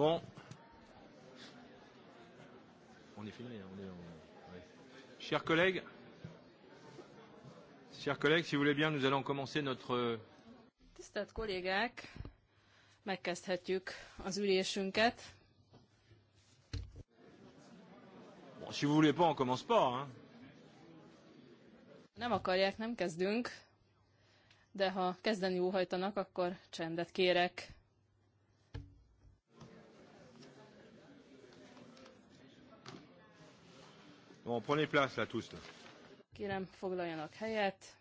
Bon. On est fini. on est. On... Ouais. Chers collègues, chers collègues, si vous voulez bien, nous allons commencer notre. Euh, Tisztelt kollégák, megkezdhetjük az ülésünket. Bon, si vous voulez pas, on commence pas. Hein. Nem akarják, nem kezdünk, de ha kezdeni óhajtanak, akkor csendet kérek. Bon, prenez place là tous. Là. Kérem, foglaljanak helyet.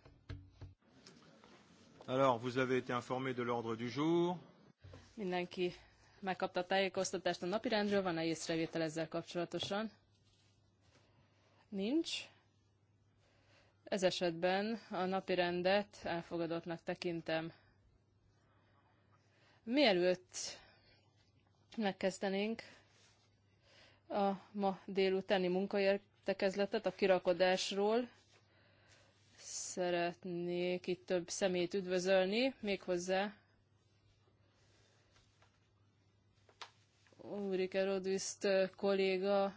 Alors, vous avez été informé de l'ordre du jour. Mindenki megkapta a tájékoztatást a napirendről, van-e észrevétel ezzel kapcsolatosan? Nincs. Ez esetben a napirendet elfogadottnak tekintem. Mielőtt megkezdenénk a ma délutáni értekezletet a kirakodásról. Szeretnék itt több szemét üdvözölni, méghozzá Ulrike Rodüszt kolléga,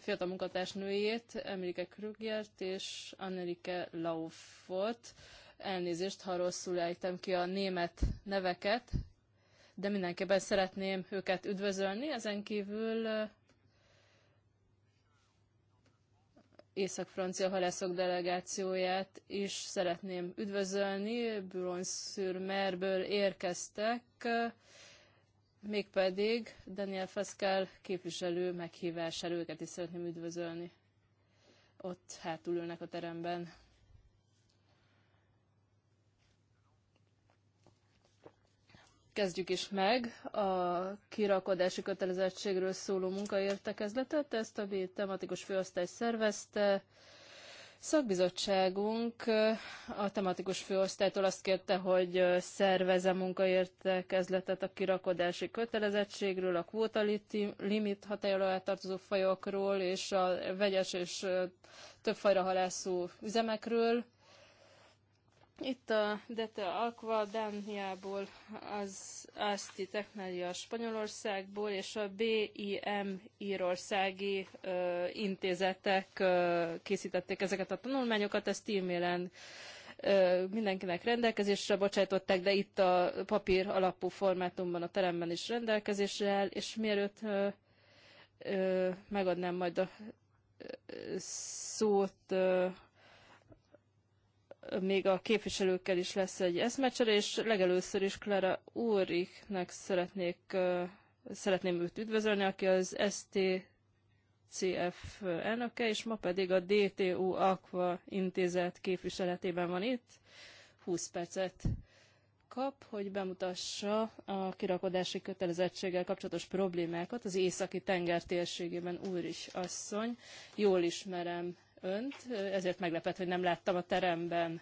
fiatal munkatársnőjét, Emilike Krügert és Annelike Laufot. Elnézést, ha rosszul ejtem ki a német neveket, de mindenképpen szeretném őket üdvözölni. Ezen kívül észak-francia halászok delegációját is szeretném üdvözölni. Boulogne-sur-Merből érkeztek, mégpedig Daniel Feszkel képviselő meghívására őket is szeretném üdvözölni. Ott hátul ülnek a teremben. kezdjük is meg a kirakodási kötelezettségről szóló munkaértekezletet. Ezt a B tematikus főosztály szervezte. Szakbizottságunk a tematikus főosztálytól azt kérte, hogy szervezze munkaértekezletet a kirakodási kötelezettségről, a kvóta limit hatályoló tartozó fajokról és a vegyes és többfajra halászó üzemekről itt a dete Aqua Dániából, az Asti Technália Spanyolországból és a BIM írországi ö, intézetek ö, készítették ezeket a tanulmányokat, ezt e-mailen mindenkinek rendelkezésre bocsájtották, de itt a papír alapú formátumban a teremben is rendelkezésre áll, és mielőtt ö, ö, megadnám majd a szót ö, még a képviselőkkel is lesz egy eszmecsere, és legelőször is Klara Úriknek szeretnék, szeretném őt üdvözölni, aki az STCF elnöke, és ma pedig a DTU Aqua intézet képviseletében van itt. 20 percet kap, hogy bemutassa a kirakodási kötelezettséggel kapcsolatos problémákat az északi tenger térségében úr is asszony. Jól ismerem önt, ezért meglepett, hogy nem láttam a teremben.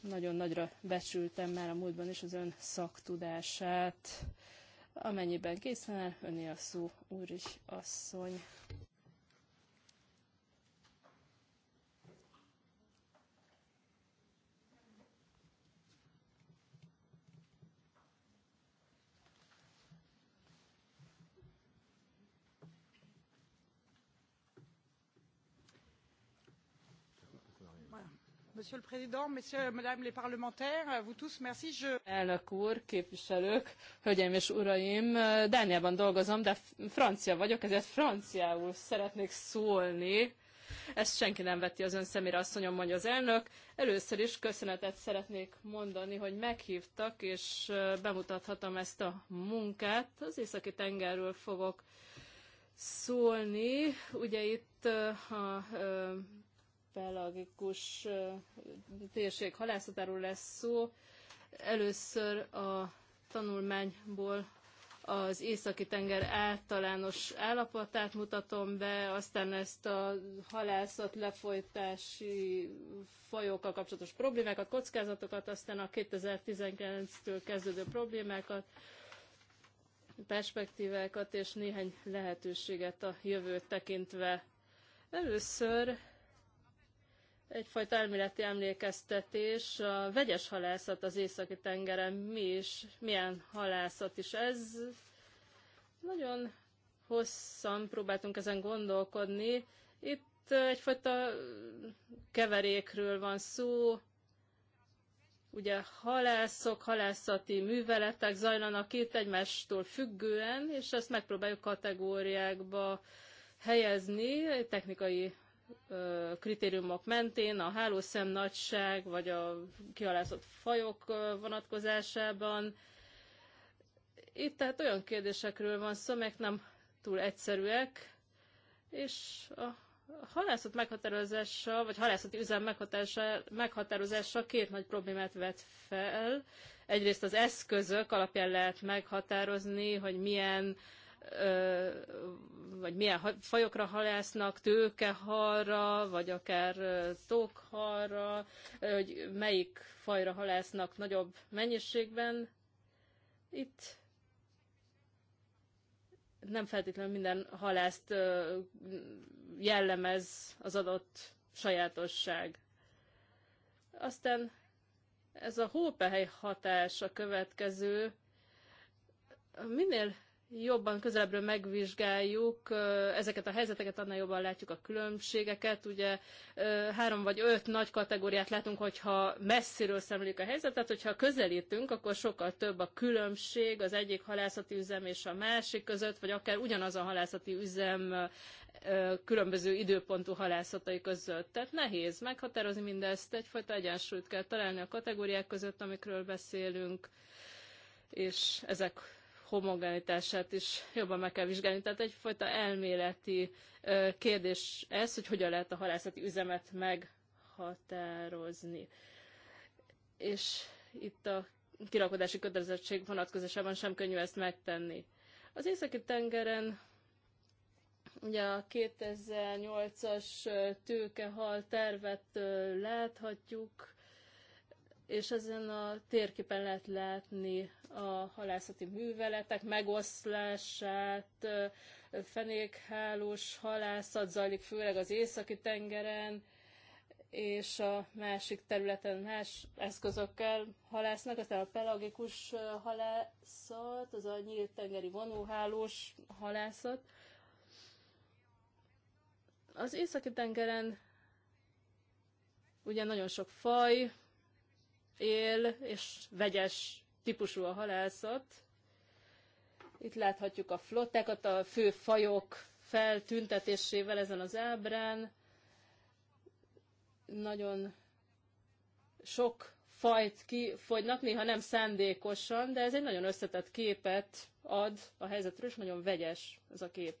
Nagyon nagyra becsültem már a múltban is az ön szaktudását. Amennyiben készen áll, öné a szó, úr is asszony. monsieur le président messieurs les parlementaires vous tous merci je Elnök úr, képviselők, hölgyeim és uraim, Dániában dolgozom, de francia vagyok, ezért franciául szeretnék szólni. Ezt senki nem veti az ön szemére, asszonyom, mondja az elnök. Először is köszönetet szeretnék mondani, hogy meghívtak, és bemutathatom ezt a munkát. Az északi tengerről fogok szólni. Ugye itt a pelagikus térség halászatáról lesz szó. Először a tanulmányból az északi tenger általános állapotát mutatom be, aztán ezt a halászat lefolytási fajokkal kapcsolatos problémákat, kockázatokat, aztán a 2019-től kezdődő problémákat, perspektívákat és néhány lehetőséget a jövőt tekintve. Először egyfajta elméleti emlékeztetés. A vegyes halászat az északi tengeren mi is, milyen halászat is ez. Nagyon hosszan próbáltunk ezen gondolkodni. Itt egyfajta keverékről van szó, ugye halászok, halászati műveletek zajlanak itt egymástól függően, és ezt megpróbáljuk kategóriákba helyezni, technikai kritériumok mentén, a hálószem nagyság, vagy a kialázott fajok vonatkozásában. Itt tehát olyan kérdésekről van szó, meg nem túl egyszerűek, és a halászat meghatározása, vagy halászati üzem meghatározása, meghatározása két nagy problémát vet fel. Egyrészt az eszközök alapján lehet meghatározni, hogy milyen uh, vagy milyen fajokra halásznak, tőkehalra, vagy akár tókhalra, hogy melyik fajra halásznak nagyobb mennyiségben. Itt nem feltétlenül minden halászt jellemez az adott sajátosság. Aztán ez a hópehely hatás a következő. Minél jobban közelebbről megvizsgáljuk ezeket a helyzeteket, annál jobban látjuk a különbségeket. Ugye három vagy öt nagy kategóriát látunk, hogyha messziről szemléljük a helyzetet, hogyha közelítünk, akkor sokkal több a különbség az egyik halászati üzem és a másik között, vagy akár ugyanaz a halászati üzem különböző időpontú halászatai között. Tehát nehéz meghatározni mindezt, egyfajta egyensúlyt kell találni a kategóriák között, amikről beszélünk, és ezek homogenitását is jobban meg kell vizsgálni. Tehát egyfajta elméleti kérdés ez, hogy hogyan lehet a halászati üzemet meghatározni. És itt a kirakodási kötelezettség vonatkozásában sem könnyű ezt megtenni. Az északi tengeren ugye a 2008-as tőkehal tervet láthatjuk, és ezen a térképen lehet látni a halászati műveletek megoszlását, fenékhálós halászat zajlik főleg az északi tengeren, és a másik területen más eszközökkel halásznak, aztán a pelagikus halászat, az a nyílt tengeri vonóhálós halászat. Az északi tengeren ugye nagyon sok faj él, és vegyes típusú a halászat. Itt láthatjuk a flottákat, a fő fajok feltüntetésével ezen az ábrán. Nagyon sok fajt kifogynak, néha nem szándékosan, de ez egy nagyon összetett képet ad a helyzetről, és nagyon vegyes ez a kép.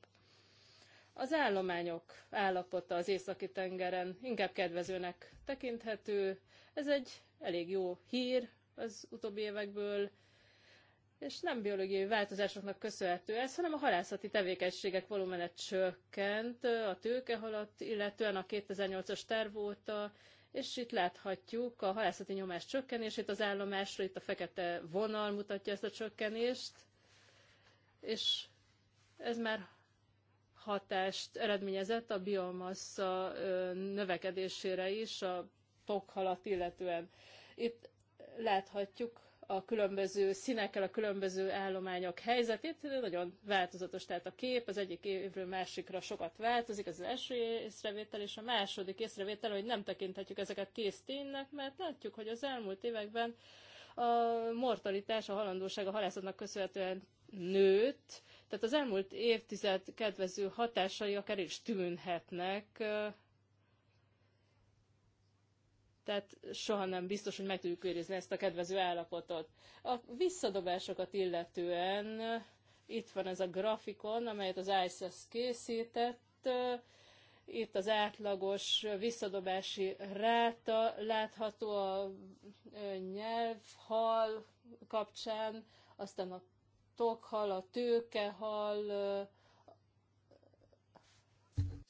Az állományok állapota az északi tengeren inkább kedvezőnek tekinthető, ez egy elég jó hír az utóbbi évekből, és nem biológiai változásoknak köszönhető ez, hanem a halászati tevékenységek volumene csökkent a tőkehalat, illetően a 2008-as terv óta, és itt láthatjuk a halászati nyomás csökkenését az állomásra, itt a fekete vonal mutatja ezt a csökkenést, és ez már hatást eredményezett a biomassa növekedésére is a tokhalat illetően. Itt láthatjuk a különböző színekkel a különböző állományok helyzetét. de Nagyon változatos tehát a kép, az egyik évről másikra sokat változik, az első észrevétel, és a második észrevétel, hogy nem tekinthetjük ezeket kész ténynek, mert látjuk, hogy az elmúlt években a mortalitás, a halandóság a halászatnak köszönhetően nőtt, tehát az elmúlt évtized kedvező hatásai akár is tűnhetnek tehát soha nem biztos, hogy meg tudjuk őrizni ezt a kedvező állapotot. A visszadobásokat illetően eh, itt van ez a grafikon, amelyet az ISS készített. Eh, itt az átlagos visszadobási ráta látható a eh, nyelvhal kapcsán, aztán a tokhal, a tőkehal,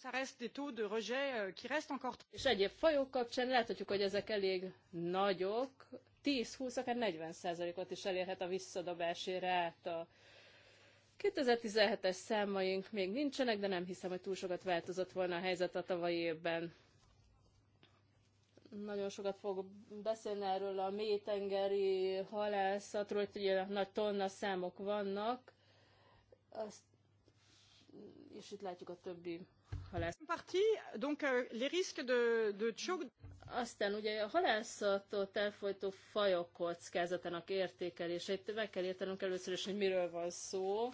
Euh, és egyéb fajok kapcsán láthatjuk, hogy ezek elég nagyok, 10-20, akár 40 százalékot is elérhet a visszadobási ráta. 2017-es számaink még nincsenek, de nem hiszem, hogy túl sokat változott volna a helyzet a tavalyi évben. Nagyon sokat fog beszélni erről a mélytengeri halászatról, hogy ugye nagy tonna számok vannak, azt, és itt látjuk a többi halász... Euh, Aztán ugye a halászattól elfolytó fajok kockázatának Itt meg kell értenünk először is, hogy miről van szó.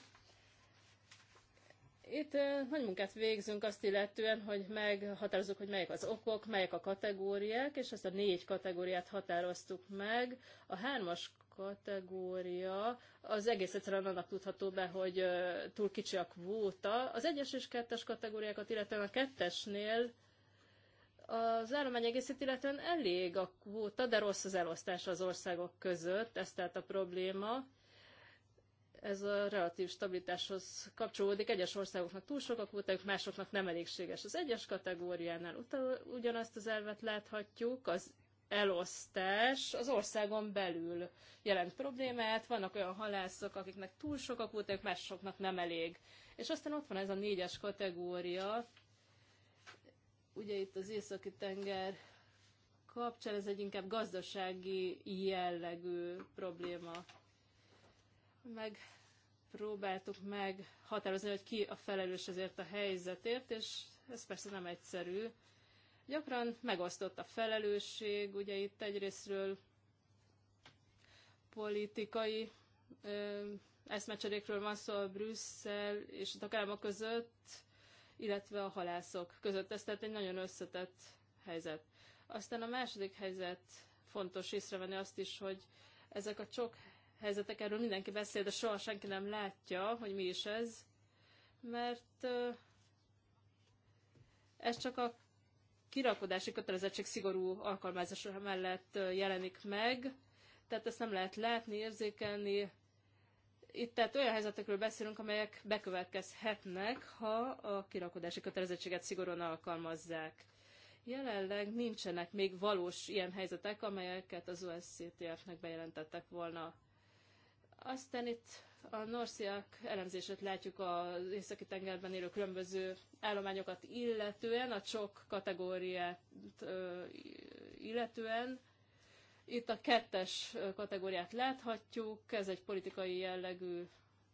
Itt nagy munkát végzünk azt illetően, hogy meghatározzuk, hogy melyek az okok, melyek a kategóriák, és ezt a négy kategóriát határoztuk meg. A hármas kategória, az egész egyszerűen annak tudható be, hogy túl kicsi a kvóta. Az egyes és kettes kategóriákat, illetve a kettesnél az állomány egészét illetően elég a kvóta, de rossz az elosztás az országok között, ez tehát a probléma. Ez a relatív stabilitáshoz kapcsolódik. Egyes országoknak túl sok a kvóta, másoknak nem elégséges. Az egyes kategóriánál ugyanazt az elvet láthatjuk, az elosztás az országon belül jelent problémát. Vannak olyan halászok, akiknek túl sok a kvóta, másoknak nem elég. És aztán ott van ez a négyes kategória. Ugye itt az északi tenger kapcsán ez egy inkább gazdasági jellegű probléma. Meg próbáltuk meg határozni, hogy ki a felelős ezért a helyzetért, és ez persze nem egyszerű, Gyakran megosztott a felelősség, ugye itt egyrésztről politikai eszmecserékről van szó a Brüsszel és a takáma között, illetve a halászok között. Ez tehát egy nagyon összetett helyzet. Aztán a második helyzet fontos észrevenni azt is, hogy ezek a csok helyzetek, erről mindenki beszél, de soha senki nem látja, hogy mi is ez, mert ez csak a kirakodási kötelezettség szigorú alkalmazása mellett jelenik meg, tehát ezt nem lehet látni, érzékelni. Itt tehát olyan helyzetekről beszélünk, amelyek bekövetkezhetnek, ha a kirakodási kötelezettséget szigorúan alkalmazzák. Jelenleg nincsenek még valós ilyen helyzetek, amelyeket az USCTF-nek bejelentettek volna. Aztán itt a norsziak elemzését látjuk az északi tengerben élő különböző állományokat illetően, a csok kategóriát illetően. Itt a kettes kategóriát láthatjuk, ez egy politikai jellegű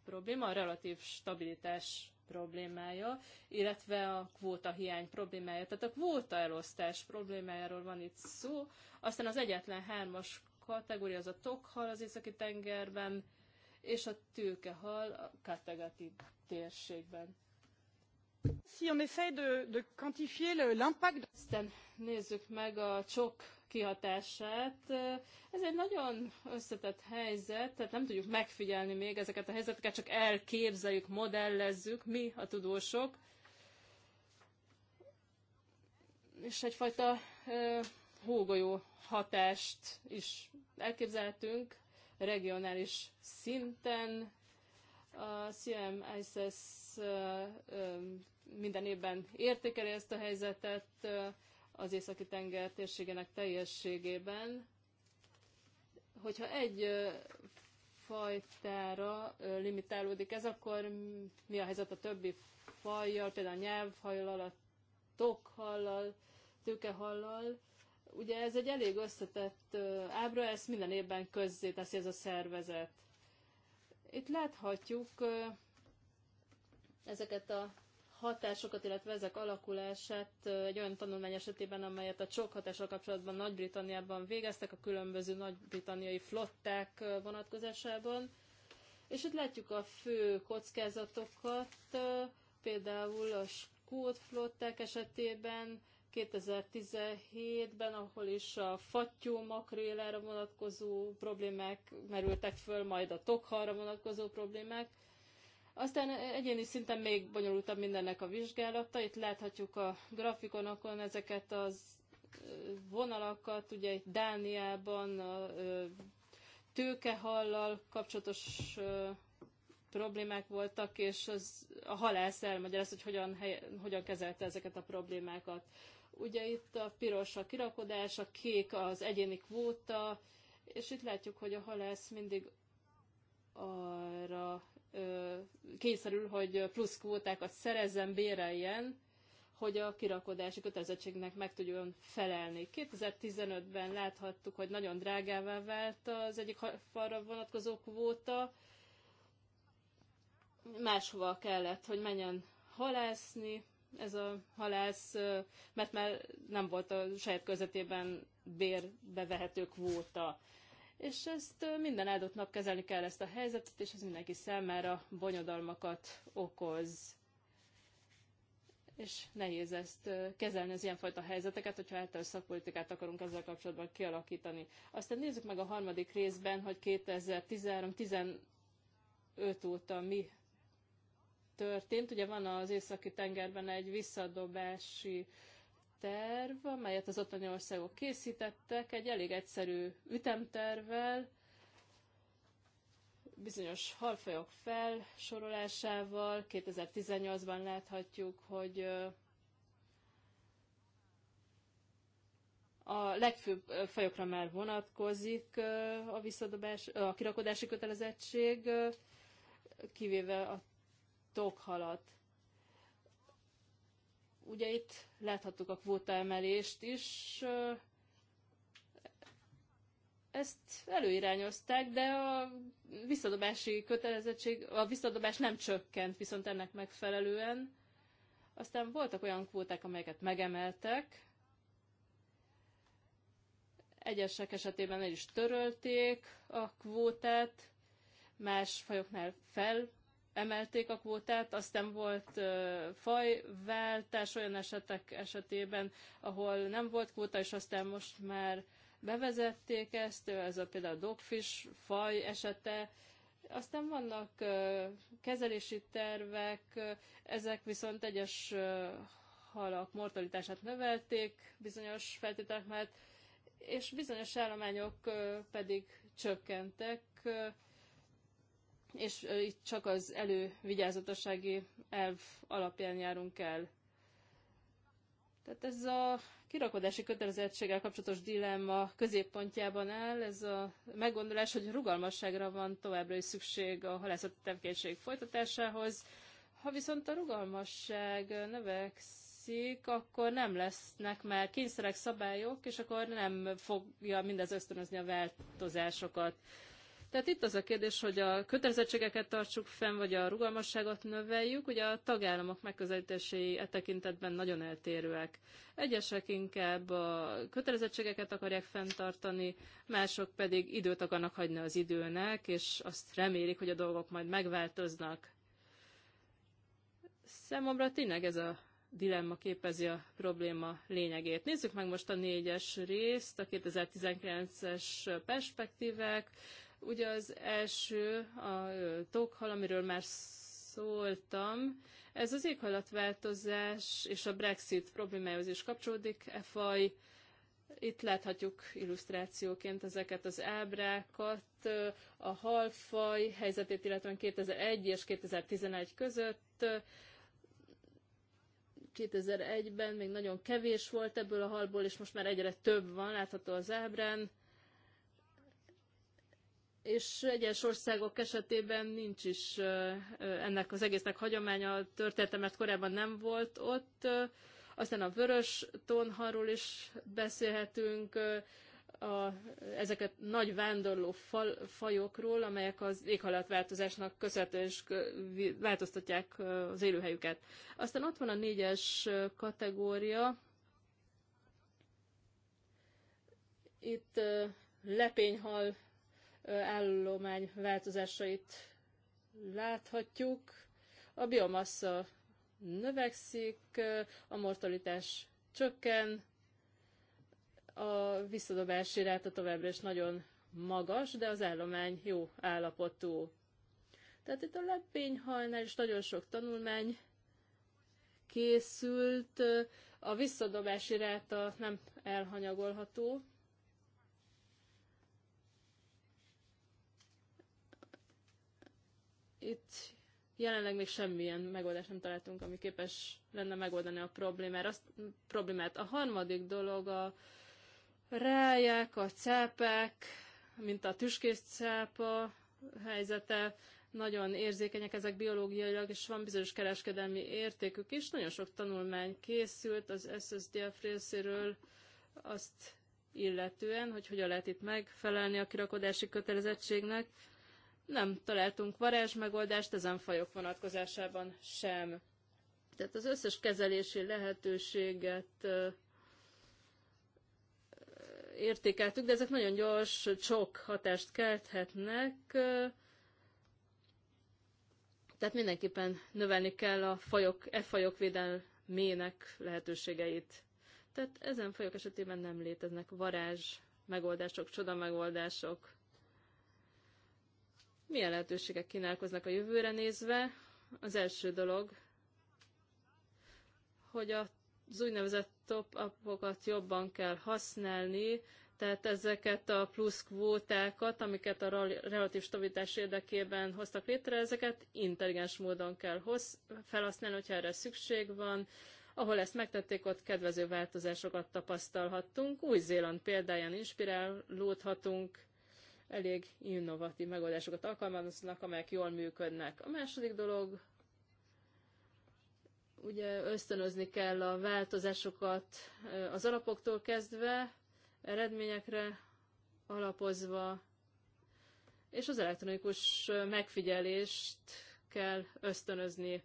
probléma, a relatív stabilitás problémája, illetve a kvóta hiány problémája. Tehát a kvóta elosztás problémájáról van itt szó. Aztán az egyetlen hármas kategória az a tokhal az északi tengerben, és a tőkehal a Katagati térségben. Si on essaie de, de quantifier l'impact... Aztán nézzük meg a csok kihatását. Ez egy nagyon összetett helyzet, tehát nem tudjuk megfigyelni még ezeket a helyzeteket, csak elképzeljük, modellezzük, mi a tudósok. És egyfajta hógolyó hatást is elképzeltünk, regionális szinten. A CMISS minden évben értékeli ezt a helyzetet az északi tenger térségének teljességében. Hogyha egy fajtára limitálódik ez, akkor mi a helyzet a többi fajjal, például nyelvhajlal, a tokhallal, tőkehallal, Ugye ez egy elég összetett ábra, ezt minden évben közzé teszi ez a szervezet. Itt láthatjuk ezeket a hatásokat, illetve ezek alakulását egy olyan tanulmány esetében, amelyet a csok hatással kapcsolatban Nagy-Britanniában végeztek, a különböző nagy-britanniai flották vonatkozásában. És itt látjuk a fő kockázatokat, például a skót flották esetében 2017-ben, ahol is a fattyú makrélára vonatkozó problémák merültek föl, majd a tokharra vonatkozó problémák. Aztán egyéni szinten még bonyolultabb mindennek a vizsgálata. Itt láthatjuk a grafikonokon ezeket az vonalakat, ugye itt Dániában a tőkehallal kapcsolatos problémák voltak, és az, a halász elmagyarázta, hogy hogyan, hogyan kezelte ezeket a problémákat. Ugye itt a piros a kirakodás, a kék az egyéni kvóta, és itt látjuk, hogy a halász mindig arra ö, kényszerül, hogy plusz kvótákat szerezzen, béreljen, hogy a kirakodási kötelezettségnek meg tudjon felelni. 2015-ben láthattuk, hogy nagyon drágává vált az egyik falra vonatkozó kvóta, máshova kellett, hogy menjen halászni, ez a halász, mert már nem volt a saját közvetében bérbe vehető kvóta. És ezt minden áldott nap kezelni kell ezt a helyzetet, és ez mindenki számára bonyodalmakat okoz. És nehéz ezt kezelni, az ilyenfajta helyzeteket, hogyha általános szakpolitikát akarunk ezzel kapcsolatban kialakítani. Aztán nézzük meg a harmadik részben, hogy 2013-15 óta mi történt. Ugye van az északi tengerben egy visszadobási terv, amelyet az ottani országok készítettek, egy elég egyszerű ütemtervel, bizonyos halfajok felsorolásával 2018-ban láthatjuk, hogy a legfőbb fajokra már vonatkozik a, visszadobás, a kirakodási kötelezettség, kivéve a tokhalat. Ugye itt láthattuk a emelést is, ezt előirányozták, de a visszadobási kötelezettség, a visszadobás nem csökkent, viszont ennek megfelelően. Aztán voltak olyan kvóták, amelyeket megemeltek, egyesek esetében el is törölték a kvótát, más fajoknál fel emelték a kvótát, aztán volt fajváltás olyan esetek esetében, ahol nem volt kvóta, és aztán most már bevezették ezt, ez a például a dogfish faj esete, aztán vannak kezelési tervek, ezek viszont egyes halak mortalitását növelték bizonyos feltételek mellett, és bizonyos állományok pedig csökkentek, és itt csak az elővigyázatossági elv alapján járunk el. Tehát ez a kirakodási kötelezettséggel kapcsolatos dilemma középpontjában áll, ez a meggondolás, hogy rugalmasságra van továbbra is szükség a halászati tevékenység folytatásához. Ha viszont a rugalmasság növekszik, akkor nem lesznek már kényszerek szabályok, és akkor nem fogja mindez ösztönözni a változásokat. Tehát itt az a kérdés, hogy a kötelezettségeket tartsuk fenn, vagy a rugalmasságot növeljük. Ugye a tagállamok megközelítései e tekintetben nagyon eltérőek. Egyesek inkább a kötelezettségeket akarják fenntartani, mások pedig időt akarnak hagyni az időnek, és azt remélik, hogy a dolgok majd megváltoznak. Számomra tényleg ez a dilemma képezi a probléma lényegét. Nézzük meg most a négyes részt, a 2019-es perspektívek. Ugye az első, a tokhal, amiről már szóltam, ez az éghajlatváltozás és a Brexit problémához is kapcsolódik. E faj, itt láthatjuk illusztrációként ezeket az ábrákat, a halfaj helyzetét, illetve 2001 és 2011 között. 2001-ben még nagyon kevés volt ebből a halból, és most már egyre több van, látható az ábrán és egyes országok esetében nincs is ennek az egésznek hagyománya, története, mert korábban nem volt ott. Aztán a vörös tonharról is beszélhetünk, a, ezeket nagy vándorló fal, fajokról, amelyek az éghajlatváltozásnak köszönhetően is változtatják az élőhelyüket. Aztán ott van a négyes kategória. Itt lepényhal állomány változásait láthatjuk. A biomassa növekszik, a mortalitás csökken, a visszadobási ráta továbbra is nagyon magas, de az állomány jó állapotú. Tehát itt a lepényhajnál is nagyon sok tanulmány készült, a visszadobási ráta nem elhanyagolható, itt jelenleg még semmilyen megoldást nem találtunk, ami képes lenne megoldani a problémát. Azt, problémát. A harmadik dolog a rájek, a cápek, mint a tüskés cápa helyzete, nagyon érzékenyek ezek biológiailag, és van bizonyos kereskedelmi értékük is. Nagyon sok tanulmány készült az SSDF részéről azt illetően, hogy hogyan lehet itt megfelelni a kirakodási kötelezettségnek nem találtunk megoldást ezen fajok vonatkozásában sem. Tehát az összes kezelési lehetőséget értékeltük, de ezek nagyon gyors, sok hatást kelthetnek. Tehát mindenképpen növelni kell a fajok, e fajok védelmének lehetőségeit. Tehát ezen fajok esetében nem léteznek varázs megoldások, csoda megoldások. Milyen lehetőségek kínálkoznak a jövőre nézve? Az első dolog, hogy az úgynevezett top-upokat jobban kell használni, tehát ezeket a plusz kvótákat, amiket a relatív stabilitás érdekében hoztak létre, ezeket intelligens módon kell hoz felhasználni, hogyha erre szükség van. Ahol ezt megtették, ott kedvező változásokat tapasztalhattunk. Új-Zéland példáján inspirálódhatunk, elég innovatív megoldásokat alkalmaznak, amelyek jól működnek. A második dolog, ugye ösztönözni kell a változásokat eh, az alapoktól kezdve, eredményekre alapozva, és az elektronikus megfigyelést kell ösztönözni.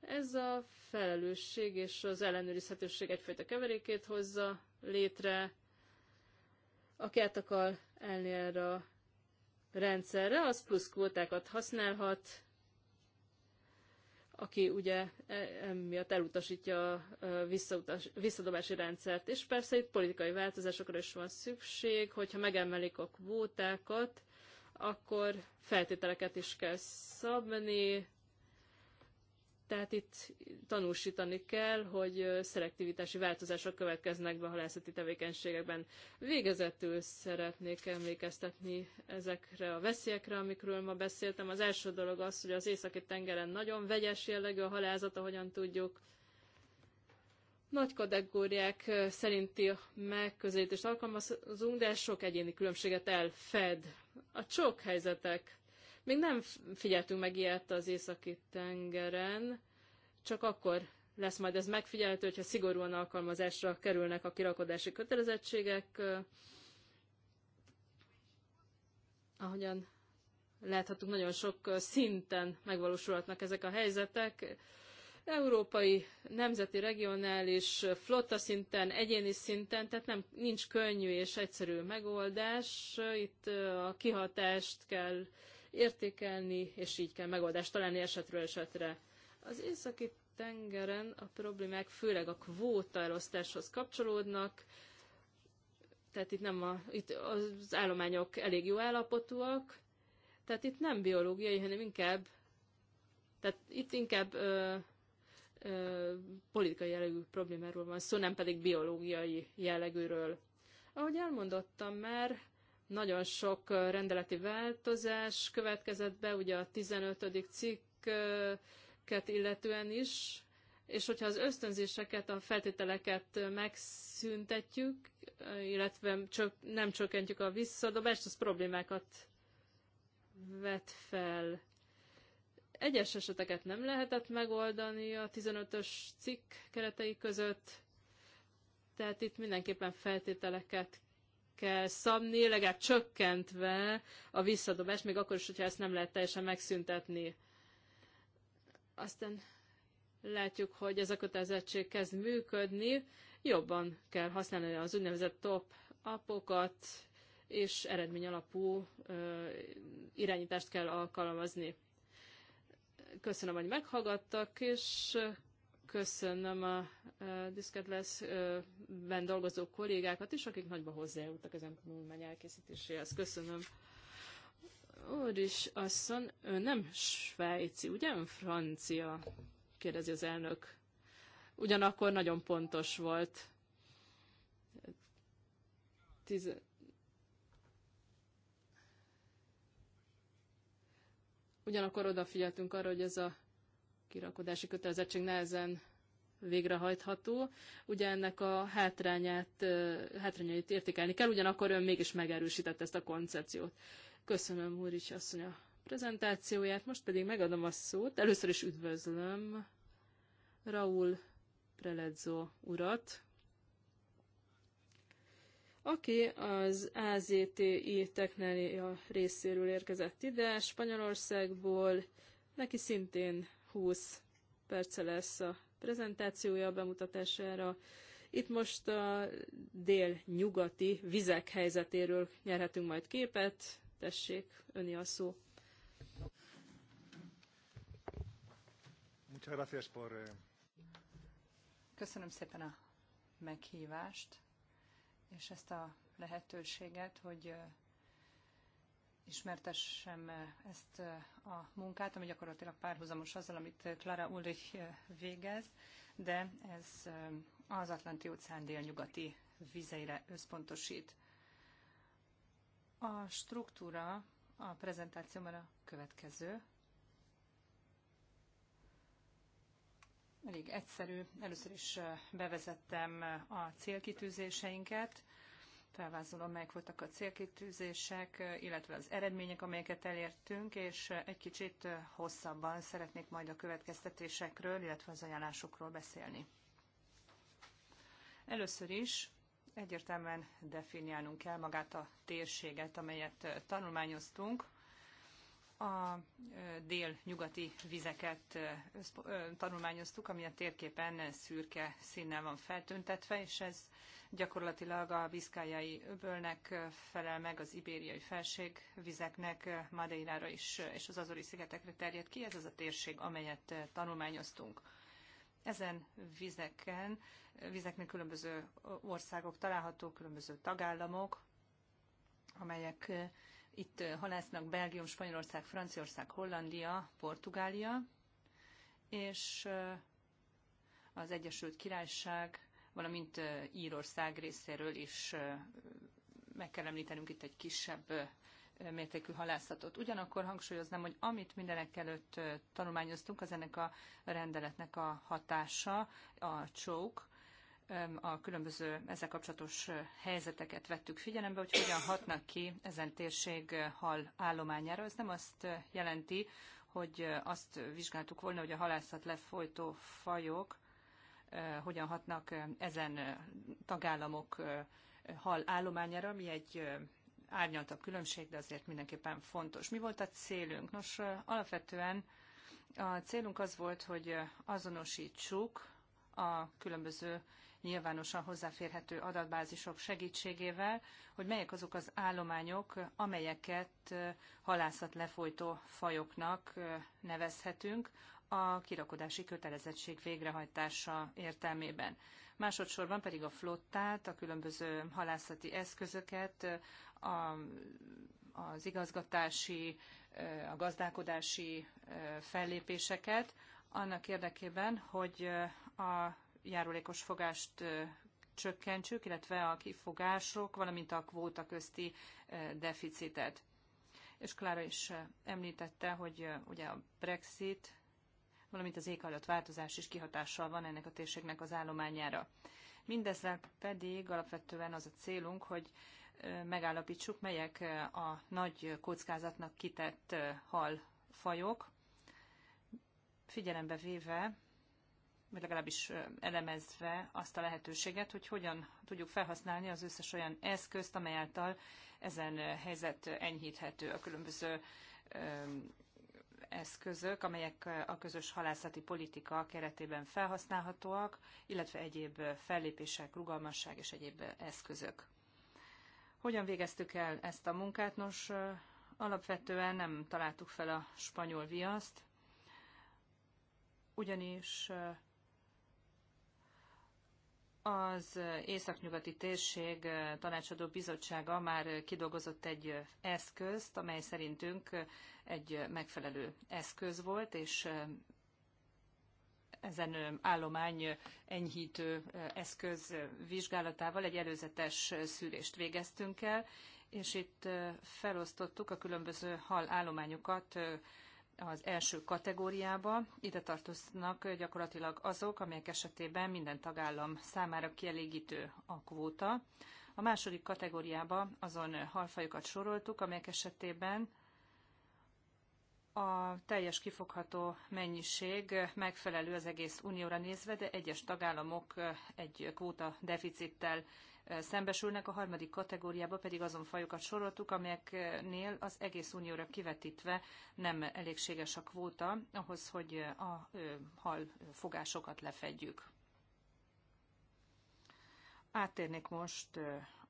Ez a felelősség és az ellenőrizhetőség egyfajta keverékét hozza létre. Aki át akar állni erre a rendszerre, az plusz kvótákat használhat, aki ugye e, emiatt elutasítja a visszautas, visszadobási rendszert. És persze itt politikai változásokra is van szükség, hogyha megemelik a kvótákat, akkor feltételeket is kell szabni, tehát itt tanúsítani kell, hogy szelektivitási változások következnek be a halászati tevékenységekben. Végezetül szeretnék emlékeztetni ezekre a veszélyekre, amikről ma beszéltem. Az első dolog az, hogy az északi tengeren nagyon vegyes jellegű a halázat, ahogyan tudjuk. Nagy kategóriák szerinti megközelítést alkalmazunk, de sok egyéni különbséget elfed. A csok helyzetek még nem figyeltünk meg ilyet az északi tengeren, csak akkor lesz majd ez megfigyelhető, hogyha szigorúan alkalmazásra kerülnek a kirakodási kötelezettségek. Ahogyan láthatunk, nagyon sok szinten megvalósulhatnak ezek a helyzetek. Európai, nemzeti, regionális, flotta szinten, egyéni szinten, tehát nem, nincs könnyű és egyszerű megoldás. Itt a kihatást kell értékelni, és így kell megoldást találni esetről esetre. Az északi tengeren a problémák főleg a kvóta elosztáshoz kapcsolódnak, tehát itt, nem a, itt az állományok elég jó állapotúak, tehát itt nem biológiai, hanem inkább, tehát itt inkább ö, ö, politikai jellegű problémáról van szó, nem pedig biológiai jellegűről. Ahogy elmondottam már, nagyon sok rendeleti változás következett be, ugye a 15. cikket illetően is, és hogyha az ösztönzéseket, a feltételeket megszüntetjük, illetve csök, nem csökkentjük a visszadobást, az problémákat vet fel. Egyes eseteket nem lehetett megoldani a 15-ös cikk keretei között, tehát itt mindenképpen feltételeket kell szabni, legalább csökkentve a visszadobást, még akkor is, hogyha ezt nem lehet teljesen megszüntetni. Aztán látjuk, hogy ez a kötelezettség kezd működni, jobban kell használni az úgynevezett top apokat, és eredmény alapú ö, irányítást kell alkalmazni. Köszönöm, hogy meghallgattak, és köszönöm a ben dolgozó kollégákat is, akik nagyba hozzájárultak ezen tanulmány elkészítéséhez. Köszönöm. Úr is, asszon, ő nem svájci, ugye? Ön francia, kérdezi az elnök. Ugyanakkor nagyon pontos volt. Tiz... Ugyanakkor odafigyeltünk arra, hogy ez a kirakodási kötelezettség nehezen végrehajtható. Ugye ennek a hátrányát, hátrányait értékelni kell, ugyanakkor ön mégis megerősítette ezt a koncepciót. Köszönöm Úrics asszony a prezentációját, most pedig megadom a szót. Először is üdvözlöm Raúl Prelezzo urat, aki az AZTI Technália részéről érkezett ide, Spanyolországból, neki szintén 20 perce lesz a prezentációja, a bemutatására. Itt most a dél-nyugati vizek helyzetéről nyerhetünk majd képet. Tessék, öni a szó. Eh, Köszönöm szépen a meghívást, és ezt a lehetőséget, hogy eh, ismertessem eh, ezt eh, a munkát, ami gyakorlatilag párhuzamos azzal, amit eh, Clara Ulrich végez, de ez az Atlanti óceán délnyugati vizeire összpontosít. A struktúra a prezentációban a következő. Elég egyszerű. Először is bevezettem a célkitűzéseinket, felvázolom, melyek voltak a célkitűzések, illetve az eredmények, amelyeket elértünk, és egy kicsit hosszabban szeretnék majd a következtetésekről, illetve az ajánlásokról beszélni. Először is egyértelműen definiálnunk kell magát a térséget, amelyet tanulmányoztunk, a dél-nyugati vizeket tanulmányoztuk, ami a térképen szürke színnel van feltüntetve, és ez gyakorlatilag a viszkájai öbölnek felel meg az ibériai felség vizeknek, Madeirára is és az Azori szigetekre terjed ki. Ez az a térség, amelyet tanulmányoztunk. Ezen vizeken, vizeknél különböző országok találhatók, különböző tagállamok, amelyek itt halásznak Belgium, Spanyolország, Franciaország, Hollandia, Portugália, és az Egyesült Királyság, valamint Írország részéről is meg kell említenünk itt egy kisebb mértékű halászatot. Ugyanakkor hangsúlyoznám, hogy amit mindenek előtt tanulmányoztunk, az ennek a rendeletnek a hatása, a csók, a különböző ezzel kapcsolatos helyzeteket vettük figyelembe, hogy hogyan hatnak ki ezen térség hal állományára. Ez nem azt jelenti, hogy azt vizsgáltuk volna, hogy a halászat lefolytó fajok hogyan hatnak ezen tagállamok hal állományára, mi egy árnyaltabb különbség, de azért mindenképpen fontos. Mi volt a célunk? Nos, alapvetően a célunk az volt, hogy azonosítsuk a különböző nyilvánosan hozzáférhető adatbázisok segítségével, hogy melyek azok az állományok, amelyeket halászat lefolytó fajoknak nevezhetünk a kirakodási kötelezettség végrehajtása értelmében. Másodszorban pedig a flottát, a különböző halászati eszközöket, a, az igazgatási, a gazdálkodási fellépéseket, annak érdekében, hogy a járulékos fogást csökkentsük, illetve a kifogások, valamint a kvóta közti deficitet. És Klára is említette, hogy ugye a Brexit, valamint az változás is kihatással van ennek a térségnek az állományára. Mindezzel pedig alapvetően az a célunk, hogy megállapítsuk, melyek a nagy kockázatnak kitett halfajok, figyelembe véve vagy legalábbis elemezve azt a lehetőséget, hogy hogyan tudjuk felhasználni az összes olyan eszközt, amely által ezen helyzet enyhíthető a különböző eszközök, amelyek a közös halászati politika keretében felhasználhatóak, illetve egyéb fellépések, rugalmasság és egyéb eszközök. Hogyan végeztük el ezt a munkát? Nos, alapvetően nem találtuk fel a spanyol viaszt, ugyanis az Északnyugati Térség eh, Tanácsadó Bizottsága már kidolgozott egy eh, eszközt, amely szerintünk eh, egy megfelelő eszköz volt, és ezen állomány enyhítő eszköz vizsgálatával egy előzetes szűrést végeztünk el, és itt felosztottuk a különböző hal állományokat az első kategóriába. Ide tartoznak gyakorlatilag azok, amelyek esetében minden tagállam számára kielégítő a kvóta. A második kategóriába azon halfajokat soroltuk, amelyek esetében a teljes kifogható mennyiség megfelelő az egész unióra nézve, de egyes tagállamok egy kvóta deficittel szembesülnek, a harmadik kategóriába pedig azon fajokat soroltuk, amelyeknél az egész unióra kivetítve nem elégséges a kvóta ahhoz, hogy a hal fogásokat lefedjük. Áttérnék most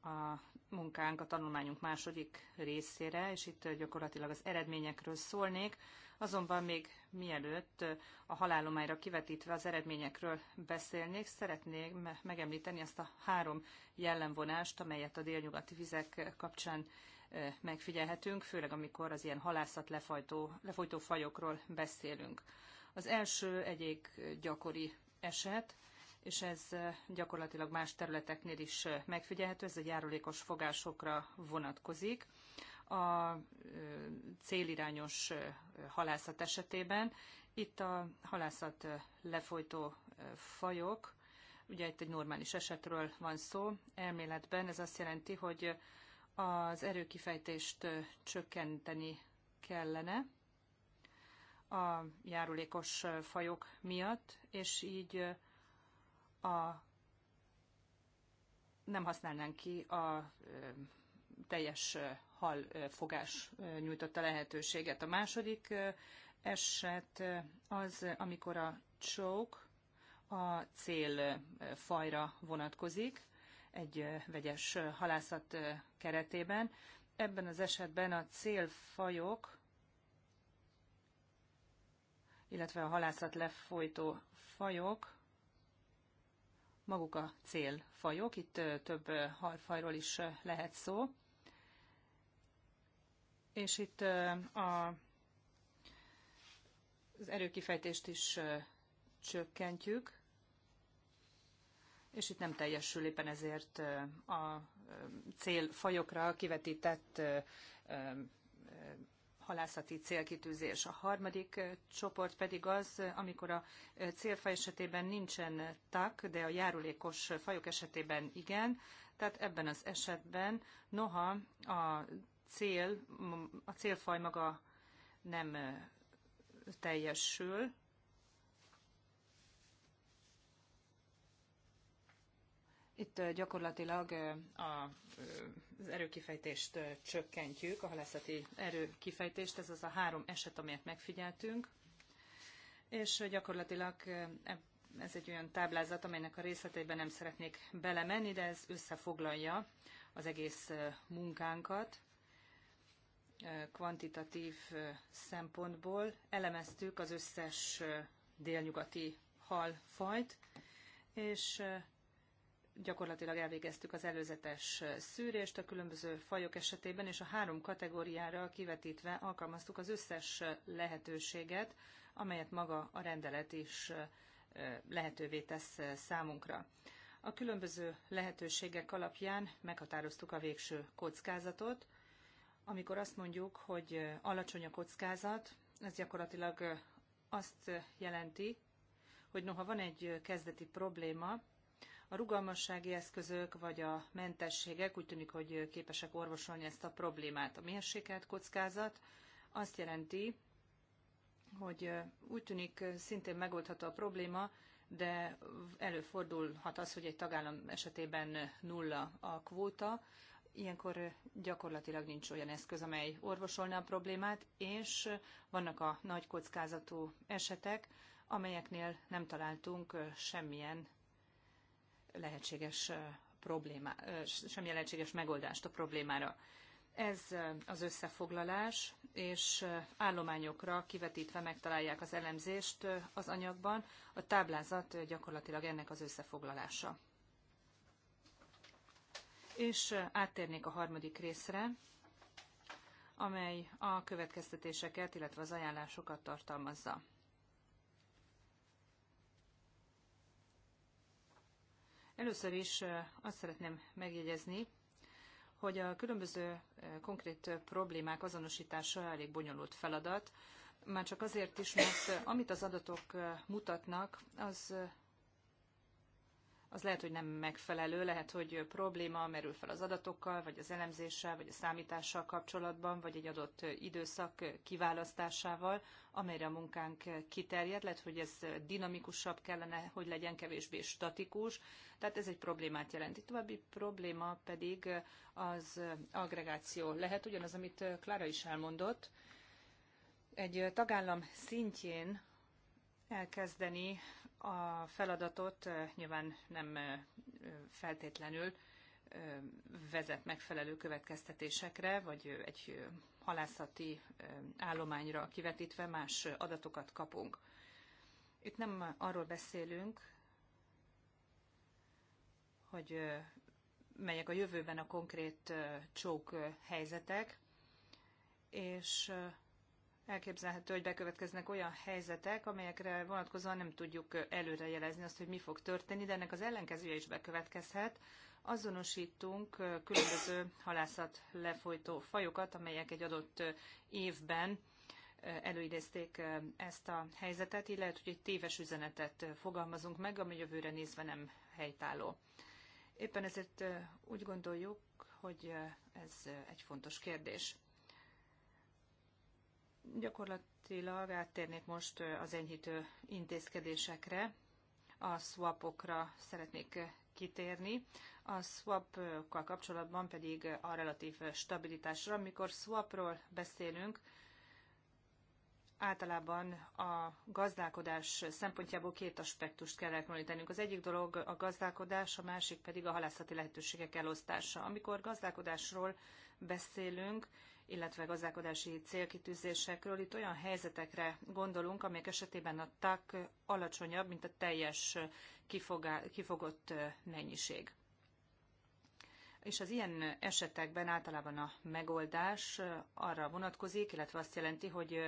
a munkánk, a tanulmányunk második részére, és itt gyakorlatilag az eredményekről szólnék. Azonban még mielőtt a halálományra kivetítve az eredményekről beszélnék, szeretnék megemlíteni azt a három jellemvonást, amelyet a délnyugati vizek kapcsán eh, megfigyelhetünk, főleg amikor az ilyen halászat lefajtó, lefolytó fajokról beszélünk. Az első egyik gyakori eset, és ez gyakorlatilag más területeknél is megfigyelhető, ez a járulékos fogásokra vonatkozik. A célirányos halászat esetében itt a halászat lefolytó fajok, ugye itt egy normális esetről van szó, elméletben ez azt jelenti, hogy az erőkifejtést csökkenteni kellene a járulékos fajok miatt, és így a, nem használnánk ki a teljes halfogás nyújtotta lehetőséget. A második eset az, amikor a choke a cél fajra vonatkozik egy vegyes halászat keretében. Ebben az esetben a célfajok, illetve a halászat lefolytó fajok maguk a célfajok. Itt több halfajról is lehet szó. És itt a, az erőkifejtést is csökkentjük, és itt nem teljesül éppen ezért a célfajokra kivetített halászati célkitűzés. A harmadik csoport pedig az, amikor a célfaj esetében nincsen tak, de a járulékos fajok esetében igen. Tehát ebben az esetben, noha a cél, a célfaj maga nem teljesül, Itt gyakorlatilag az erőkifejtést csökkentjük, a halászati erőkifejtést, ez az a három eset, amelyet megfigyeltünk, és gyakorlatilag ez egy olyan táblázat, amelynek a részleteiben nem szeretnék belemenni, de ez összefoglalja az egész munkánkat. Kvantitatív szempontból elemeztük az összes délnyugati halfajt, és gyakorlatilag elvégeztük az előzetes szűrést a különböző fajok esetében, és a három kategóriára kivetítve alkalmaztuk az összes lehetőséget, amelyet maga a rendelet is lehetővé tesz számunkra. A különböző lehetőségek alapján meghatároztuk a végső kockázatot. Amikor azt mondjuk, hogy alacsony a kockázat, ez gyakorlatilag azt jelenti, hogy noha van egy kezdeti probléma, a rugalmassági eszközök vagy a mentességek úgy tűnik, hogy képesek orvosolni ezt a problémát. A mérsékelt kockázat azt jelenti, hogy úgy tűnik szintén megoldható a probléma, de előfordulhat az, hogy egy tagállam esetében nulla a kvóta, ilyenkor gyakorlatilag nincs olyan eszköz, amely orvosolna a problémát, és vannak a nagy kockázatú esetek, amelyeknél nem találtunk semmilyen lehetséges problémá, semmi lehetséges megoldást a problémára. Ez az összefoglalás, és állományokra kivetítve megtalálják az elemzést az anyagban. A táblázat gyakorlatilag ennek az összefoglalása. És áttérnék a harmadik részre, amely a következtetéseket, illetve az ajánlásokat tartalmazza. Először is azt szeretném megjegyezni, hogy a különböző konkrét problémák azonosítása elég bonyolult feladat, már csak azért is, mert amit az adatok mutatnak, az az lehet, hogy nem megfelelő, lehet, hogy probléma merül fel az adatokkal, vagy az elemzéssel, vagy a számítással kapcsolatban, vagy egy adott időszak kiválasztásával, amelyre a munkánk kiterjed. Lehet, hogy ez dinamikusabb kellene, hogy legyen kevésbé statikus, tehát ez egy problémát jelent. Egy további probléma pedig az agregáció. Lehet ugyanaz, amit Klára is elmondott, egy tagállam szintjén elkezdeni a feladatot nyilván nem feltétlenül vezet megfelelő következtetésekre, vagy egy halászati állományra kivetítve más adatokat kapunk. Itt nem arról beszélünk, hogy melyek a jövőben a konkrét csók helyzetek, és elképzelhető, hogy bekövetkeznek olyan helyzetek, amelyekre vonatkozóan nem tudjuk előrejelezni azt, hogy mi fog történni, de ennek az ellenkezője is bekövetkezhet. Azonosítunk különböző halászat lefolytó fajokat, amelyek egy adott évben előidézték ezt a helyzetet, Illetve, hogy egy téves üzenetet fogalmazunk meg, ami jövőre nézve nem helytálló. Éppen ezért úgy gondoljuk, hogy ez egy fontos kérdés. Gyakorlatilag áttérnék most az enyhítő intézkedésekre, a swapokra szeretnék kitérni. A swap kapcsolatban pedig a relatív stabilitásra. Amikor swapról beszélünk, általában a gazdálkodás szempontjából két aspektust kell elkülönítenünk. Az egyik dolog a gazdálkodás, a másik pedig a halászati lehetőségek elosztása. Amikor gazdálkodásról beszélünk, illetve gazdálkodási célkitűzésekről. Itt olyan helyzetekre gondolunk, amelyek esetében a TAK alacsonyabb, mint a teljes kifogá, kifogott mennyiség. És az ilyen esetekben általában a megoldás arra vonatkozik, illetve azt jelenti, hogy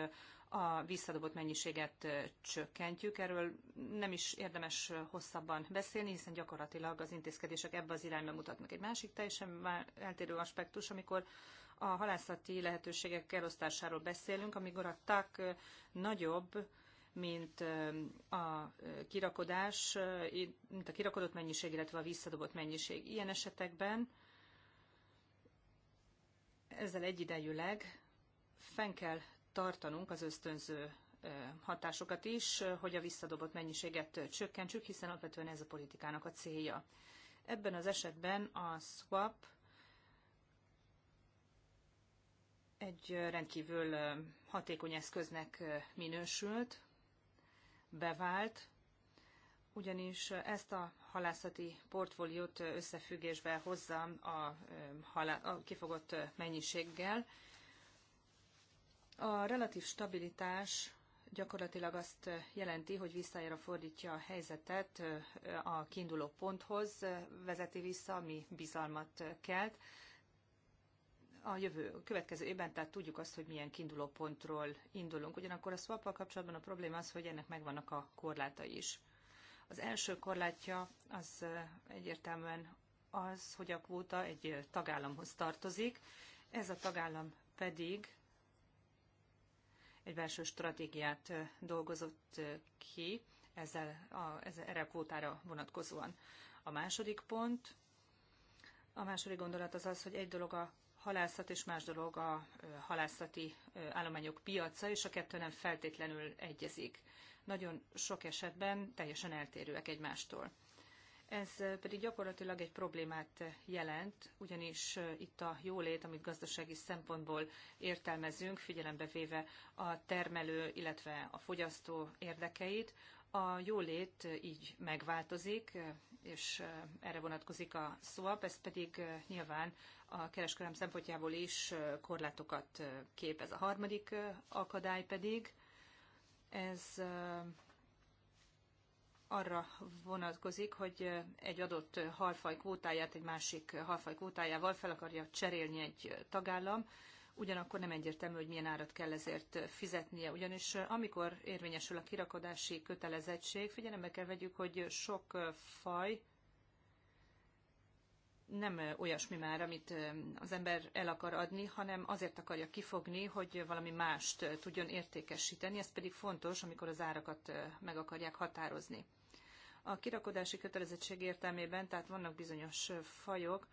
a visszadobott mennyiséget csökkentjük. Erről nem is érdemes hosszabban beszélni, hiszen gyakorlatilag az intézkedések ebbe az irányba mutatnak. Egy másik teljesen eltérő aspektus, amikor a halászati lehetőségek elosztásáról beszélünk, amikor a TAK nagyobb, mint a kirakodás, mint a kirakodott mennyiség, illetve a visszadobott mennyiség. Ilyen esetekben ezzel egyidejűleg fenn kell tartanunk az ösztönző hatásokat is, hogy a visszadobott mennyiséget csökkentsük, hiszen alapvetően ez a politikának a célja. Ebben az esetben a swap egy rendkívül hatékony eszköznek minősült, bevált, ugyanis ezt a halászati portfóliót összefüggésbe hozza a, halá- kifogott mennyiséggel. A relatív stabilitás gyakorlatilag azt jelenti, hogy visszájára fordítja a helyzetet a kiinduló ponthoz, vezeti vissza, ami bizalmat kelt a jövő a következő évben, tehát tudjuk azt, hogy milyen kiinduló pontról indulunk. Ugyanakkor a swap kapcsolatban a probléma az, hogy ennek megvannak a korlátai is. Az első korlátja az egyértelműen az, hogy a kvóta egy tagállamhoz tartozik, ez a tagállam pedig egy belső stratégiát dolgozott ki ezzel a, ezzel, erre a kvótára vonatkozóan. A második pont, a második gondolat az az, hogy egy dolog a halászat és más dolog a halászati állományok piaca, és a kettő nem feltétlenül egyezik. Nagyon sok esetben teljesen eltérőek egymástól. Ez pedig gyakorlatilag egy problémát jelent, ugyanis itt a jólét, amit gazdasági szempontból értelmezünk, figyelembe véve a termelő, illetve a fogyasztó érdekeit, a jólét így megváltozik, és erre vonatkozik a SWAP, ez pedig nyilván a kereskedelem szempontjából is korlátokat képez. A harmadik akadály pedig, ez arra vonatkozik, hogy egy adott halfaj kvótáját egy másik halfaj kvótájával fel akarja cserélni egy tagállam, ugyanakkor nem egyértelmű, hogy milyen árat kell ezért fizetnie. Ugyanis amikor érvényesül a kirakodási kötelezettség, figyelembe kell vegyük, hogy sok faj nem olyasmi már, amit az ember el akar adni, hanem azért akarja kifogni, hogy valami mást tudjon értékesíteni. Ez pedig fontos, amikor az árakat meg akarják határozni. A kirakodási kötelezettség értelmében, tehát vannak bizonyos fajok,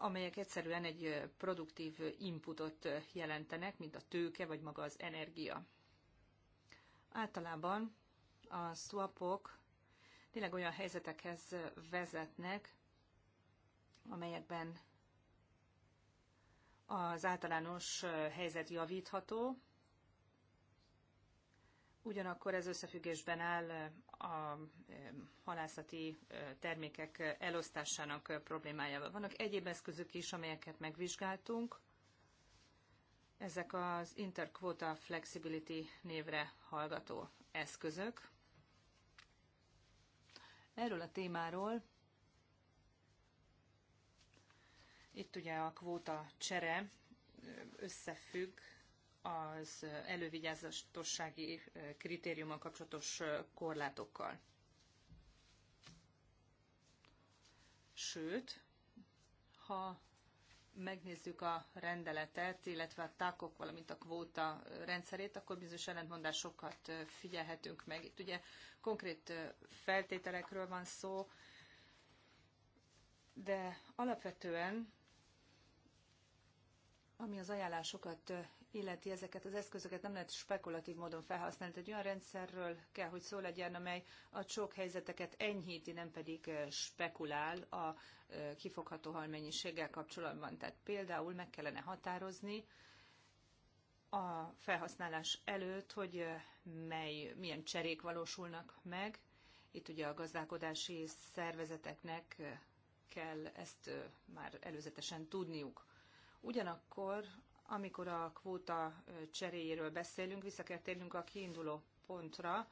amelyek egyszerűen egy produktív inputot jelentenek, mint a tőke vagy maga az energia. Általában a swapok tényleg olyan helyzetekhez vezetnek, amelyekben az általános helyzet javítható, ugyanakkor ez összefüggésben áll a halászati termékek elosztásának problémájával. Vannak egyéb eszközök is, amelyeket megvizsgáltunk. Ezek az Interquota Flexibility névre hallgató eszközök. Erről a témáról itt ugye a kvóta csere összefügg az elővigyázatossági kritériummal kapcsolatos korlátokkal. Sőt, ha megnézzük a rendeletet, illetve a tákok, valamint a kvóta rendszerét, akkor bizonyos ellentmondásokat figyelhetünk meg. Itt ugye konkrét feltételekről van szó, de alapvetően, ami az ajánlásokat illeti ezeket az eszközöket, nem lehet spekulatív módon felhasználni. Egy olyan rendszerről kell, hogy szó legyen, amely a csok helyzeteket enyhíti, nem pedig spekulál a kifogható halmennyiséggel kapcsolatban. Tehát például meg kellene határozni, a felhasználás előtt, hogy mely, milyen cserék valósulnak meg. Itt ugye a gazdálkodási szervezeteknek kell ezt már előzetesen tudniuk. Ugyanakkor amikor a kvóta cseréjéről beszélünk, vissza kell térnünk a kiinduló pontra,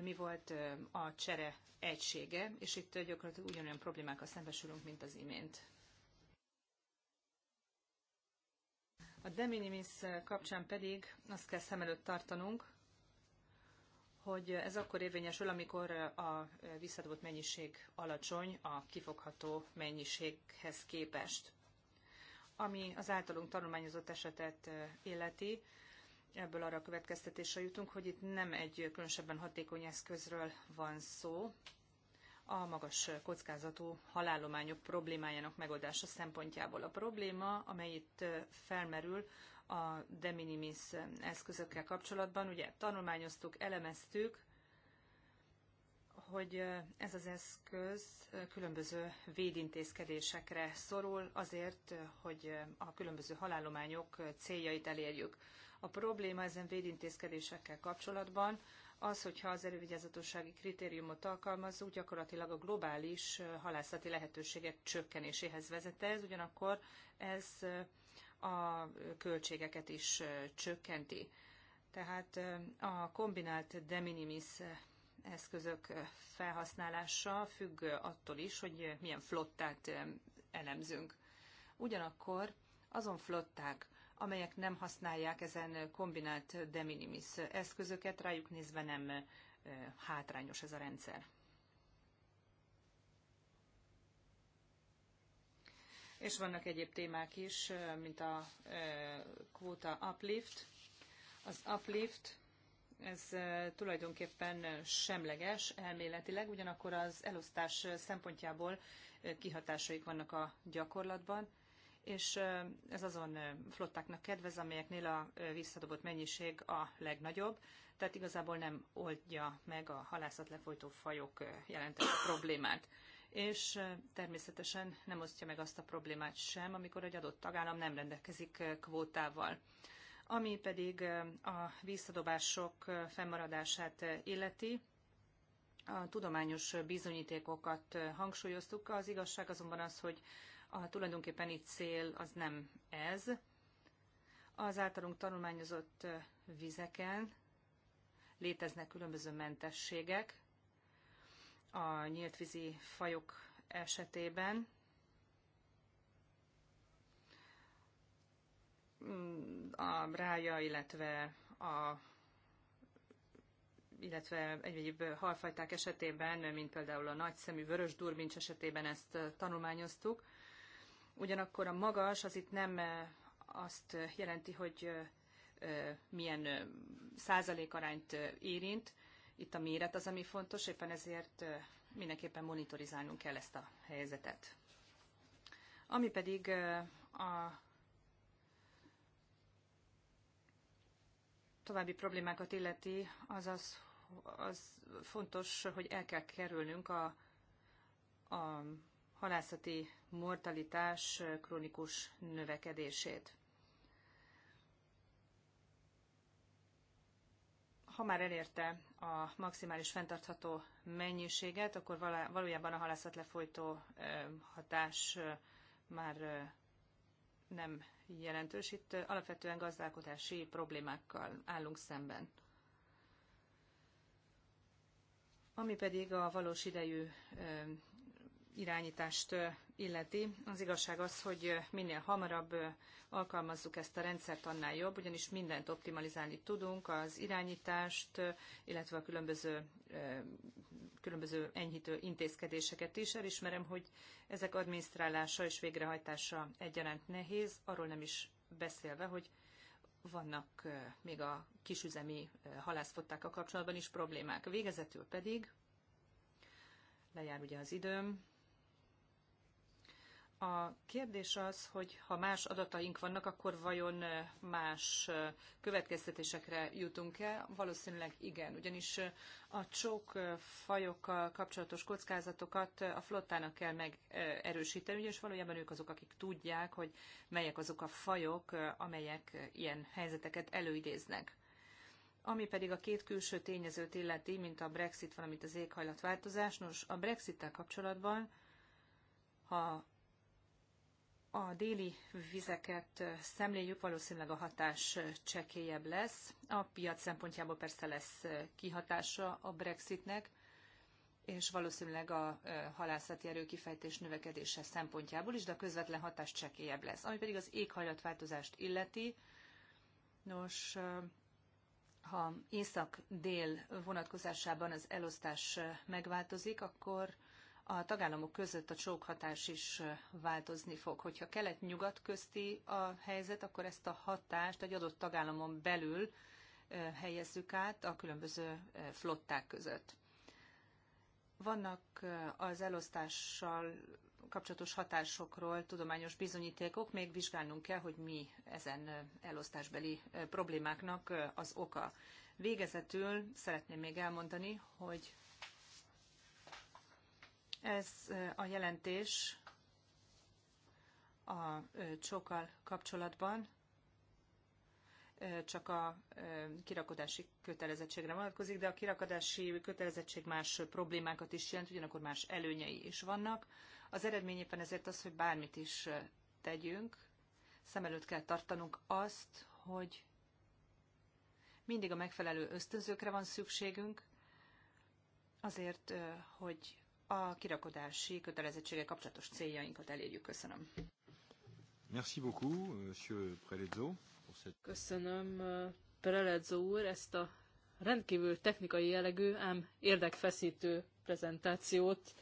mi volt a csere egysége, és itt gyakorlatilag ugyanolyan problémákkal szembesülünk, mint az imént. A de minimis kapcsán pedig azt kell szem előtt tartanunk, hogy ez akkor érvényesül, amikor a visszadobott mennyiség alacsony a kifogható mennyiséghez képest. Ami az általunk tanulmányozott esetet illeti, ebből arra a következtetésre jutunk, hogy itt nem egy különösebben hatékony eszközről van szó, a magas kockázatú halálományok problémájának megoldása szempontjából. A probléma, amely itt felmerül a de minimis eszközökkel kapcsolatban, ugye tanulmányoztuk, elemeztük, hogy ez az eszköz különböző védintézkedésekre szorul azért, hogy a különböző halálományok céljait elérjük. A probléma ezen védintézkedésekkel kapcsolatban az, hogyha az elővigyázatossági kritériumot alkalmazzuk, gyakorlatilag a globális halászati lehetőségek csökkenéséhez vezet ez, ugyanakkor ez a költségeket is csökkenti. Tehát a kombinált de minimis eszközök felhasználása függ attól is, hogy milyen flottát eh, elemzünk. Ugyanakkor azon flották, amelyek nem használják ezen kombinált de minimis eszközöket, rájuk nézve nem eh, hátrányos ez a rendszer. És vannak egyéb témák is, eh, mint a kvóta uplift. Az uplift ez tulajdonképpen semleges elméletileg, ugyanakkor az elosztás szempontjából kihatásaik vannak a gyakorlatban, és ez azon flottáknak kedvez, amelyeknél a visszadobott mennyiség a legnagyobb, tehát igazából nem oldja meg a halászat lefolytó fajok jelentős problémát és természetesen nem osztja meg azt a problémát sem, amikor egy adott tagállam nem rendelkezik kvótával. Ami pedig a visszadobások fennmaradását illeti, a tudományos bizonyítékokat hangsúlyoztuk. Az igazság azonban az, hogy a itt cél az nem ez. Az általunk tanulmányozott vizeken léteznek különböző mentességek a vízi fajok esetében, Mm, a rája illetve a illetve egyéb halfajták esetében, mint például a nagyszemű vörös durbincs esetében ezt eh, tanulmányoztuk. Ugyanakkor a magas az itt nem eh, azt jelenti, hogy eh, milyen százalékarányt érint. Itt a méret az, ami fontos, éppen ezért mindenképpen monitorizálnunk kell ezt a helyzetet. Ami pedig a további problémákat illeti, az, az, az fontos, hogy el kell kerülnünk a, a halászati mortalitás krónikus növekedését. Ha már elérte a maximális fenntartható mennyiséget, akkor valójában a halászat lefolytó hatás már nem jelentős. Itt alapvetően gazdálkodási problémákkal állunk szemben. Ami pedig a valós idejű irányítást illeti, az igazság az, hogy minél hamarabb alkalmazzuk ezt a rendszert, annál jobb, ugyanis mindent optimalizálni tudunk, az irányítást, illetve a különböző különböző enyhítő intézkedéseket is. Elismerem, hogy ezek adminisztrálása és végrehajtása egyaránt nehéz, arról nem is beszélve, hogy vannak még a kisüzemi halászfottákkal kapcsolatban is problémák. Végezetül pedig, lejár ugye az időm, a kérdés az, hogy ha más adataink vannak, akkor vajon más következtetésekre jutunk-e? Valószínűleg igen, ugyanis a csók fajokkal kapcsolatos kockázatokat a flottának kell megerősíteni, és valójában ők azok, akik tudják, hogy melyek azok a fajok, amelyek ilyen helyzeteket előidéznek. Ami pedig a két külső tényezőt illeti, mint a Brexit, valamint az éghajlatváltozás, nos, a Brexit-tel kapcsolatban ha a déli vizeket szemléljük, valószínűleg a hatás csekélyebb lesz. A piac szempontjából persze lesz kihatása a Brexitnek, és valószínűleg a halászati erőkifejtés növekedése szempontjából is, de a közvetlen hatás csekélyebb lesz. Ami pedig az éghajlatváltozást illeti, nos, ha észak-dél vonatkozásában az elosztás megváltozik, akkor a tagállamok között a csókhatás is változni fog. Hogyha kelet-nyugat közti a helyzet, akkor ezt a hatást egy adott tagállamon belül helyezzük át a különböző flották között. Vannak az elosztással kapcsolatos hatásokról tudományos bizonyítékok, még vizsgálnunk kell, hogy mi ezen elosztásbeli problémáknak az oka. Végezetül szeretném még elmondani, hogy ez a jelentés a csókkal kapcsolatban csak a kirakodási kötelezettségre vonatkozik, de a kirakodási kötelezettség más problémákat is jelent, ugyanakkor más előnyei is vannak. Az eredmény éppen ezért az, hogy bármit is tegyünk, szem előtt kell tartanunk azt, hogy mindig a megfelelő ösztönzőkre van szükségünk, azért, hogy a kirakodási kötelezettsége kapcsolatos céljainkat elérjük. Köszönöm. Merci beaucoup, monsieur Prelezzo. Pour cette... Köszönöm, uh, Prelezzo úr, ezt a rendkívül technikai jellegű, ám érdekfeszítő prezentációt.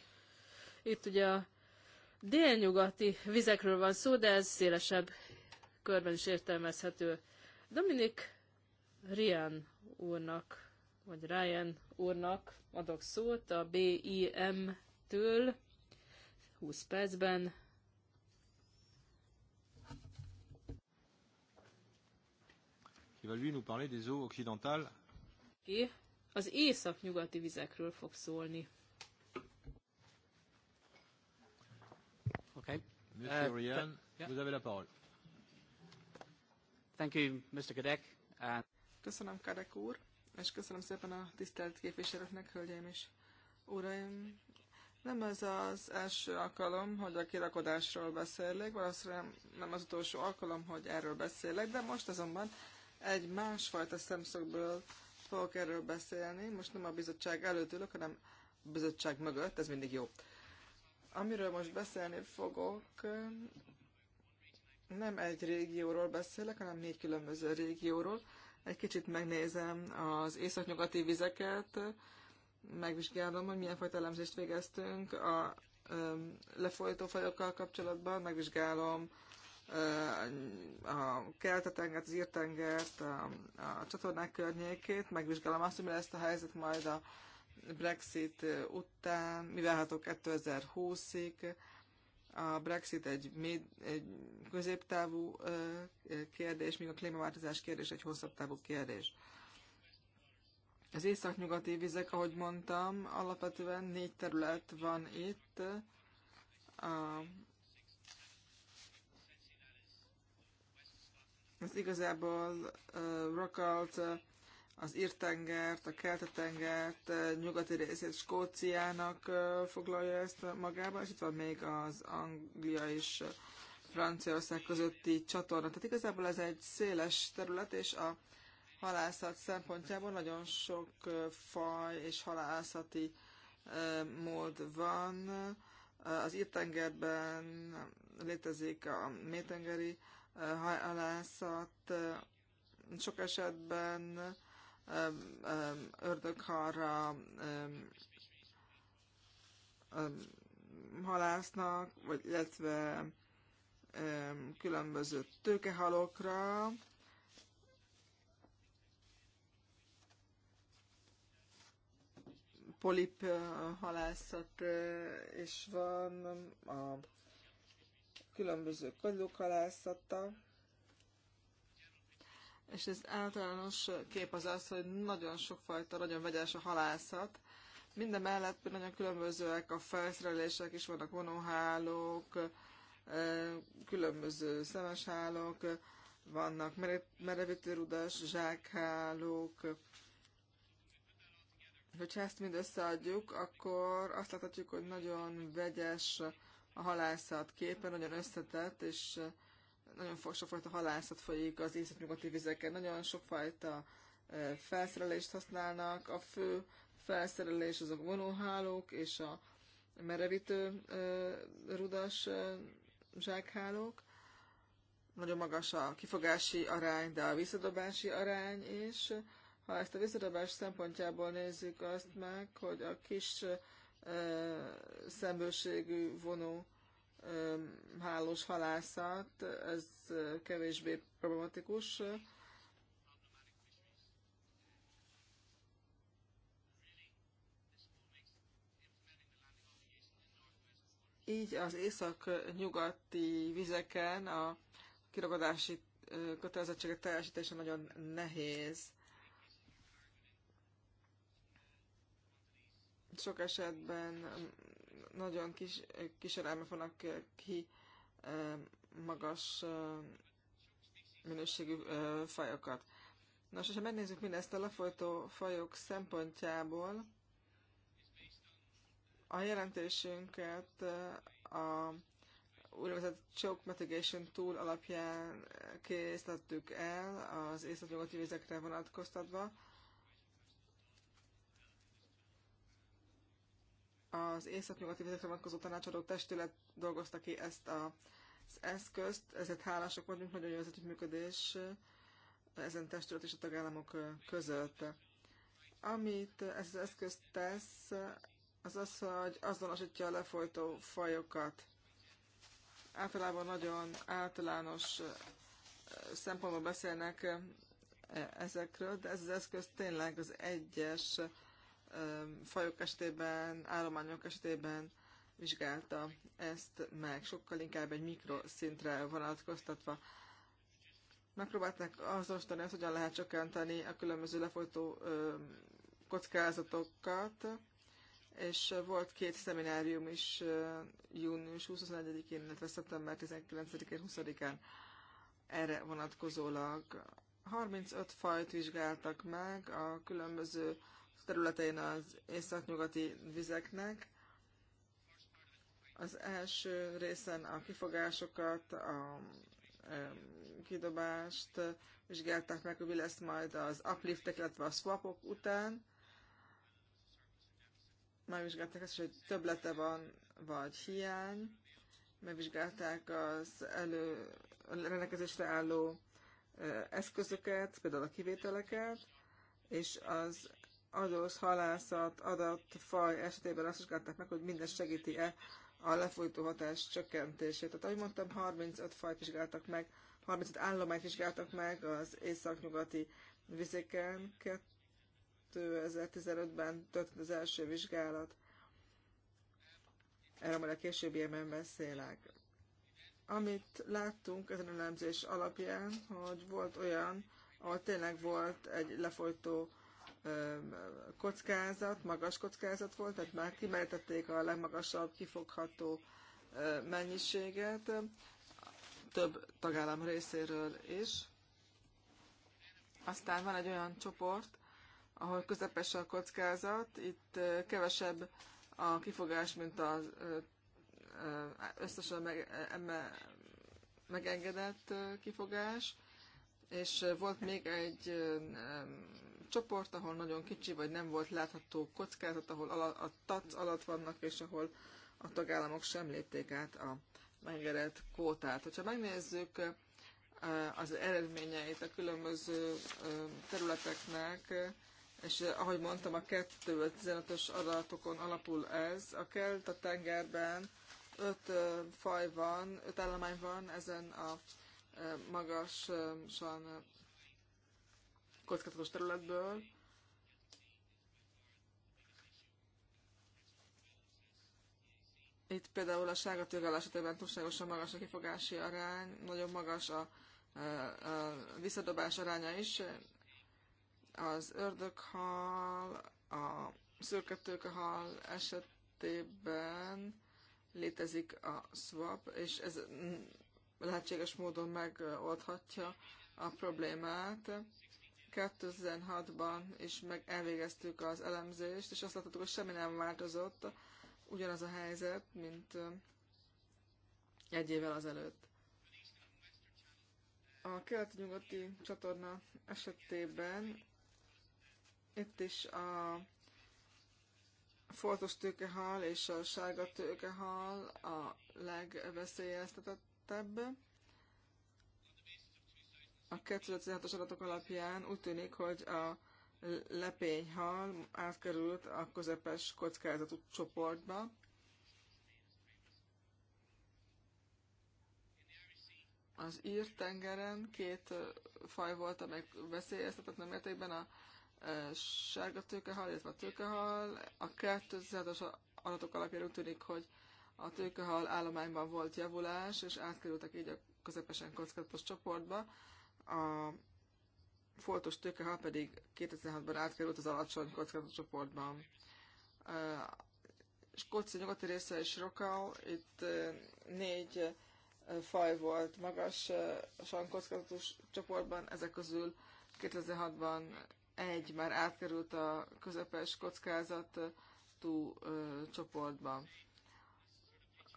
Itt ugye a délnyugati vizekről van szó, de ez szélesebb körben is értelmezhető. Dominik Rian úrnak vagy Ryan úrnak adok szót a BIM-től 20 percben. Qui va lui nous parler des eaux occidentales. Ki az észak-nyugati vizekről fog szólni. Okay. Monsieur uh, Ryan, yeah. vous avez la parole. Thank you, Mr. Kadek. Uh, Köszönöm, Kadek úr és köszönöm szépen a tisztelt képviselőknek, hölgyeim és uraim. Nem ez az első alkalom, hogy a kirakodásról beszélek, valószínűleg nem az utolsó alkalom, hogy erről beszélek, de most azonban egy másfajta szemszögből fogok erről beszélni. Most nem a bizottság előtt ülök, hanem a bizottság mögött, ez mindig jó. Amiről most beszélni fogok, nem egy régióról beszélek, hanem négy különböző régióról egy kicsit megnézem az északnyugati vizeket, megvizsgálom, hogy milyen fajta elemzést végeztünk a lefolytó fajokkal kapcsolatban, megvizsgálom a keltetengert, az írtengert, a, a csatornák környékét, megvizsgálom azt, hogy mi lesz a helyzet majd a Brexit után, mivel hatok 2020-ig, a Brexit egy, méd, egy középtávú kérdés, míg a klímaváltozás kérdés egy hosszabb távú kérdés. Az északnyugati vizek, ahogy mondtam, alapvetően négy terület van itt. A, ez igazából uh, Rockalt, uh, az Írtengert, a Keltetengert, eh, nyugati részét Skóciának eh, foglalja ezt magába, és itt van még az Anglia és Franciaország közötti csatorna. Tehát igazából ez egy széles terület, és a halászat szempontjából nagyon sok eh, faj és halászati mód van. Az írtengerben létezik a mélytengeri halászat, sok esetben ördögharra halásznak, vagy illetve különböző tőkehalokra, polip halászat is van, a különböző kagylók halászata és ez általános kép az az, hogy nagyon sokfajta, nagyon vegyes a halászat. Minden mellett nagyon különbözőek a felszerelések is, vannak vonóhálók, különböző szemeshálók, vannak merevítőrudas, zsákhálók. Hogyha ezt mind összeadjuk, akkor azt láthatjuk, hogy nagyon vegyes a halászat képe, nagyon összetett, és nagyon sokfajta halászat folyik az észak-nyugati vizeken, nagyon sokfajta felszerelést használnak. A fő felszerelés azok vonóhálók és a merevítő rudas zsákhálók. Nagyon magas a kifogási arány, de a visszadobási arány is. Ha ezt a visszadobás szempontjából nézzük azt meg, hogy a kis szembőségű vonó hálós halászat, ez kevésbé problematikus. Így az észak-nyugati vizeken a kiragadási kötelezettségek teljesítése nagyon nehéz. Sok esetben nagyon kis kísérelme vannak eh, ki eh, magas eh, minőségű fajokat. Nos, és ha megnézzük mindezt a lefolytó fajok szempontjából, a jelentésünket a úgynevezett choke mitigation tool alapján készítettük el az északnyugati vizekre vonatkoztatva. az északnyugati vizekre vonatkozó tanácsadó testület dolgozta ki ezt a, az eszközt, ezért hálások vagyunk, nagyon jó az működés ezen testület és a tagállamok között. Amit ez az eszköz tesz, az az, hogy azonosítja a lefolytó fajokat. Általában nagyon általános szempontból beszélnek ezekről, de ez az eszköz tényleg az egyes fajok esetében, állományok esetében vizsgálta ezt meg, sokkal inkább egy mikroszintre vonatkoztatva. Megpróbálták osztani, hogy hogyan lehet csökkenteni a különböző lefolytó kockázatokat, és volt két szeminárium is június 21-én, illetve szeptember 19-én, 20-án erre vonatkozólag. 35 fajt vizsgáltak meg a különböző területein az északnyugati vizeknek. Az első részen a kifogásokat, a kidobást vizsgálták meg, hogy mi lesz majd az upliftek, illetve a swapok után. Megvizsgálták azt, hogy töblete van, vagy hiány. Megvizsgálták az elő rendelkezésre álló eszközöket, például a kivételeket, és az adós halászat adatfaj esetében azt vizsgálták meg, hogy mindez segíti-e a lefolytó hatás csökkentését. Tehát ahogy mondtam, 35 fajt vizsgáltak meg, 35 állományt vizsgáltak meg az északnyugati vizéken. 2015-ben történt az első vizsgálat. Erről majd a későbbiekben beszélek. Amit láttunk ezen elemzés alapján, hogy volt olyan, ahol tényleg volt egy lefolytó kockázat, magas kockázat volt, tehát már kimerítették a legmagasabb kifogható mennyiséget több tagállam részéről is. Aztán van egy olyan csoport, ahol közepes a kockázat, itt kevesebb a kifogás, mint az összesen e, megengedett kifogás, és volt még egy csoport, ahol nagyon kicsi vagy nem volt látható kockázat, ahol a TAC alatt vannak, és ahol a tagállamok sem lépték át a megengedett kvótát. Ha megnézzük eh, az eredményeit a különböző eh, területeknek, és eh, ahogy mondtam, a 2015-ös adatokon alapul ez, a kelt a tengerben öt faj van, öt állomány van ezen a magasan kockázatos területből. Itt például a sárga tőgállás esetében túlságosan magas a kifogási arány, nagyon magas a, a, a visszadobás aránya is. Az ördöghal, a szürke tőkehal esetében létezik a swap, és ez lehetséges módon megoldhatja a problémát. 2006-ban is meg elvégeztük az elemzést, és azt láthattuk, hogy semmi nem változott, ugyanaz a helyzet, mint egy évvel azelőtt. A keleti-nyugati csatorna esetében itt is a foltos tőkehal és a sárga tőkehal a legveszélyeztetettebb. A 2016-os adatok alapján úgy tűnik, hogy a lepényhal átkerült a közepes kockázatú csoportba. Az ír tengeren két faj volt, amelyek veszélyeztetett nem értékben a sárga tőkehal, illetve a tőkehal. A 2016-os adatok alapján úgy tűnik, hogy a tőkehal állományban volt javulás, és átkerültek így a közepesen kockázatos csoportba a foltos ha pedig 2006-ban átkerült az alacsony kockázat csoportban. Skócia nyugati része és Rokau, itt négy faj volt magasan kockázatos csoportban, ezek közül 2006-ban egy már átkerült a közepes kockázatú csoportba.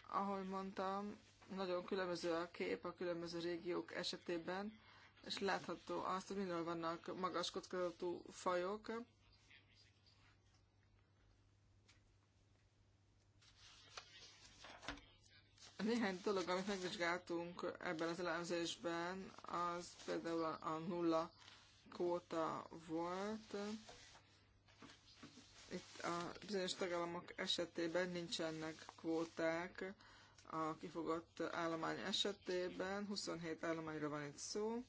Ahogy mondtam, nagyon különböző a kép a különböző régiók esetében, és látható azt, hogy minél vannak magas kockázatú fajok. Néhány dolog, amit megvizsgáltunk ebben az elemzésben, az például a nulla kóta volt. Itt a bizonyos tagállamok esetében nincsenek kvóták a kifogott állomány esetében. 27 állományra van itt szó.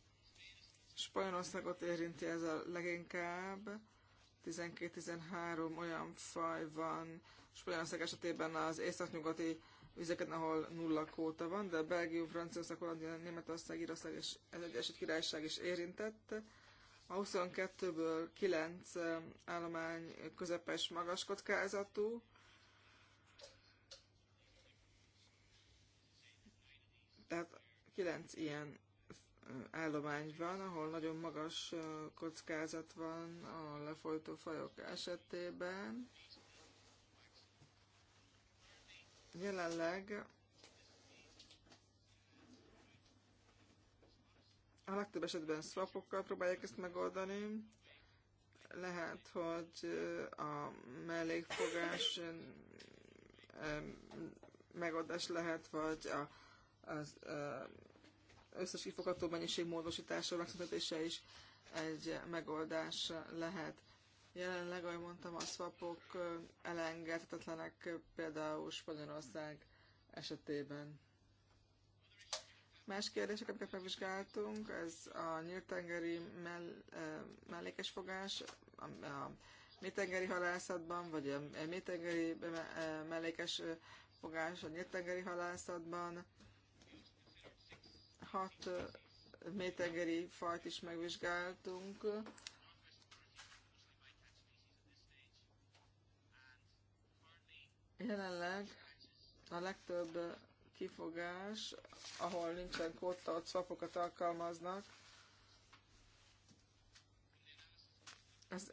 Spanyolországot érinti ez a leginkább. 12-13 olyan faj van Spanyolország esetében az északnyugati vizeken, ahol nulla kóta van, de Belgium, Franciaország, Hollandia, Németország, Írország és az Egyesült Királyság is érintett. A 22-ből 9 állomány közepes magas kockázatú. Tehát 9 ilyen állomány van, ahol nagyon magas kockázat van a lefolytó fajok esetében. Jelenleg a legtöbb esetben swapokkal próbálják ezt megoldani. Lehet, hogy a mellékfogás megoldás lehet, vagy a, az összes kifogató mennyiség módosítása, megszüntetése is egy megoldás lehet. Jelenleg, ahogy mondtam, a swapok elengedhetetlenek például Spanyolország esetében. Más kérdések, amiket megvizsgáltunk, ez a nyíltengeri mell- mellékes fogás, a, a mélytengeri halászatban, vagy a mélytengeri mellékes fogás a nyíltengeri halászatban, hat mélytengeri fajt is megvizsgáltunk. Jelenleg a legtöbb kifogás, ahol nincsen kóta, ott szapokat alkalmaznak. Ez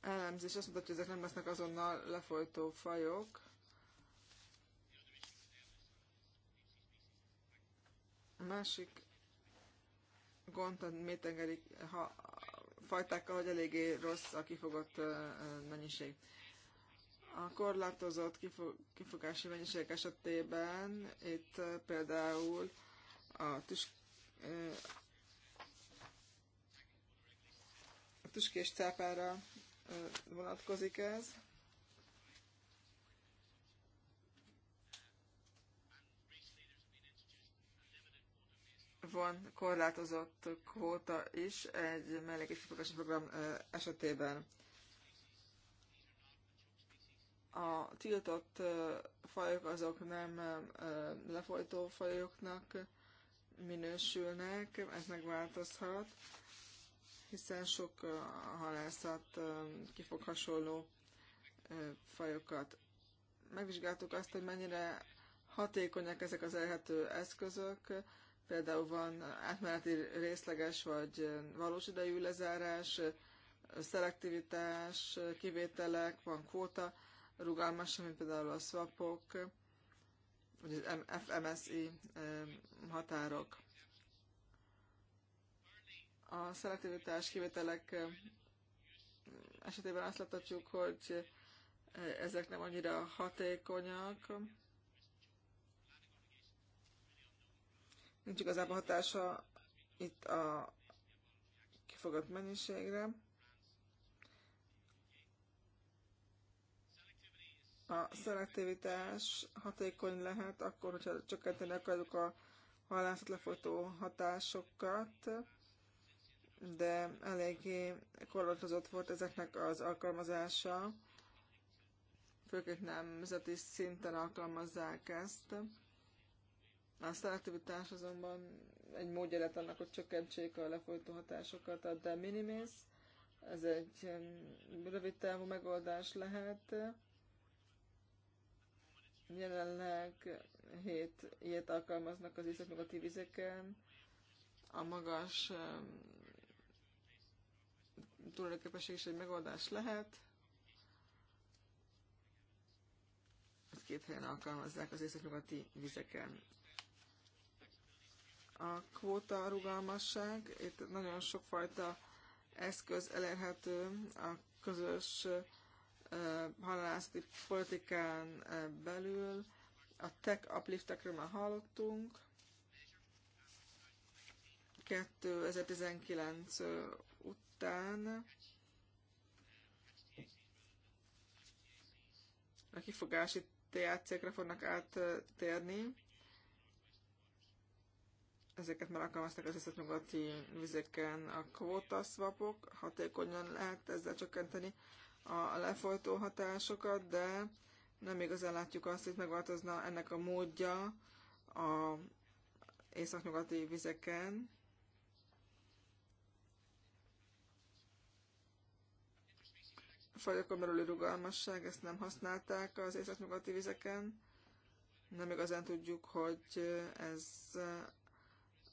elemzés azt mutatja, hogy ezek nem lesznek azonnal lefolytó fajok. A másik gond a mélytengeri ha, fajtákkal, hogy eléggé rossz a kifogott mennyiség. A korlátozott kifogási mennyiség esetében itt például a, tüsk, a tüskés cápára vonatkozik ez. van korlátozott kvóta is egy mellékésfogatási program esetében. A tiltott fajok azok nem lefolytó fajoknak minősülnek, ez megváltozhat, hiszen sok halászat kifog hasonló fajokat. Megvizsgáltuk azt, hogy mennyire hatékonyak ezek az elhető eszközök, Például van átmeneti részleges vagy valós idejű lezárás, szelektivitás, kivételek, van kvóta, rugalmas, mint például a swapok, vagy az FMSI határok. A szelektivitás kivételek esetében azt láthatjuk, hogy eh, ezek nem annyira hatékonyak, nincs igazából hatása itt a kifogott mennyiségre. A szelektivitás hatékony lehet akkor, hogyha csökkenteni akarjuk a halászat lefolytó hatásokat, de eléggé korlátozott volt ezeknek az alkalmazása, főként nemzeti szinten alkalmazzák ezt. A szelektivitás azonban egy módja lett annak, hogy csökkentsék a lefolytó hatásokat, a de minimis, ez egy rövid távú megoldás lehet. Jelenleg hét ilyet alkalmaznak az északnyugati vizeken. A magas tulajdonképpesség is egy megoldás lehet. Ezt két helyen alkalmazzák az északnyugati vizeken a kvóta rugalmasság, itt nagyon sokfajta eszköz elérhető a közös halászati politikán belül. A tech upliftekről már hallottunk. 2019 után a kifogási THC-kre fognak áttérni ezeket már alkalmazták az összes vizeken a kvótaszvapok, hatékonyan lehet ezzel csökkenteni a lefolytó hatásokat, de nem igazán látjuk azt, hogy megváltozna ennek a módja a északnyugati vizeken. A fajokon belüli rugalmasság, ezt nem használták az északnyugati vizeken. Nem igazán tudjuk, hogy ez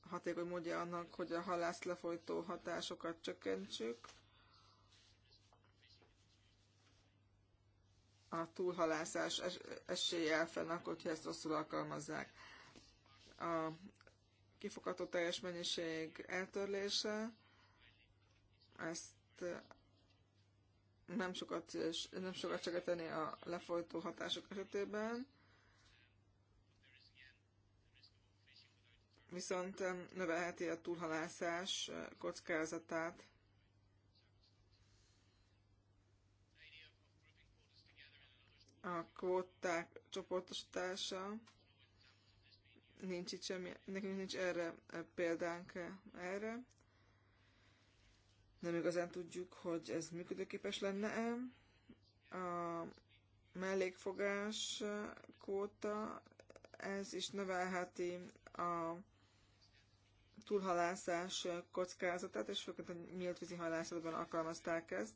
hatékony módja annak, hogy a halász lefolytó hatásokat csökkentsük. A túlhalászás es esélye fenn, hogyha ezt rosszul alkalmazzák. A kifogható teljes mennyiség eltörlése, ezt nem sokat, nem sokat csak a lefolytó hatások esetében. viszont növelheti a túlhalászás eh, kockázatát. A kvóták csoportosítása nincs itt semmi, nekünk nincs erre eh, példánk eh, erre. Nem igazán tudjuk, hogy ez működőképes lenne-e. A mellékfogás kóta, ez is növelheti a túlhalászás kockázatát, és főként a nyíltvízi halászatban alkalmazták ezt.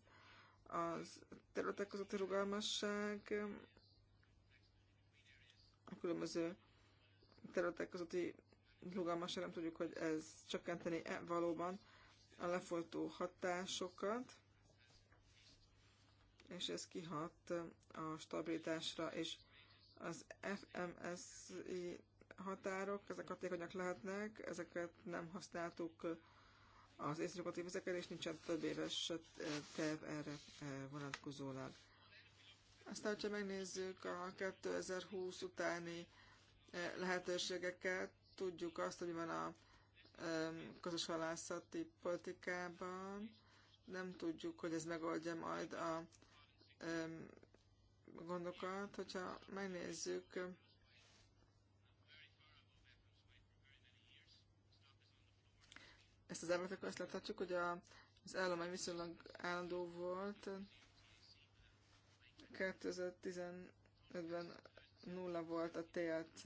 Az területek közötti rugalmasság, a különböző területek közötti rugalmasság, nem tudjuk, hogy ez csökkenteni -e valóban a lefolytó hatásokat, és ez kihat a stabilitásra, és az FMSI határok, ezek hatékonyak lehetnek, ezeket nem használtuk az észrekokatív ezeken, és nincsen több éves terv erre eh, vonatkozólag. Aztán, ha megnézzük a 2020 utáni eh, lehetőségeket, tudjuk azt, hogy van a közös halászati politikában, nem tudjuk, hogy ez megoldja majd a gondokat, hogyha megnézzük ezt az akkor azt láthatjuk, hogy a, az állomány viszonylag állandó volt. 2015-ben nulla volt a TLC.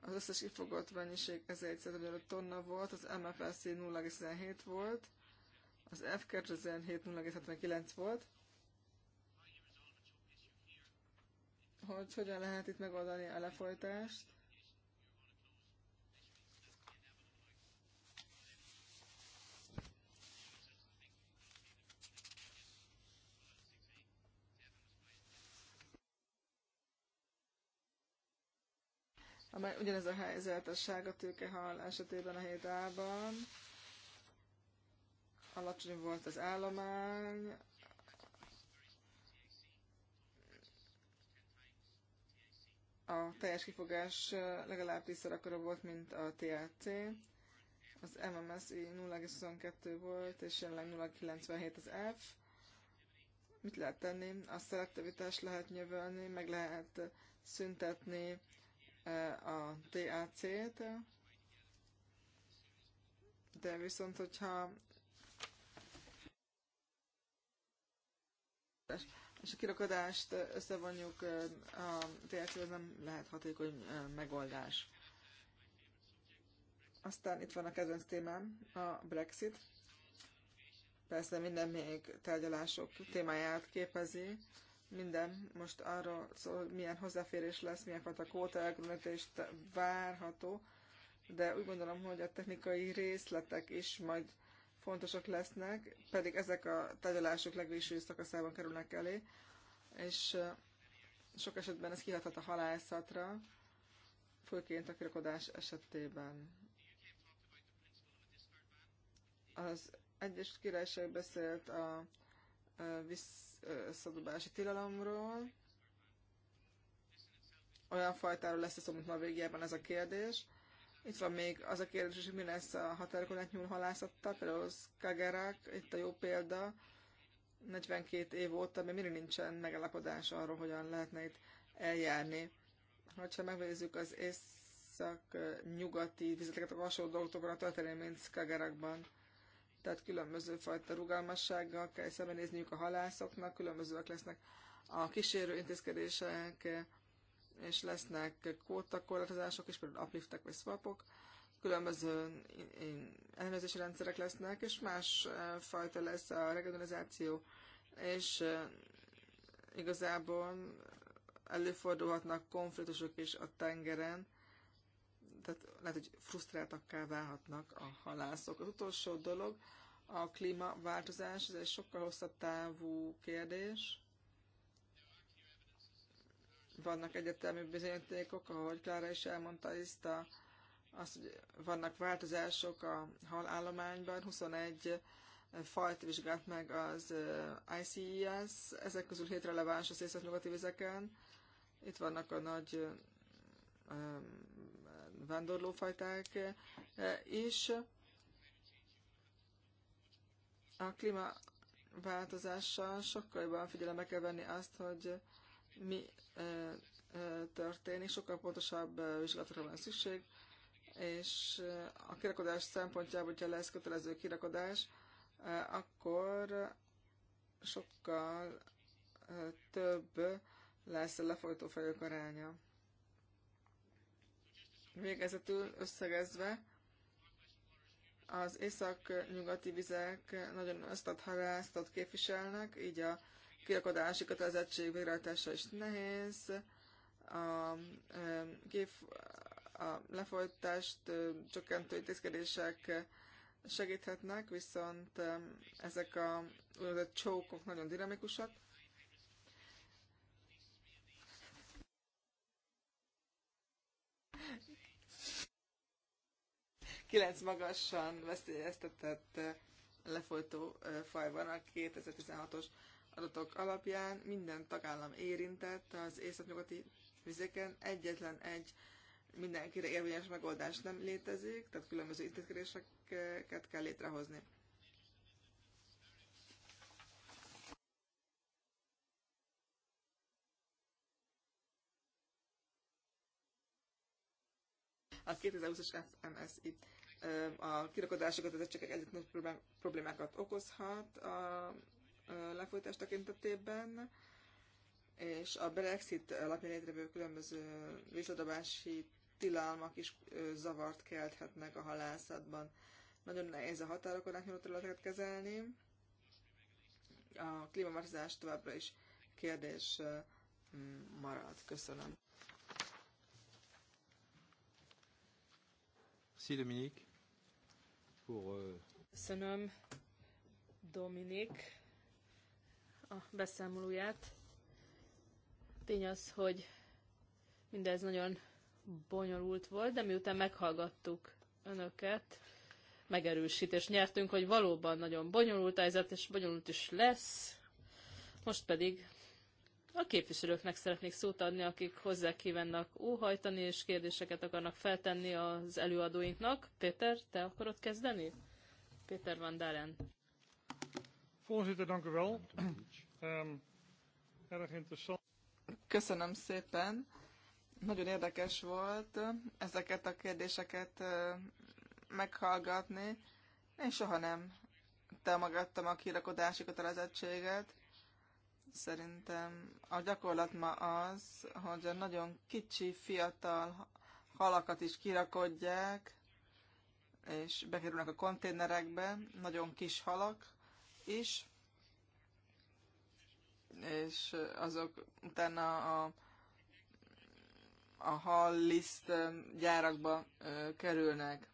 Az összes kifogott mennyiség 1100 tonna volt, az MFSC 0,17 volt, az f 2017 0,79 e volt. Hogy hogyan lehet itt megoldani a lefolytást? amely ugyanez a helyzet a sárga tőkehal esetében a hétában. Alacsony volt az állomány, a teljes kifogás legalább tízszer akkora volt, mint a TLC. Az MMSI 0,22 volt, és jelenleg 0,97 az F. Mit lehet tenni? A szelektivitást lehet nyövölni, meg lehet szüntetni a TAC-t, de viszont, hogyha és a kirakadást összevonjuk a TLC, az nem lehet hatékony megoldás. Aztán itt van a kedvenc témám, a Brexit. Persze minden még tárgyalások témáját képezi, minden most arról szól, hogy milyen hozzáférés lesz, milyen fajta kóta elkülönítést várható, de úgy gondolom, hogy a technikai részletek is majd fontosak lesznek, pedig ezek a tárgyalások legvégső szakaszában kerülnek elé, és sok esetben ez kihathat a halászatra, főként a kirakodás esetében. Az egyes Királyság beszélt a, a összedobási tilalomról. Olyan fajtáról lesz szó, mint végében ez a kérdés. Itt van még az a kérdés, hogy mi lesz a határokon nyúl halászattal, például Skagerrak, itt a jó példa, 42 év óta még mindig nincsen megállapodás arról, hogyan lehetne itt eljárni. Ha megnézzük az észak-nyugati vizeteket, akkor hasonló dolgokra történik, mint Skagerakban tehát különböző fajta rugalmassággal kell szembenézniük a halászoknak, különbözőek lesznek a kísérő intézkedések, és lesznek kvótakorlátozások is, például upliftek vagy swapok, különböző ellenőrzési rendszerek lesznek, és más e, fajta lesz a regionalizáció, és e, igazából előfordulhatnak konfliktusok is a tengeren, tehát lehet, hogy frusztráltakká válhatnak a halászok. Az utolsó dolog a klímaváltozás, ez egy sokkal hosszabb távú kérdés. Vannak egyetemi bizonyítékok, ahogy Klára is elmondta ezt a az, hogy vannak változások a halállományban, 21 fajt vizsgált meg az ICES, ezek közül 7 releváns az észak-nyugati vizeken. Itt vannak a nagy vándorlófajták is. Eh, a klímaváltozással sokkal jobban figyelembe kell venni azt, hogy mi eh, eh, történik, sokkal pontosabb vizsgálatokra van szükség, és a kirakodás szempontjából, hogyha lesz kötelező kirakodás, akkor sokkal több lesz a lefolytó fajok aránya. Végezetül összegezve, az észak-nyugati vizek nagyon osztott halászatot képviselnek, így a kirakodási kötelezettség végrehajtása is nehéz, a, kép, a lefolytást csökkentő intézkedések segíthetnek, viszont ezek a úgynevezett csókok nagyon dinamikusak, kilenc magasan veszélyeztetett lefolytó faj van a 2016-os adatok alapján. Minden tagállam érintett az északnyugati vizeken. Egyetlen egy mindenkire érvényes megoldás nem létezik, tehát különböző intézkedéseket kell létrehozni. a 2020-as itt a kirakodásokat, az csak egy nagy problémákat okozhat a lefolytás tekintetében, és a Brexit alapján létrevő különböző visszadobási tilalmak is zavart kelthetnek a halászatban. Nagyon nehéz a határokon átnyúló területeket kezelni. A klímaváltozás továbbra is kérdés marad. Köszönöm. Merci Dominique. Pour, euh... Köszönöm Dominik a beszámolóját. Tény az, hogy mindez nagyon bonyolult volt, de miután meghallgattuk önöket, megerősítés nyertünk, hogy valóban nagyon bonyolult a helyzet, és bonyolult is lesz. Most pedig a képviselőknek szeretnék szót adni, akik hozzá kívánnak óhajtani, és kérdéseket akarnak feltenni az előadóinknak. Péter, te akarod kezdeni? Péter van Dalen. Voorzitter, dank u wel. Ehm, erg interessant. Köszönöm szépen. Nagyon érdekes volt ezeket a kérdéseket meghallgatni. Én soha nem támogattam a kirakodási kötelezettséget. Szerintem a gyakorlat ma az, hogy a nagyon kicsi, fiatal halakat is kirakodják, és bekerülnek a konténerekbe, nagyon kis halak is, és azok utána a, a liszt gyárakba kerülnek.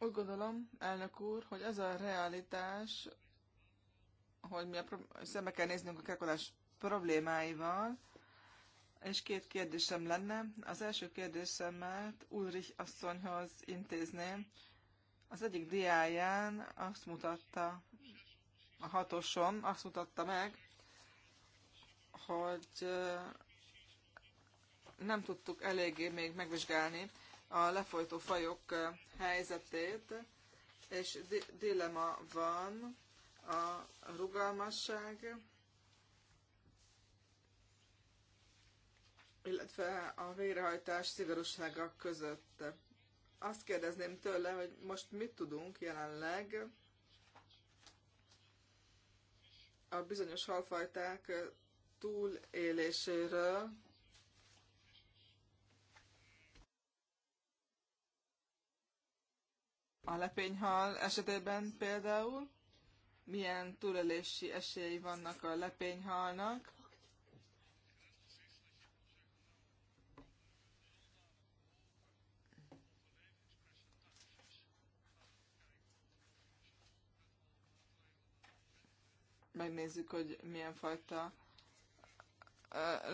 Úgy gondolom, elnök úr, hogy az a realitás, hogy mi a szembe kell néznünk a kerekodás problémáival, és két kérdésem lenne. Az első kérdésemet Ulrich asszonyhoz intézném. Az egyik diáján azt mutatta, a hatoson azt mutatta meg, hogy nem tudtuk eléggé még megvizsgálni a lefolytó fajok helyzetét, és dilema van a rugalmasság, illetve a végrehajtás szigorúsága között. Azt kérdezném tőle, hogy most mit tudunk jelenleg a bizonyos halfajták túléléséről, a lepényhal esetében például, milyen túlélési esélyei vannak a lepényhalnak, megnézzük, hogy milyen fajta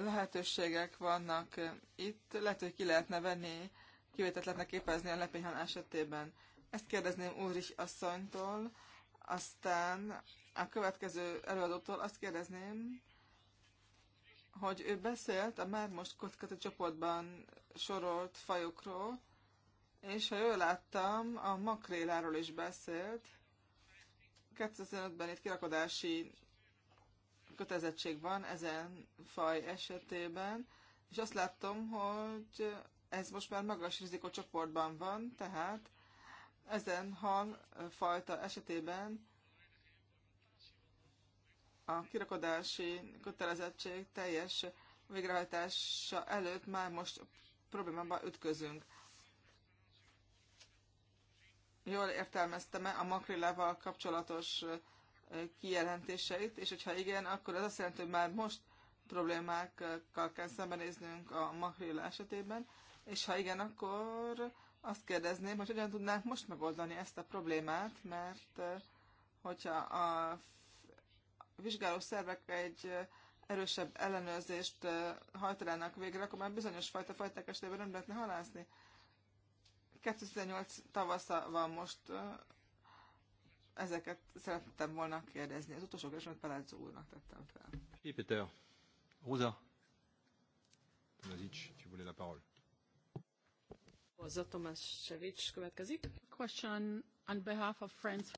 lehetőségek vannak itt. Lehet, hogy ki lehetne venni, kivételt lehetne képezni a lepényhal esetében. Ezt kérdezném Úrich asszonytól, aztán a következő előadótól azt kérdezném, hogy ő beszélt a már most kockázati csoportban sorolt fajokról, és ha jól láttam, a makréláról is beszélt. 2005-ben itt kirakodási kötelezettség van ezen faj esetében, és azt láttam, hogy ez most már magas csoportban van, tehát ezen hal fajta esetében a kirakodási kötelezettség teljes végrehajtása előtt már most problémában ütközünk. Jól értelmeztem-e a makrilával kapcsolatos kijelentéseit, és hogyha igen, akkor ez azt jelenti, hogy már most problémákkal kell szembenéznünk a makrilla esetében, és ha igen, akkor azt kérdezném, hogy hogyan tudnánk most megoldani ezt a problémát, mert eh, hogyha a vizsgáló szervek egy eh, erősebb ellenőrzést eh, hajtanának végre, akkor már bizonyos fajta fajták esetében nem lehetne halászni. 2018 tavasza van most, ezeket szerettem volna kérdezni. Az utolsó kérdésemet Palázzo úrnak tettem fel. Péter, Rosa, tu tu voulais la parole következik. Question on behalf of friends.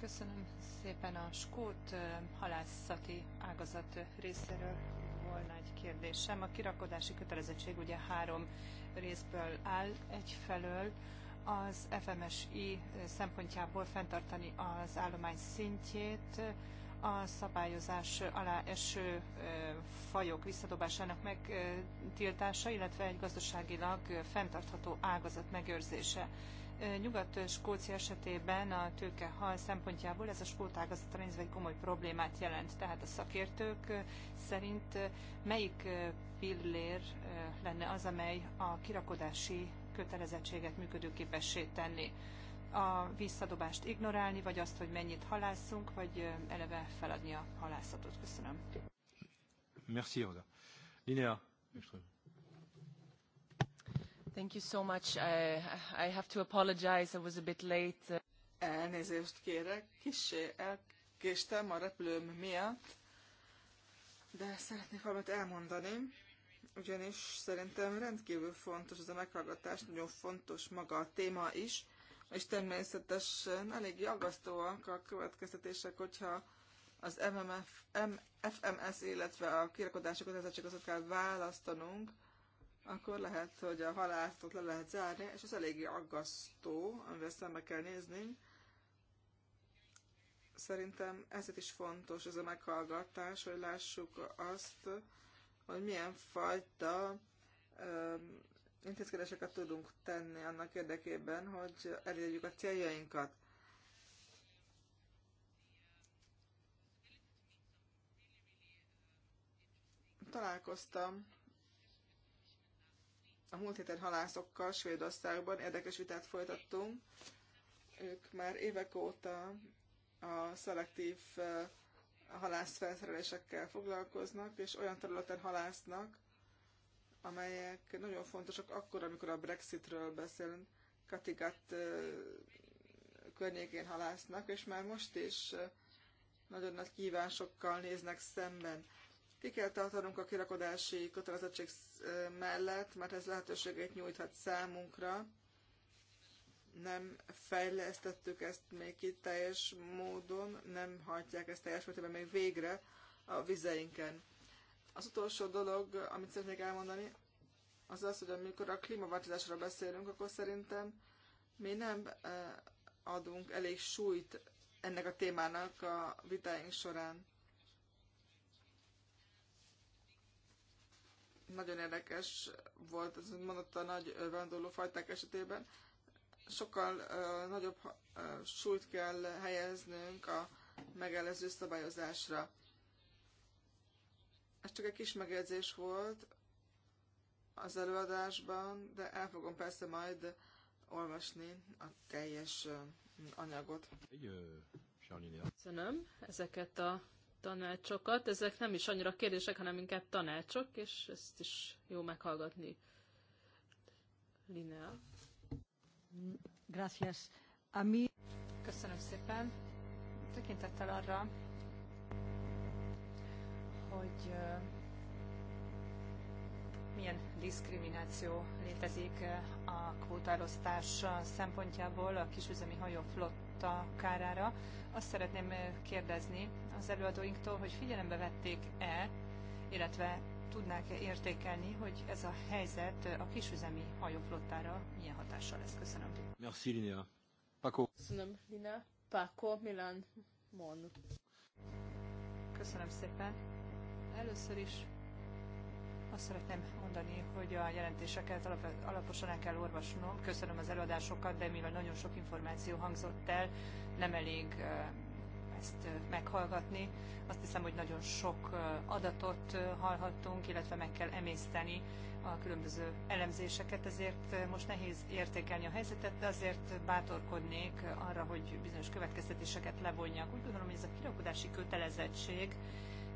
Köszönöm szépen a Skót halászati ágazat részéről volna egy kérdésem. A kirakodási kötelezettség ugye három részből áll. Egyfelől az FMSI szempontjából fenntartani az állomány szintjét, a szabályozás alá eső fajok visszadobásának megtiltása, illetve egy gazdaságilag fenntartható ágazat megőrzése. Nyugat-Skócia esetében a tőkehal szempontjából ez a sportágazat nézve egy komoly problémát jelent. Tehát a szakértők szerint melyik pillér lenne az, amely a kirakodási kötelezettséget működőképessé tenni? a visszadobást ignorálni, vagy azt, hogy mennyit halászunk, vagy eleve feladni a halászatot. Köszönöm. Merci, Rosa. Linea. Thank you so much. I, I have to apologize, I was a bit late. Elnézést kérek, kissé elkéstem a repülőm miatt, de szeretnék valamit elmondani, ugyanis szerintem rendkívül fontos ez a meghallgatás, nagyon fontos maga a téma is, és természetesen elég aggasztóak a következtetések, hogyha az MMF, M, FMS, illetve a kirakodási csak között kell választanunk, akkor lehet, hogy a halászatot le lehet zárni, és ez eléggé aggasztó, amivel szembe kell nézni. Szerintem ezért is fontos ez a meghallgatás, hogy lássuk azt, hogy milyen fajta um, intézkedéseket tudunk tenni annak érdekében, hogy elérjük a céljainkat. Találkoztam a múlt héten halászokkal Svédországban, érdekes vitát folytattunk. Ők már évek óta a szelektív eh, halászfelszerelésekkel foglalkoznak, és olyan területen halásznak, amelyek nagyon fontosak akkor, amikor a Brexitről beszélünk. Katigat környékén halásznak, és már most is nagyon nagy kívásokkal néznek szemben. Ki kell tartanunk a kirakodási kötelezettség mellett, mert ez lehetőséget nyújthat számunkra. Nem fejlesztettük ezt még itt teljes módon, nem hagyják ezt teljes mértékben még végre a vizeinken. Az utolsó dolog, amit szeretnék elmondani, az az, hogy amikor a klímaváltozásról beszélünk, akkor szerintem mi nem eh, adunk elég súlyt ennek a témának a vitáink során. Nagyon érdekes volt, az mondott a nagy vándorló fajták esetében. Sokkal uh, nagyobb uh, súlyt kell helyeznünk a megelező szabályozásra. Ez csak egy kis megjegyzés volt az előadásban, de el fogom persze majd olvasni a teljes anyagot. Köszönöm ezeket a tanácsokat. Ezek nem is annyira kérdések, hanem inkább tanácsok, és ezt is jó meghallgatni. Linea. Gracias. Ami... Köszönöm szépen. Tekintettel arra, hogy milyen diszkrimináció létezik a kvótárosztás szempontjából a kisüzemi hajóflotta kárára. Azt szeretném kérdezni az előadóinktól, hogy figyelembe vették-e, illetve tudnák-e értékelni, hogy ez a helyzet a kisüzemi hajóflottára milyen hatással lesz. Köszönöm. Merci, Lina. Paco. Köszönöm, Lina. Paco, Milan, Mon. Köszönöm szépen. Először is azt szeretném mondani, hogy a jelentéseket alaposan el kell olvasnom. Köszönöm az előadásokat, de mivel nagyon sok információ hangzott el, nem elég ezt meghallgatni. Azt hiszem, hogy nagyon sok adatot hallhattunk, illetve meg kell emészteni a különböző elemzéseket, ezért most nehéz értékelni a helyzetet, de azért bátorkodnék arra, hogy bizonyos következtetéseket levonjak. Úgy gondolom, hogy ez a kirakodási kötelezettség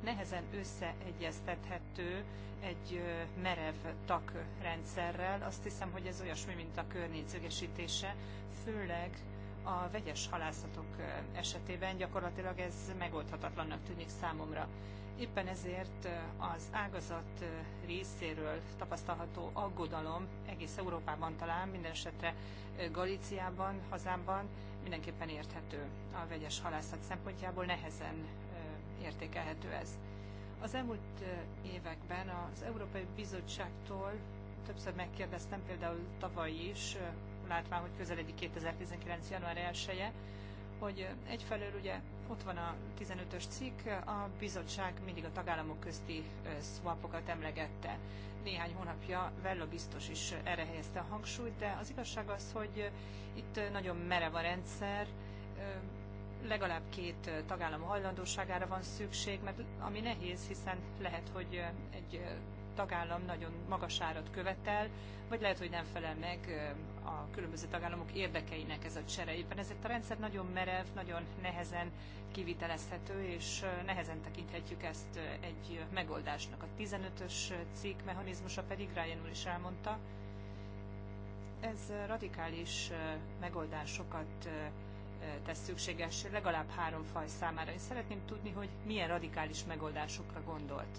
nehezen összeegyeztethető egy merev takrendszerrel. rendszerrel. Azt hiszem, hogy ez olyasmi, mint a környézőgesítése, főleg a vegyes halászatok esetében gyakorlatilag ez megoldhatatlannak tűnik számomra. Éppen ezért az ágazat részéről tapasztalható aggodalom egész Európában talán, minden esetre Galíciában, hazámban mindenképpen érthető a vegyes halászat szempontjából, nehezen értékelhető ez. Az elmúlt években az Európai Bizottságtól többször megkérdeztem, például tavaly is, látván, hogy közeledik 2019. január 1 -e, hogy egyfelől ugye ott van a 15-ös cikk, a bizottság mindig a tagállamok közti swapokat emlegette. Néhány hónapja Vella biztos is erre helyezte a hangsúlyt, de az igazság az, hogy itt nagyon merev a rendszer, legalább két tagállam hajlandóságára van szükség, mert ami nehéz, hiszen lehet, hogy egy tagállam nagyon magas árat követel, vagy lehet, hogy nem felel meg a különböző tagállamok érdekeinek ez a csere. Éppen ezért a rendszer nagyon merev, nagyon nehezen kivitelezhető, és nehezen tekinthetjük ezt egy megoldásnak. A 15-ös cikk mechanizmusa pedig, Ryan úr is elmondta, ez radikális megoldásokat tesz szükséges legalább három faj számára. Én szeretném tudni, hogy milyen radikális megoldásokra gondolt.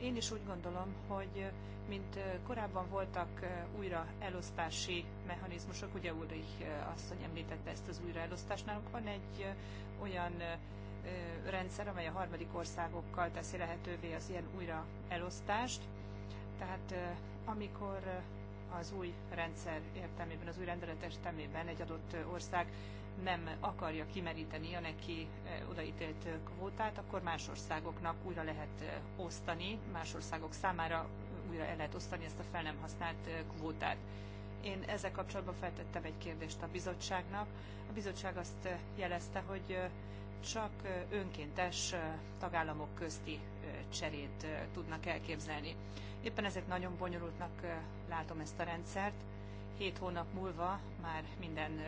Én is úgy gondolom, hogy mint korábban voltak újra elosztási mechanizmusok, ugye Ulrich asszony említette ezt az elosztást, nálunk van egy olyan rendszer, amely a harmadik országokkal teszi lehetővé az ilyen újra elosztást. Tehát amikor az új rendszer értelmében, az új rendelet értelmében egy adott ország nem akarja kimeríteni a neki eh, odaítélt eh, kvótát, akkor más országoknak újra lehet eh, osztani, más országok számára újra el lehet osztani ezt a fel nem használt kvótát. Én ezzel kapcsolatban feltettem egy kérdést a bizottságnak. A bizottság azt jelezte, hogy csak önkéntes tagállamok közti cserét tudnak elképzelni. Éppen ezért nagyon bonyolultnak látom ezt a rendszert. Hét hónap múlva már minden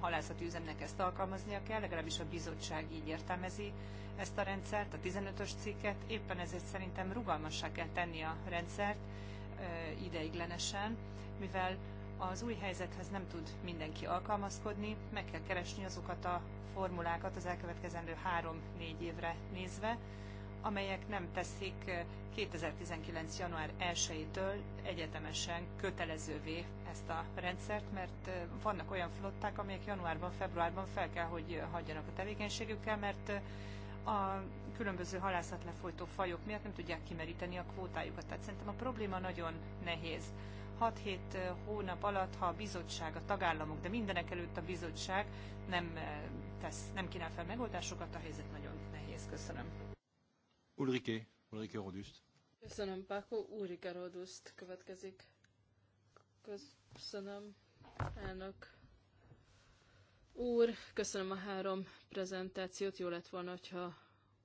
halászati üzemnek ezt alkalmaznia kell, legalábbis a bizottság így értelmezi ezt a rendszert, a 15-ös cikket, éppen ezért szerintem rugalmassá kell tenni a rendszert ideiglenesen, mivel az új helyzethez nem tud mindenki alkalmazkodni, meg kell keresni azokat a formulákat az elkövetkezendő 3-4 évre nézve, amelyek nem teszik 2019. Eh, január 1-től egyetemesen kötelezővé ezt a rendszert, mert eh, vannak olyan flották, amelyek januárban, februárban fel kell, hogy eh, hagyjanak a tevékenységükkel, mert a különböző halászat lefolytó fajok miatt nem tudják kimeríteni a kvótájukat. Tehát szerintem a probléma nagyon nehéz. 6-7 hónap alatt, ha a bizottság, a tagállamok, de mindenek előtt a bizottság nem, tesz, nem kínál fel megoldásokat, a helyzet nagyon nehéz. Köszönöm. Ulrike, Ulrike Rodust. Köszönöm, Páko. Ulrike Rodust következik. Köszönöm, elnök úr. Köszönöm a három prezentációt. Jó lett volna, hogyha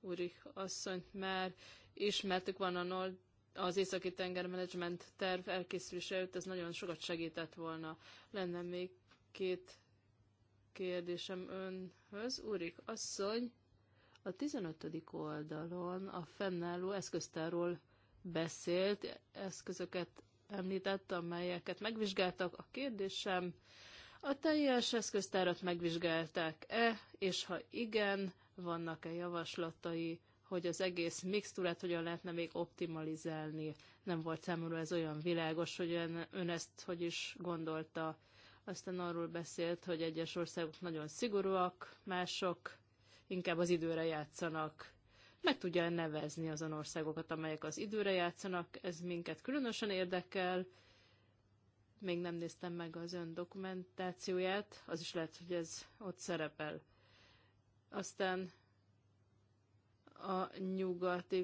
Úri asszonyt már ismertük, van a Nord az északi tenger menedzsment terv elkészülése előtt ez nagyon sokat segített volna. Lenne még két kérdésem önhöz. Úrik asszony, a 15. oldalon a fennálló eszköztárról beszélt, eszközöket említett, amelyeket megvizsgáltak. A kérdésem, a teljes eszköztárat megvizsgálták-e, és ha igen, vannak-e javaslatai, hogy az egész mixtúrát hogyan lehetne még optimalizálni? Nem volt számomra ez olyan világos, hogy ön, ezt hogy is gondolta. Aztán arról beszélt, hogy egyes országok nagyon szigorúak, mások inkább az időre játszanak. Meg tudja nevezni azon országokat, amelyek az időre játszanak, ez minket különösen érdekel. Még nem néztem meg az ön dokumentációját, az is lehet, hogy ez ott szerepel. Aztán a nyugati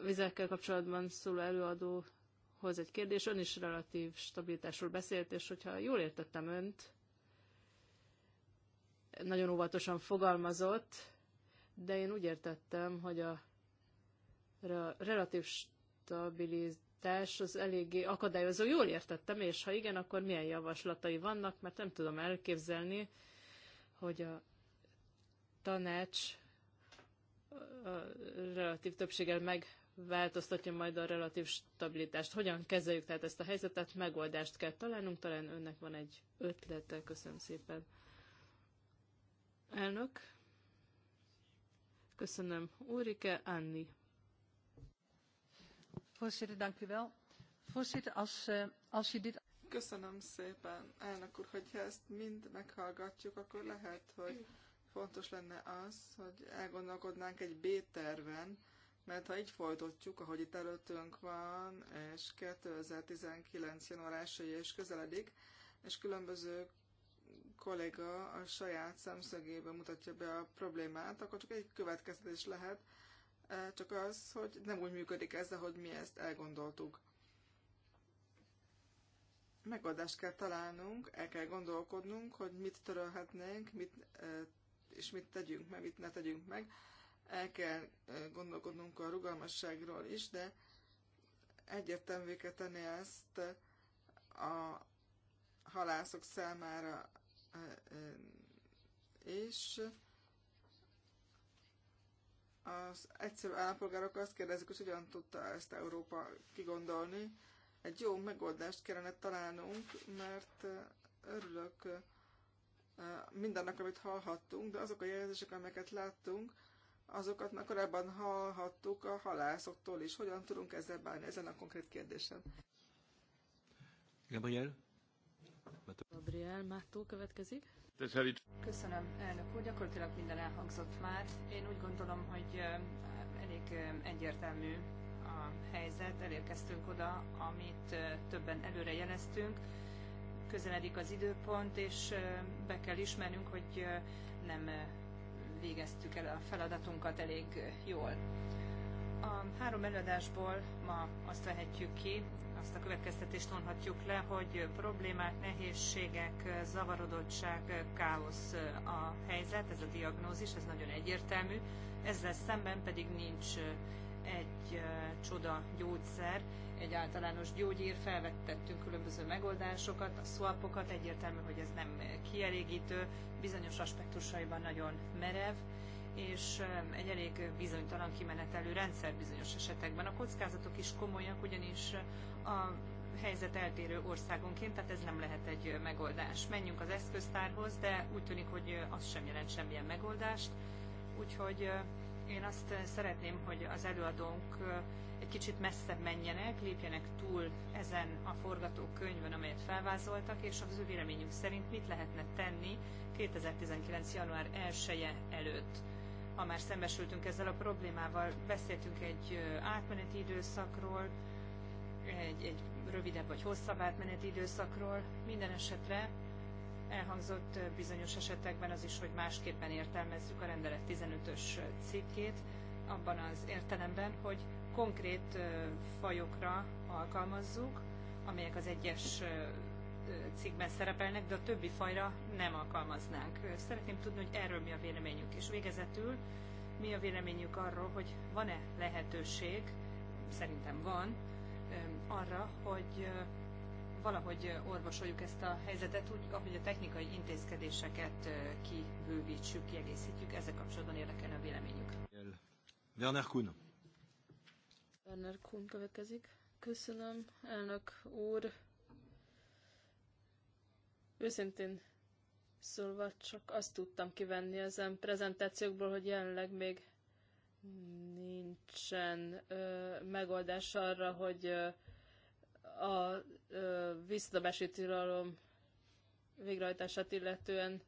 vizekkel kapcsolatban szóló előadóhoz egy kérdés. Ön is relatív stabilitásról beszélt, és hogyha jól értettem önt, nagyon óvatosan fogalmazott, de én úgy értettem, hogy a relatív stabilitás az eléggé akadályozó. Jól értettem, és ha igen, akkor milyen javaslatai vannak, mert nem tudom elképzelni, hogy a tanács a relatív többséggel megváltoztatja majd a relatív stabilitást. Hogyan kezeljük tehát ezt a helyzetet? Megoldást kell találnunk, talán önnek van egy ötlete. Köszönöm szépen. Elnök. Köszönöm. Ulrike Anni. Voorzitter, dank u wel. Voorzitter, als, eh, als je dit... Köszönöm szépen, elnök úr, hogyha ezt mind meghallgatjuk, akkor lehet, hogy fontos lenne az, hogy elgondolkodnánk egy B-terven, mert ha így folytatjuk, ahogy itt előttünk van, és 2019. január 1 és közeledik, és különböző kollega a saját szemszögéből mutatja be a problémát, akkor csak egy következtetés lehet, e, csak az, hogy nem úgy működik ez, ahogy mi ezt elgondoltuk. Megoldást kell találnunk, el kell gondolkodnunk, hogy mit törölhetnénk, mit, e, és mit tegyünk meg, mit ne tegyünk meg. El kell e, gondolkodnunk a rugalmasságról is, de egyértelművé kell tenni ezt a halászok számára és az egyszerű állampolgárok azt kérdezik, hogy hogyan tudta ezt Európa kigondolni. Egy jó megoldást kellene találnunk, mert örülök mindannak, amit hallhattunk, de azok a jelzések, amelyeket láttunk, azokat már korábban hallhattuk a halászoktól is. Hogyan tudunk ezzel bánni ezen a konkrét kérdésen? Gabriel? Gabriel Mátó következik. Köszönöm, elnök úr. Gyakorlatilag minden elhangzott már. Én úgy gondolom, hogy elég egyértelmű a helyzet. Elérkeztünk oda, amit többen előre jeleztünk. Közeledik az időpont, és be kell ismernünk, hogy nem végeztük el a feladatunkat elég jól. A három előadásból ma azt vehetjük ki, azt a következtetést vonhatjuk le, hogy problémák, nehézségek, zavarodottság, káosz a helyzet, ez a diagnózis, ez nagyon egyértelmű, ezzel szemben pedig nincs egy csoda gyógyszer, egy általános gyógyír, felvettettünk különböző megoldásokat, a swapokat, egyértelmű, hogy ez nem kielégítő, bizonyos aspektusaiban nagyon merev, és egy elég bizonytalan kimenetelő rendszer bizonyos esetekben. A kockázatok is komolyak, ugyanis a helyzet eltérő országonként, tehát ez nem lehet egy megoldás. Menjünk az eszköztárhoz, de úgy tűnik, hogy az sem jelent semmilyen megoldást, úgyhogy én azt szeretném, hogy az előadónk egy kicsit messzebb menjenek, lépjenek túl ezen a forgatókönyvön, amelyet felvázoltak, és az ő véleményük szerint mit lehetne tenni 2019. január 1 -e előtt. Ha már szembesültünk ezzel a problémával, beszéltünk egy átmeneti időszakról, egy, egy rövidebb vagy hosszabb átmeneti időszakról. Minden esetre elhangzott bizonyos esetekben az is, hogy másképpen értelmezzük a rendelet 15-ös cikkét, abban az értelemben, hogy konkrét fajokra alkalmazzuk, amelyek az egyes cikkben szerepelnek, de a többi fajra nem alkalmaznánk. Szeretném tudni, hogy erről mi a véleményük. És végezetül mi a véleményük arról, hogy van-e lehetőség, szerintem van, arra, hogy valahogy orvosoljuk ezt a helyzetet úgy, ahogy a technikai intézkedéseket kibővítsük, kiegészítjük. Ezzel kapcsolatban érdekelne a véleményük. Werner Kuhn. Werner Kuhn következik. Köszönöm, elnök úr. Őszintén szólva csak azt tudtam kivenni ezen prezentációkból, hogy jelenleg még nincsen ö, megoldás arra, hogy ö, a visszadobási tilalom végrehajtását illetően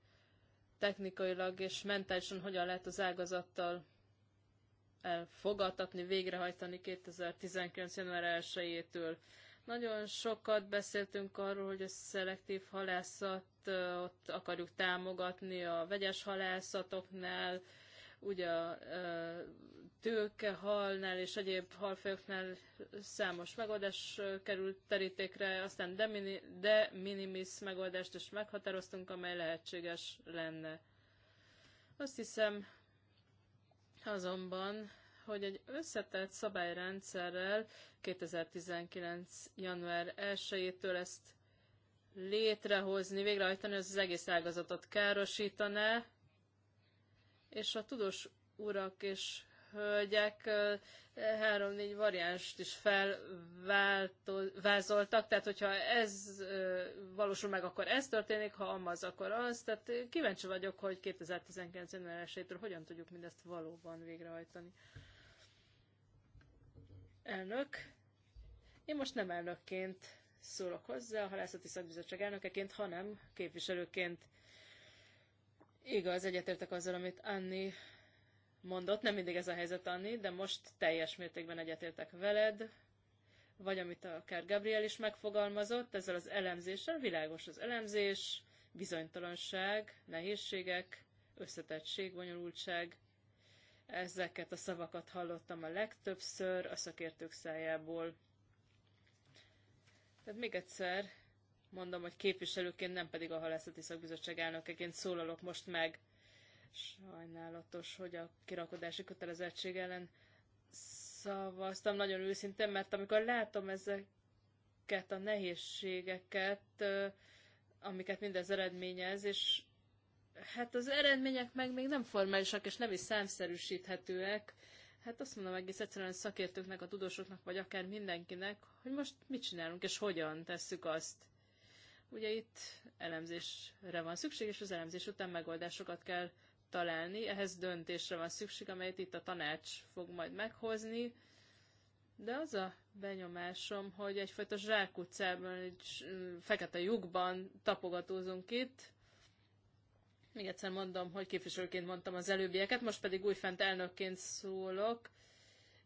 technikailag és mentálisan hogyan lehet az ágazattal elfogadtatni, végrehajtani 2019. január 1-től. Nagyon sokat beszéltünk arról, hogy a szelektív ott akarjuk támogatni a vegyes halászatoknál, ugye a tőke, halnál és egyéb halfajoknál számos megoldás került terítékre, aztán de, mini, de minimis megoldást is meghatároztunk, amely lehetséges lenne. Azt hiszem azonban, hogy egy összetett szabályrendszerrel 2019. január 1-től ezt létrehozni, végrehajtani, az, az egész ágazatot károsítaná, és a tudós urak és hölgyek három-négy variánst is felvázoltak, tehát hogyha ez valósul meg, akkor ez történik, ha amaz, akkor az. Tehát kíváncsi vagyok, hogy 2019 januársétől hogyan tudjuk mindezt valóban végrehajtani. Elnök. Én most nem elnökként szólok hozzá, a halászati szakbizottság elnökeként, hanem képviselőként. Igaz, egyetértek azzal, amit Anni mondott, nem mindig ez a helyzet, Anni, de most teljes mértékben egyetértek veled, vagy amit a Kár Gabriel is megfogalmazott, ezzel az elemzéssel világos az elemzés, bizonytalanság, nehézségek, összetettség, bonyolultság. Ezeket a szavakat hallottam a legtöbbször a szakértők szájából. Tehát még egyszer mondom, hogy képviselőként, nem pedig a halászati szakbizottság elnökeként szólalok most meg. Sajnálatos, hogy a kirakodási kötelezettség ellen szavaztam nagyon őszintén, mert amikor látom ezeket a nehézségeket, amiket mindez eredményez, és hát az eredmények meg még nem formálisak, és nem is számszerűsíthetőek, hát azt mondom egész egyszerűen a szakértőknek, a tudósoknak, vagy akár mindenkinek, hogy most mit csinálunk, és hogyan tesszük azt. Ugye itt elemzésre van szükség, és az elemzés után megoldásokat kell találni, ehhez döntésre van szükség, amelyet itt a tanács fog majd meghozni, de az a benyomásom, hogy egyfajta zsákutcában, egy fekete lyukban tapogatózunk itt. Még egyszer mondom, hogy képviselőként mondtam az előbbieket, most pedig újfent elnökként szólok,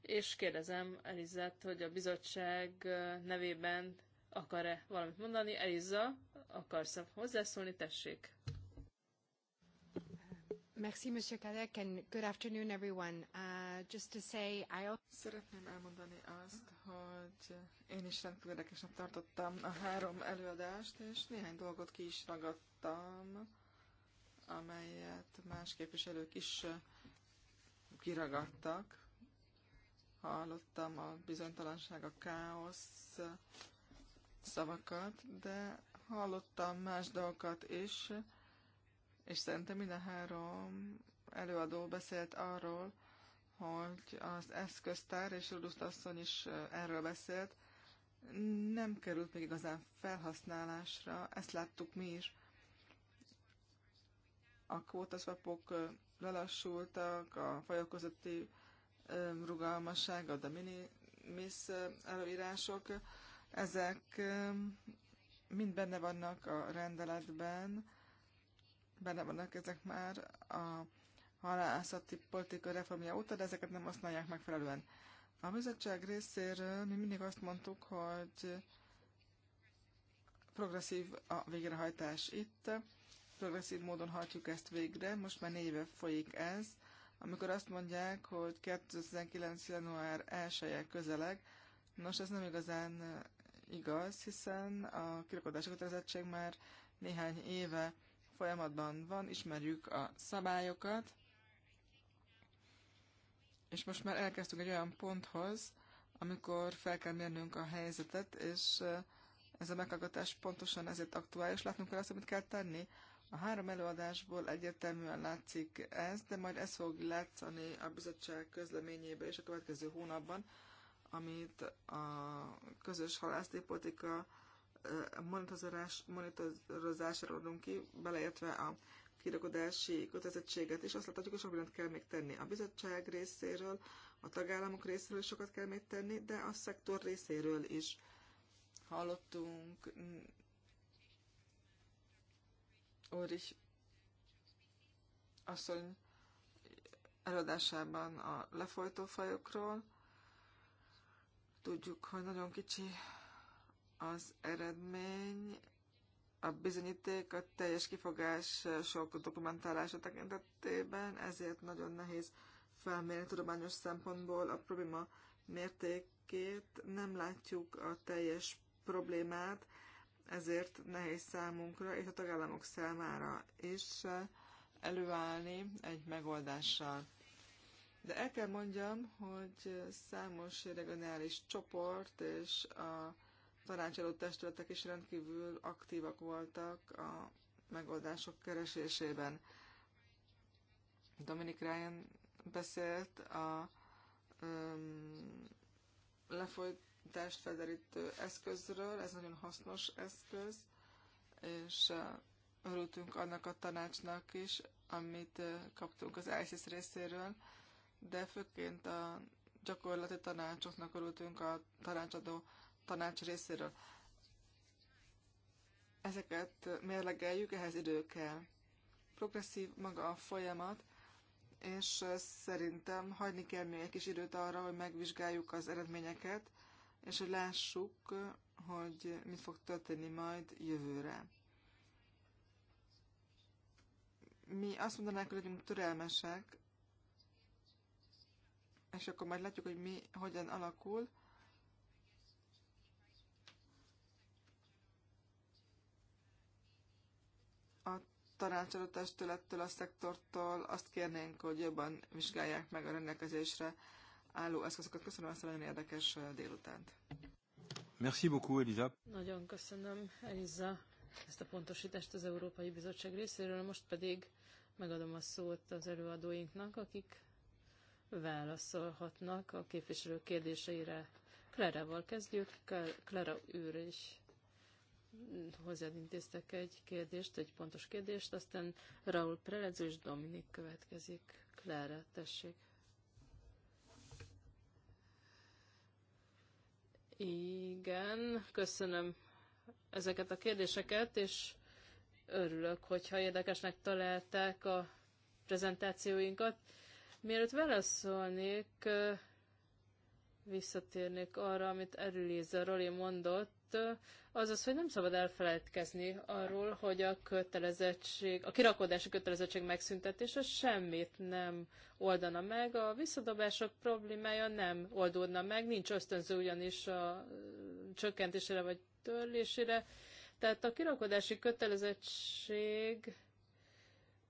és kérdezem Elizát, hogy a bizottság nevében akar-e valamit mondani. Eliza, akarsz hozzászólni? Tessék! Merci, Monsieur Kadek, and good afternoon, everyone. Uh, just to say, I also... Szeretném elmondani azt, hogy én is rendkívül érdekesen tartottam a három előadást, és néhány dolgot ki is ragadtam, amelyet más képviselők is uh, kiragadtak. Hallottam a bizonytalanság, a káosz szavakat, de hallottam más dolgokat is, és szerintem mind a három előadó beszélt arról, hogy az eszköztár, és Ruduszt asszony is erről beszélt, nem került még igazán felhasználásra, ezt láttuk mi is. A kvótaszvapok lelassultak, a fajok közötti rugalmasság, a de minimis előírások, ezek mind benne vannak a rendeletben, benne vannak ezek már a halászati politika reformja óta, de ezeket nem használják megfelelően. A bizottság részéről mi mindig azt mondtuk, hogy progresszív a végrehajtás itt, progresszív módon hajtjuk ezt végre, most már négy éve folyik ez, amikor azt mondják, hogy 2019. január 1 -e közeleg, nos ez nem igazán eh, igaz, hiszen a kirakodási kötelezettség már néhány éve folyamatban van, ismerjük a szabályokat, és most már elkezdtünk egy olyan ponthoz, amikor fel kell mérnünk a helyzetet, és eh, ez a meghallgatás pontosan ezért aktuális. Látnunk kell azt, amit kell tenni. A három előadásból egyértelműen látszik ez, de majd ez fog látszani a bizottság közleményében, és a következő hónapban, amit a közös halászti politika a monitorozás, monitorozásra adunk ki, beleértve a kirakodási kötelezettséget, és azt láthatjuk, hogy sok mindent kell még tenni. A bizottság részéről, a tagállamok részéről sokat kell még tenni, de a szektor részéről is hallottunk is asszony előadásában a lefolytó fajokról. Tudjuk, hogy nagyon kicsi az eredmény a bizonyíték a teljes sok dokumentálása tekintetében, ezért nagyon nehéz felmérni tudományos szempontból a probléma mértékét. Nem látjuk a teljes problémát, ezért nehéz számunkra és a tagállamok számára is előállni egy megoldással. De el kell mondjam, hogy számos regionális csoport és a tanácsadó testületek is rendkívül aktívak voltak a megoldások keresésében. Dominic Ryan beszélt a um, lefolytást felderítő eszközről, ez nagyon hasznos eszköz, és örültünk annak a tanácsnak is, amit kaptunk az ISIS részéről, de főként a gyakorlati tanácsoknak örültünk a tanácsadó tanács részéről. Ezeket mérlegeljük, ehhez idő kell. Progresszív maga a folyamat, és szerintem hagyni kell még egy kis időt arra, hogy megvizsgáljuk az eredményeket, és hogy lássuk, hogy mit fog történni majd jövőre. Mi azt mondanánk, hogy legyünk türelmesek, és akkor majd látjuk, hogy mi hogyan alakul, tanácsadó testülettől, a szektortól azt kérnénk, hogy jobban vizsgálják meg a rendelkezésre álló eszközöket. Köszönöm ezt a nagyon érdekes délutánt. Merci beaucoup, Elisa. Nagyon köszönöm, Eliza, ezt a pontosítást az Európai Bizottság részéről. Most pedig megadom a szót az előadóinknak, akik válaszolhatnak a képviselő kérdéseire. Klerával kezdjük, Klera űr is hozzád intéztek egy kérdést, egy pontos kérdést, aztán Raúl Preledző és Dominik következik. Klára, tessék. Igen, köszönöm ezeket a kérdéseket, és örülök, hogyha érdekesnek találták a prezentációinkat. Mielőtt válaszolnék, visszatérnék arra, amit Erüléza Roli mondott, azaz, hogy nem szabad elfelejtkezni arról, hogy a kötelezettség, a kirakodási kötelezettség megszüntetése semmit nem oldana meg, a visszadobások problémája nem oldódna meg, nincs ösztönző ugyanis a csökkentésére vagy törlésére, tehát a kirakodási kötelezettség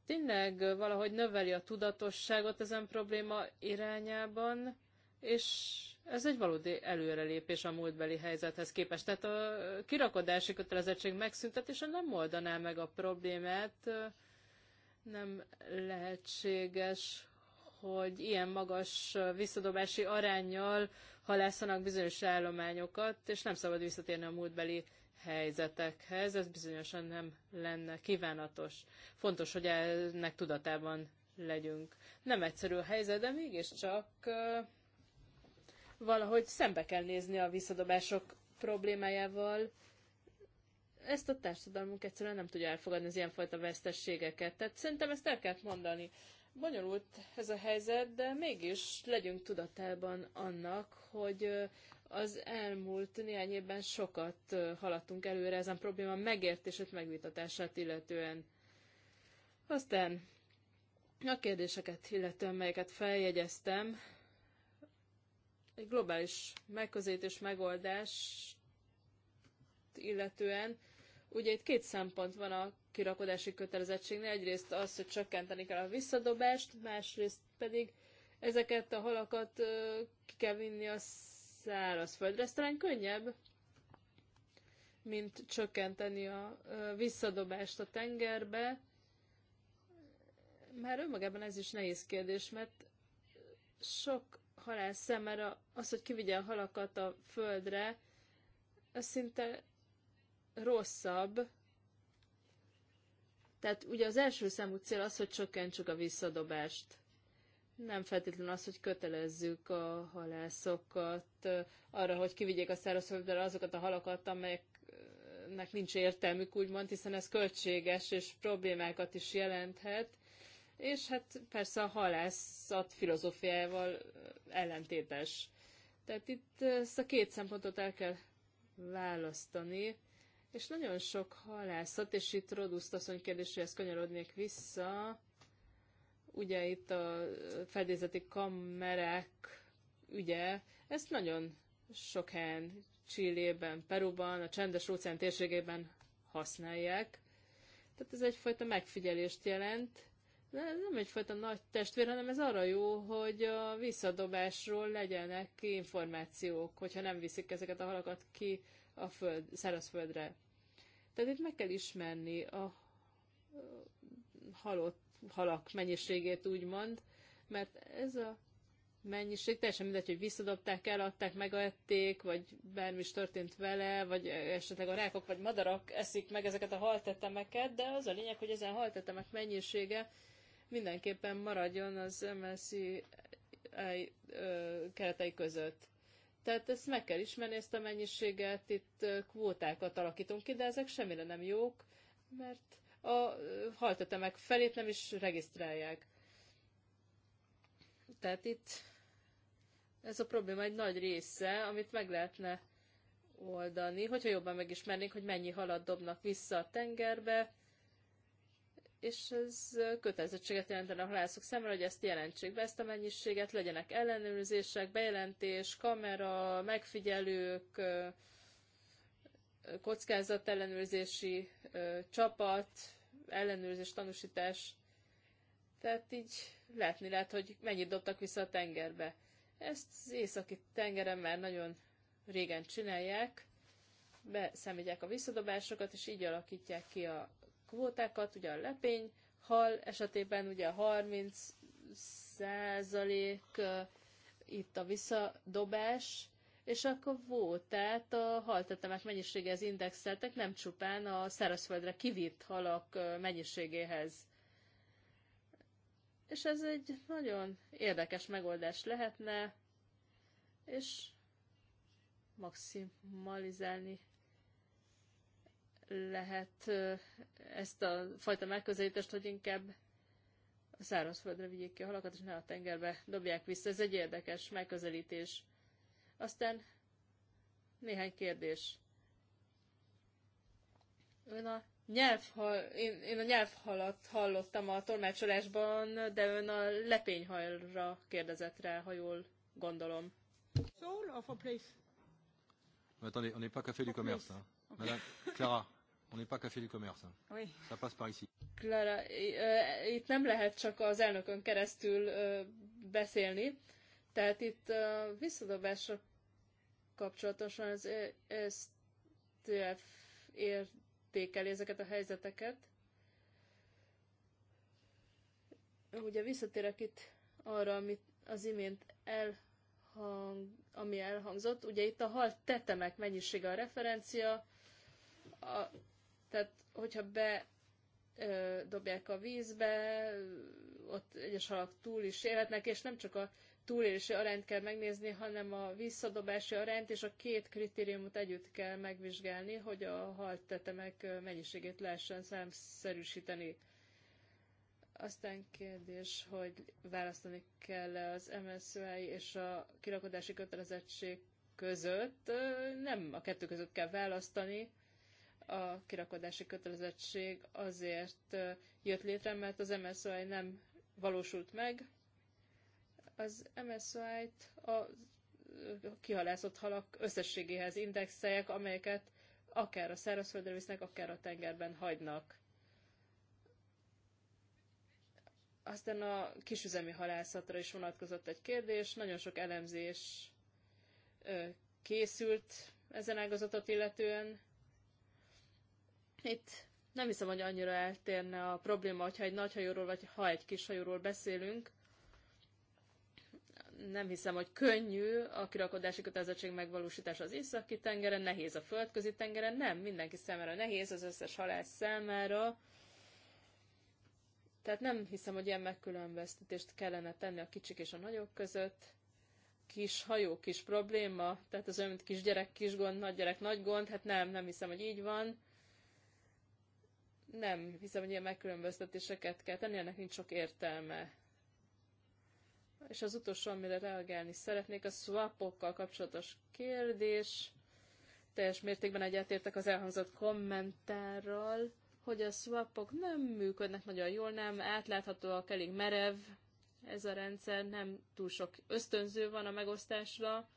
tényleg valahogy növeli a tudatosságot ezen probléma irányában, és ez egy valódi előrelépés a múltbeli helyzethez képest. Tehát a kirakodási kötelezettség megszüntetése nem oldaná meg a problémát, nem lehetséges, hogy ilyen magas visszadobási arányjal halászanak bizonyos állományokat, és nem szabad visszatérni a múltbeli helyzetekhez, ez bizonyosan nem lenne kívánatos. Fontos, hogy ennek tudatában legyünk. Nem egyszerű a helyzet, de mégiscsak valahogy szembe kell nézni a visszadobások problémájával. Ezt a társadalmunk egyszerűen nem tudja elfogadni az ilyenfajta vesztességeket. Tehát szerintem ezt el kell mondani. Bonyolult ez a helyzet, de mégis legyünk tudatában annak, hogy az elmúlt néhány évben sokat haladtunk előre ezen probléma megértését, megvitatását illetően. Aztán a kérdéseket illetően, melyeket feljegyeztem, egy globális megközelítés megoldás illetően, ugye itt két szempont van a kirakodási kötelezettségnél, egyrészt az, hogy csökkenteni kell a visszadobást, másrészt pedig ezeket a halakat ki kell vinni a szárazföldre. Ez talán könnyebb, mint csökkenteni a visszadobást a tengerbe. Már önmagában ez is nehéz kérdés, mert sok halász mert az, hogy kivigye a halakat a földre, az szinte rosszabb. Tehát ugye az első számú cél az, hogy csökkentsük a visszadobást. Nem feltétlenül az, hogy kötelezzük a halászokat arra, hogy kivigyék a szárazföldre azokat a halakat, amelyeknek nincs értelmük, úgymond, hiszen ez költséges és problémákat is jelenthet és hát persze a halászat filozófiájával ellentétes. Tehát itt ezt a két szempontot el kell választani, és nagyon sok halászat, és itt Roduszt asszony kérdéséhez kanyarodnék vissza, ugye itt a fedélzeti kamerák ügye, ezt nagyon sok helyen, Csillében, Peruban, a csendes óceán térségében használják. Tehát ez egyfajta megfigyelést jelent, de ez nem egyfajta nagy testvér, hanem ez arra jó, hogy a visszadobásról legyenek információk, hogyha nem viszik ezeket a halakat ki a föld, szárazföldre. Tehát itt meg kell ismerni a halott, halak mennyiségét, úgymond, mert ez a mennyiség, teljesen mindegy, hogy visszadobták, eladták, megették, vagy bármi is történt vele, vagy esetleg a rákok vagy madarak eszik meg ezeket a haltetemeket, de az a lényeg, hogy ezen haltetemek mennyisége mindenképpen maradjon az MSZI keretei között. Tehát ezt meg kell ismerni, ezt a mennyiséget, itt kvótákat alakítunk ki, de ezek semmire nem jók, mert a haltetemek felét nem is regisztrálják. Tehát itt ez a probléma egy nagy része, amit meg lehetne oldani, hogyha jobban megismernénk, hogy mennyi halat dobnak vissza a tengerbe, és ez kötelezettséget jelentene a halászok számára, hogy ezt jelentsék be, ezt a mennyiséget, legyenek ellenőrzések, bejelentés, kamera, megfigyelők, ellenőrzési csapat, ellenőrzés, tanúsítás. Tehát így látni lehet, hogy mennyit dobtak vissza a tengerbe. Ezt az északi tengeren már nagyon régen csinálják, beszemítják a visszadobásokat, és így alakítják ki a kvótákat, ugye a lepény hal esetében ugye a 30 százalék itt a visszadobás, és akkor volt, tehát a haltetemek mennyiségéhez indexeltek, nem csupán a szárazföldre kivitt halak mennyiségéhez. És ez egy nagyon érdekes megoldás lehetne, és maximalizálni lehet ezt a fajta megközelítést, hogy inkább a szárazföldre vigyék ki a halakat, és ne a tengerbe dobják vissza. Ez egy érdekes megközelítés. Aztán néhány kérdés. Ön a nyelvhal, én, én a nyelvhalat hallottam a tolmácsolásban, de ön a lepényhajra kérdezett rá, ha jól gondolom. Soul or for place? attendez, on n'est pas café du commerce. Hein. Okay. Madame Clara. On n'est pas café du commerce. Hein. Oui. Ça passe par ici. Clara, itt nem lehet csak az elnökön keresztül beszélni. Tehát itt a visszadobásra kapcsolatosan az STF értékeli ezeket a helyzeteket. Ugye visszatérek itt arra, amit az imént elhang, ami elhangzott. Ugye itt a hal tetemek mennyisége a referencia, a tehát, hogyha be ö, dobják a vízbe, ott egyes halak túl is élhetnek, és nem csak a túlélési arányt kell megnézni, hanem a visszadobási arányt és a két kritériumot együtt kell megvizsgálni, hogy a halt tetemek mennyiségét lehessen számszerűsíteni. Aztán kérdés, hogy választani kell -e az MSZI és a kirakodási kötelezettség között. Nem a kettő között kell választani, a kirakodási kötelezettség azért jött létre, mert az MSZI nem valósult meg. Az MSZI-t a kihalászott halak összességéhez indexelják, amelyeket akár a szárazföldre visznek, akár a tengerben hagynak. Aztán a kisüzemi halászatra is vonatkozott egy kérdés. Nagyon sok elemzés készült ezen ágazatot illetően. Itt nem hiszem, hogy annyira eltérne a probléma, hogyha egy nagy hajóról, vagy ha egy kis hajóról beszélünk. Nem hiszem, hogy könnyű a kirakodási kötelezettség megvalósítása az északi tengeren, nehéz a földközi tengeren, nem, mindenki számára nehéz, az összes halász számára. Tehát nem hiszem, hogy ilyen megkülönböztetést kellene tenni a kicsik és a nagyok között. Kis hajó, kis probléma, tehát az olyan, mint kisgyerek, kis gond, nagy gyerek, nagy gond, hát nem, nem hiszem, hogy így van nem hiszem, hogy ilyen megkülönböztetéseket kell tenni, ennek nincs sok értelme. És az utolsó, amire reagálni szeretnék, a swapokkal kapcsolatos kérdés. Teljes mértékben egyetértek az elhangzott kommentárral, hogy a swapok nem működnek nagyon jól, nem átláthatóak, elég merev ez a rendszer, nem túl sok ösztönző van a megosztásra.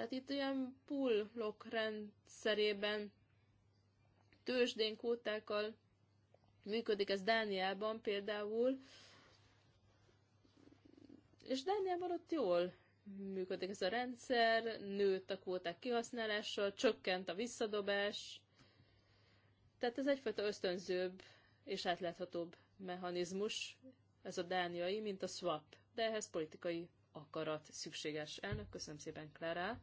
Tehát itt ilyen pullok rendszerében tőzsdén kótákkal működik ez Dániában például, és Dániában ott jól működik ez a rendszer, nőtt a kvóták kihasználása, csökkent a visszadobás, tehát ez egyfajta ösztönzőbb és átláthatóbb mechanizmus, ez a dániai, mint a swap, de ehhez politikai akarat szükséges. Elnök, köszönöm szépen, Klára.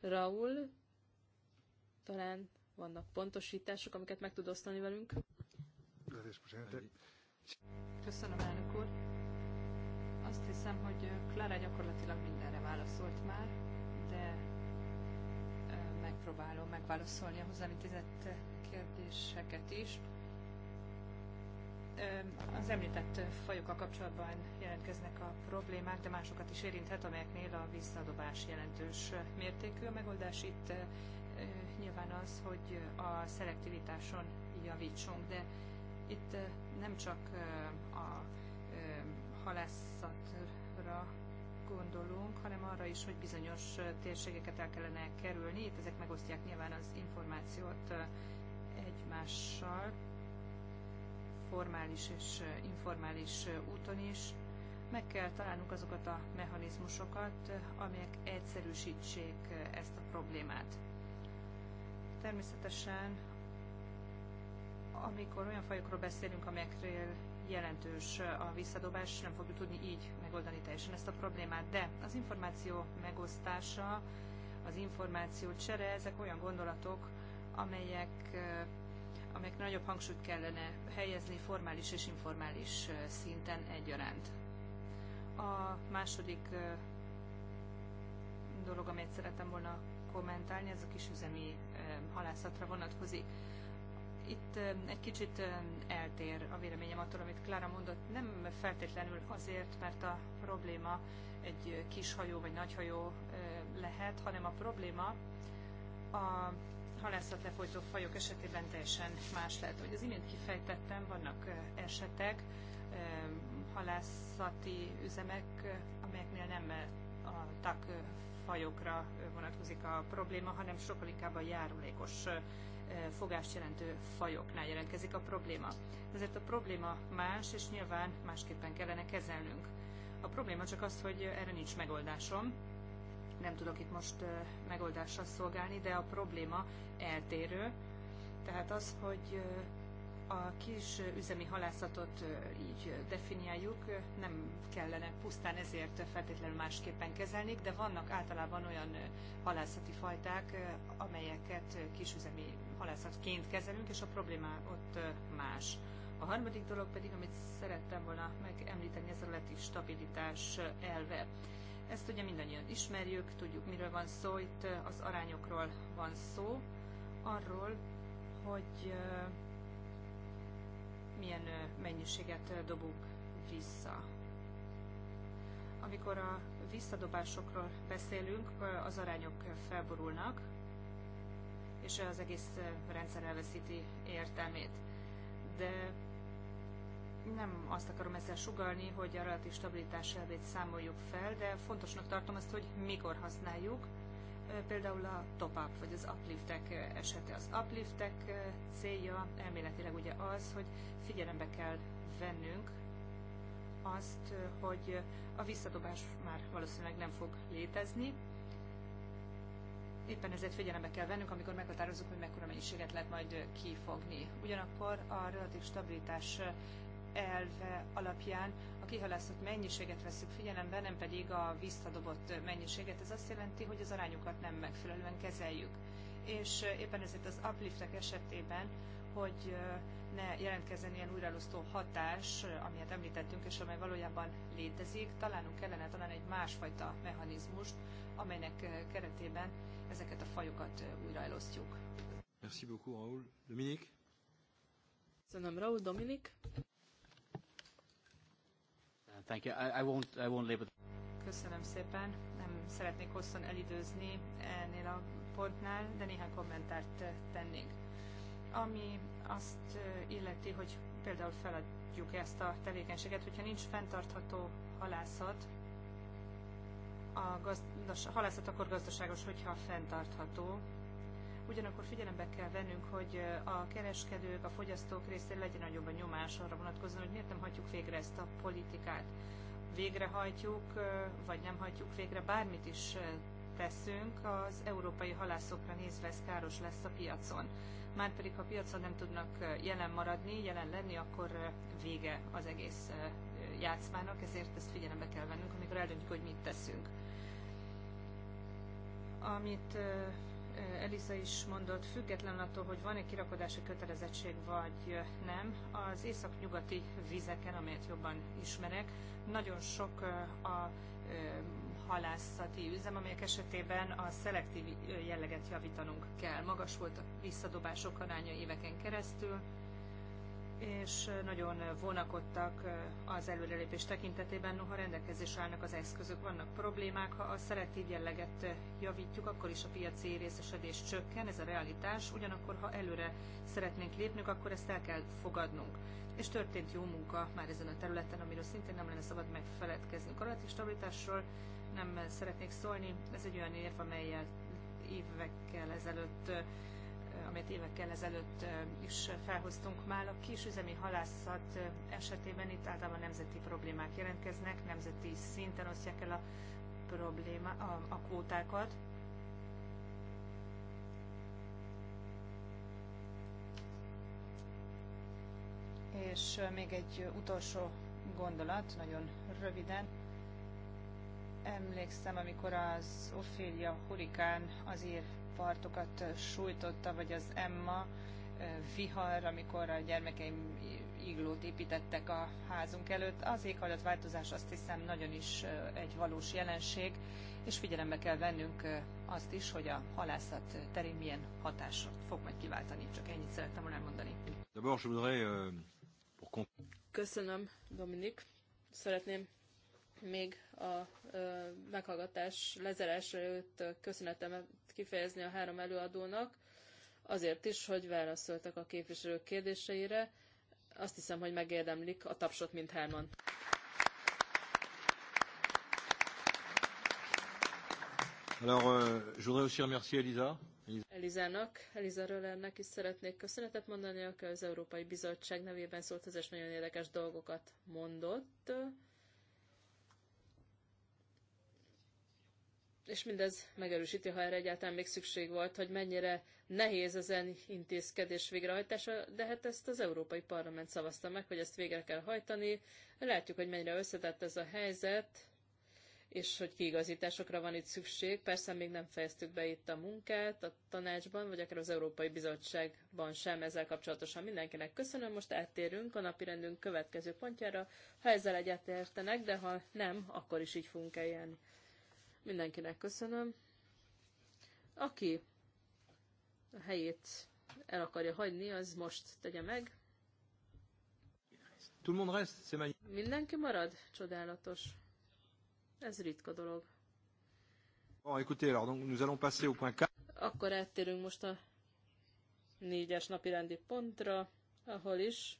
Raul, talán vannak pontosítások, amiket meg tud osztani velünk? Köszönöm, elnök úr. Azt hiszem, hogy Klára gyakorlatilag mindenre válaszolt már, de megpróbálom megválaszolni a intézett kérdéseket is az említett fajokkal kapcsolatban jelentkeznek a problémák, de másokat is érinthet, amelyeknél a visszadobás jelentős mértékű. A megoldás itt nyilván az, hogy a szelektivitáson javítsunk, de itt nem csak a halászatra gondolunk, hanem arra is, hogy bizonyos térségeket el kellene kerülni. Itt ezek megosztják nyilván az információt egymással, formális és informális úton is. Meg kell találnunk azokat a mechanizmusokat, amelyek egyszerűsítsék ezt a problémát. Természetesen, amikor olyan fajokról beszélünk, amelyekről jelentős a visszadobás, nem fogjuk tudni így megoldani teljesen ezt a problémát, de az információ megosztása, az információ csere, ezek olyan gondolatok, amelyek amelyek nagyobb hangsúlyt kellene helyezni formális és informális szinten egyaránt. A második dolog, amit szeretem volna kommentálni, ez a kisüzemi halászatra vonatkozik. Itt egy kicsit eltér a véleményem attól, amit Klára mondott, nem feltétlenül azért, mert a probléma egy kis hajó vagy nagy hajó lehet, hanem a probléma a halászat lefolytó fajok esetében teljesen más lehet. Hogy az imént kifejtettem, vannak esetek, halászati üzemek, amelyeknél nem a tak fajokra vonatkozik a probléma, hanem sokkal inkább a járulékos fogást jelentő fajoknál jelentkezik a probléma. Ezért a probléma más, és nyilván másképpen kellene kezelnünk. A probléma csak az, hogy erre nincs megoldásom, nem tudok itt most megoldással szolgálni, de a probléma eltérő. Tehát az, hogy a kis üzemi halászatot így definiáljuk, nem kellene pusztán ezért feltétlenül másképpen kezelni, de vannak általában olyan halászati fajták, amelyeket kisüzemi halászatként kezelünk, és a probléma ott más. A harmadik dolog pedig, amit szerettem volna megemlíteni, ez a stabilitás elve. Ezt ugye mindannyian ismerjük, tudjuk miről van szó, itt az arányokról van szó, arról, hogy milyen mennyiséget dobunk vissza. Amikor a visszadobásokról beszélünk, az arányok felborulnak, és az egész rendszer elveszíti értelmét. De nem azt akarom ezzel sugalni, hogy a relatív stabilitás elvét számoljuk fel, de fontosnak tartom azt, hogy mikor használjuk. Például a top-up vagy az upliftek esete. Az upliftek célja elméletileg ugye az, hogy figyelembe kell vennünk azt, hogy a visszadobás már valószínűleg nem fog létezni. Éppen ezért figyelembe kell vennünk, amikor meghatározunk, hogy mekkora mennyiséget lehet majd kifogni. Ugyanakkor a relatív stabilitás elve alapján a kihalásztott mennyiséget veszük figyelembe, nem pedig a visszadobott mennyiséget. Ez azt jelenti, hogy az arányokat nem megfelelően kezeljük. És éppen ezért az upliftek esetében, hogy ne jelentkezzen ilyen újraelosztó hatás, ami említettünk, és amely valójában létezik, találnunk kellene talán egy másfajta mechanizmust, amelynek keretében ezeket a fajokat újraelosztjuk. Merci beaucoup, Raoul. Dominique? Köszönöm, Raoul. Dominik? Thank you. I, I won't, I won't Köszönöm szépen. Nem szeretnék hosszan elidőzni ennél a pontnál, de néhány kommentárt tennék. Ami azt illeti, hogy például feladjuk ezt a tevékenységet, hogyha nincs fenntartható halászat, a, gazdas, a halászat akkor gazdaságos, hogyha fenntartható, Ugyanakkor figyelembe kell vennünk, hogy a kereskedők, a fogyasztók részéről legyen nagyobb a nyomás arra vonatkozóan, hogy miért nem hagyjuk végre ezt a politikát. Végrehajtjuk, vagy nem hagyjuk végre, bármit is teszünk, az európai halászokra nézve ez káros lesz a piacon. Márpedig, ha a piacon nem tudnak jelen maradni, jelen lenni, akkor vége az egész játszmának, ezért ezt figyelembe kell vennünk, amikor eldöntjük, hogy mit teszünk. Amit Elisa is mondott, független attól, hogy van-e kirakodási kötelezettség vagy nem, az északnyugati vizeken, amelyet jobban ismerek, nagyon sok a halászati üzem, amelyek esetében a szelektív jelleget javítanunk kell. Magas volt a visszadobások aránya éveken keresztül, és nagyon vonakodtak az előrelépés tekintetében, noha rendelkezésre állnak az eszközök, vannak problémák, ha a szelektív jelleget javítjuk, akkor is a piaci részesedés csökken, ez a realitás, ugyanakkor ha előre szeretnénk lépni, akkor ezt el kell fogadnunk. És történt jó munka már ezen a területen, amiről szintén nem lenne szabad megfeledkezni. A karolati stabilitásról nem szeretnék szólni, ez egy olyan érv, amelyet évekkel ezelőtt amelyet évekkel ezelőtt is felhoztunk már, a kisüzemi halászat esetében itt általában nemzeti problémák jelentkeznek, nemzeti szinten osztják el a, probléma, a, a kvótákat. És még egy utolsó gondolat, nagyon röviden emlékszem, amikor az Ophelia hurikán az ír partokat sújtotta, vagy az Emma vihar, amikor a gyermekeim iglót építettek a házunk előtt. Az éghajlatváltozás azt hiszem nagyon is egy valós jelenség, és figyelembe kell vennünk azt is, hogy a halászat terén milyen hatásra fog majd kiváltani. Csak ennyit szerettem volna elmondani. Euh, Köszönöm, Dominik. Szeretném még a meghallgatás lezárásra jött köszönetemet kifejezni a három előadónak, azért is, hogy válaszoltak a képviselők kérdéseire. Azt hiszem, hogy megérdemlik a tapsot mindhárman. Alors, euh, je voudrais aussi remercier Elisa. Elizának, Eliza Röllernek is szeretnék köszönetet mondani, aki az Európai Bizottság nevében szólt, és nagyon érdekes dolgokat mondott. és mindez megerősíti, ha erre egyáltalán még szükség volt, hogy mennyire nehéz ezen intézkedés végrehajtása, de hát ezt az Európai Parlament szavazta meg, hogy ezt végre kell hajtani. Látjuk, hogy mennyire összetett ez a helyzet, és hogy kiigazításokra van itt szükség. Persze még nem fejeztük be itt a munkát a tanácsban, vagy akár az Európai Bizottságban sem ezzel kapcsolatosan mindenkinek. Köszönöm, most áttérünk a napirendünk következő pontjára, ha ezzel egyetértenek, de ha nem, akkor is így fogunk eljárni. Mindenkinek köszönöm. Aki a helyét el akarja hagyni, az most tegye meg. Tout le monde reste, Mindenki marad? Csodálatos. Ez ritka dolog. Bon, écoutez, alors, donc, nous allons passer au point 4. Akkor áttérünk most a négyes napi rendi pontra, ahol is,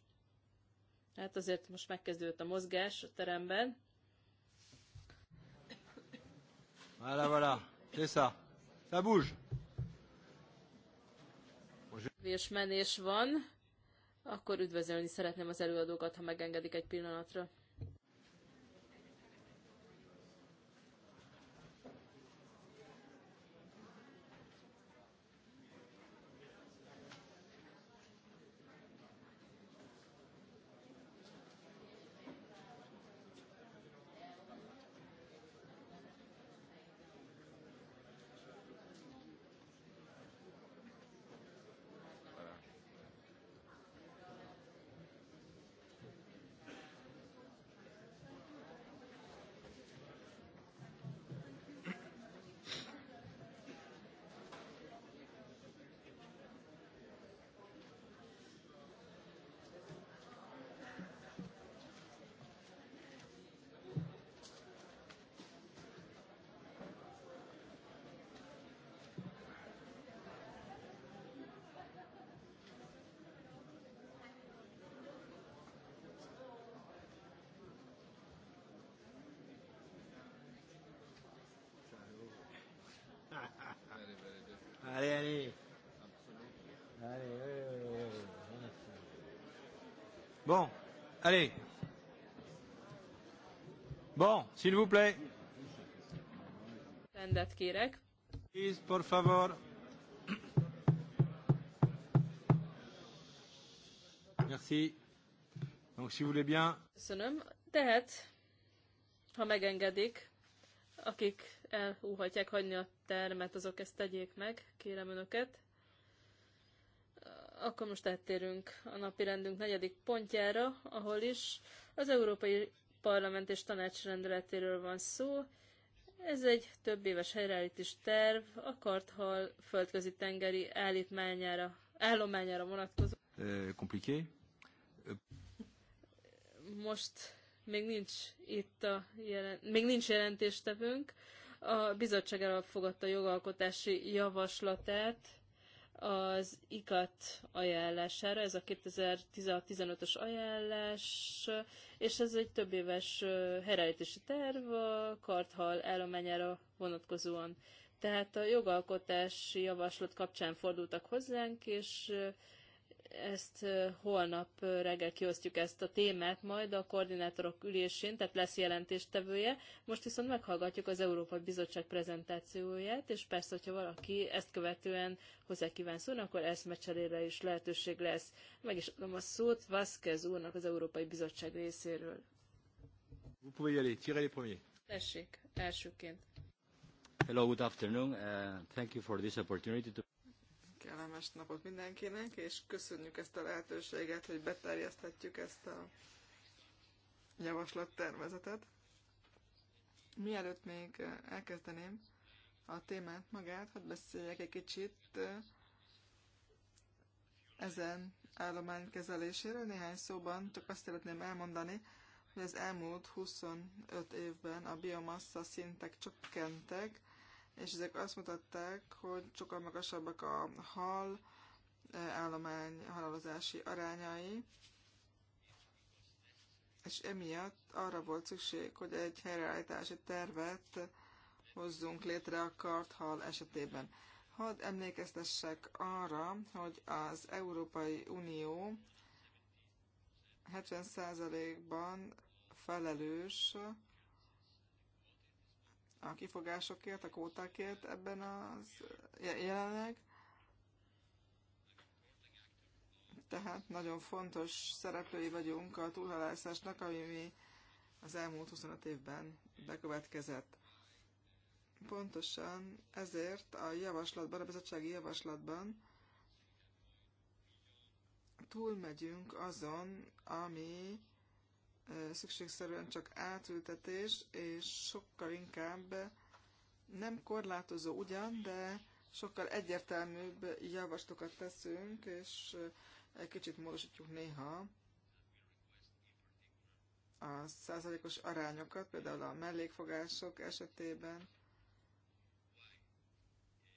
hát azért most megkezdődött a mozgás a teremben. Voilà, voilà, c'est ça. Ça bouge. Vésmenés van, akkor üdvözölni szeretném az előadókat, ha megengedik egy pillanatra. Bon, allez. Bon, s'il vous plaît. Rendet kérek. Please, por favor. Merci. Donc, si vous voulez bien. Köszönöm. Tehát, ha megengedik, akik elúhatják hagyni a termet, azok ezt tegyék meg, kérem önöket. Akkor most áttérünk a napi rendünk negyedik pontjára, ahol is az Európai Parlament és Tanács rendeletéről van szó. Ez egy több éves helyreállítás terv a Karthal földközi tengeri állítmányára, állományára vonatkozó. Kompliké? Eh, most még nincs itt a jelen, még nincs jelentéstevünk. A bizottság elfogadta jogalkotási javaslatát az ikat ajánlására, ez a 2016 15 ajánlás, és ez egy több éves helyreállítási terv a karthal állományára vonatkozóan. Tehát a jogalkotási javaslat kapcsán fordultak hozzánk, és ezt holnap reggel kiosztjuk ezt a témát majd a koordinátorok ülésén, tehát lesz jelentéstevője. Most viszont meghallgatjuk az Európai Bizottság prezentációját, és persze, hogyha valaki ezt követően hozzá kíván szólni, akkor eszmecserére is lehetőség lesz. Meg is adom a szót Vázquez úrnak az Európai Bizottság részéről. Vous pouvez y aller, tirez les premiers. Tessék, elsőként. Hello, good afternoon. Uh, thank you for this opportunity to kellemes napot mindenkinek, és köszönjük ezt a lehetőséget, hogy beterjeszthetjük ezt a javaslattervezetet. Mielőtt még elkezdeném a témát magát, hadd beszéljek egy kicsit eh, ezen állomány kezeléséről. Néhány szóban csak azt szeretném elmondani, hogy az elmúlt 25 évben a biomassa szintek csökkentek, és ezek azt mutatták, hogy sokkal magasabbak a hal eh, állomány halálozási arányai, és emiatt arra volt szükség, hogy egy helyreállítási tervet hozzunk létre a hal esetében. Hadd emlékeztessek arra, hogy az Európai Unió 70%-ban felelős a kifogásokért, a kótákért ebben az jelenleg. Tehát nagyon fontos szereplői vagyunk a túlhalászásnak, ami az elmúlt 25 évben bekövetkezett. Pontosan ezért a javaslatban, a bizottsági javaslatban túlmegyünk azon, ami szükségszerűen csak átültetés, és sokkal inkább nem korlátozó ugyan, de sokkal egyértelműbb javaslatokat teszünk, és egy kicsit módosítjuk néha a százalékos arányokat, például a mellékfogások esetében.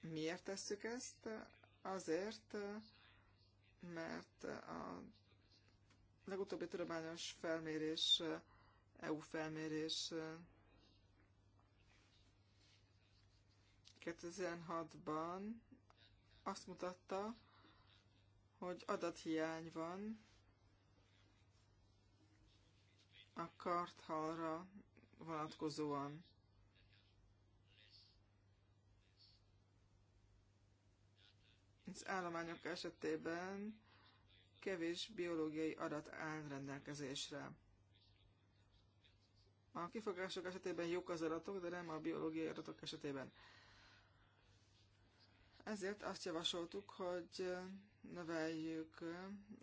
Miért tesszük ezt? Azért, mert a legutóbbi tudományos felmérés, eh, EU felmérés 2006-ban eh, azt mutatta, hogy adathiány van a karthalra vonatkozóan. Az állományok esetében kevés biológiai adat áll rendelkezésre. A kifogások esetében jók az adatok, de nem a biológiai adatok esetében. Ezért azt javasoltuk, hogy növeljük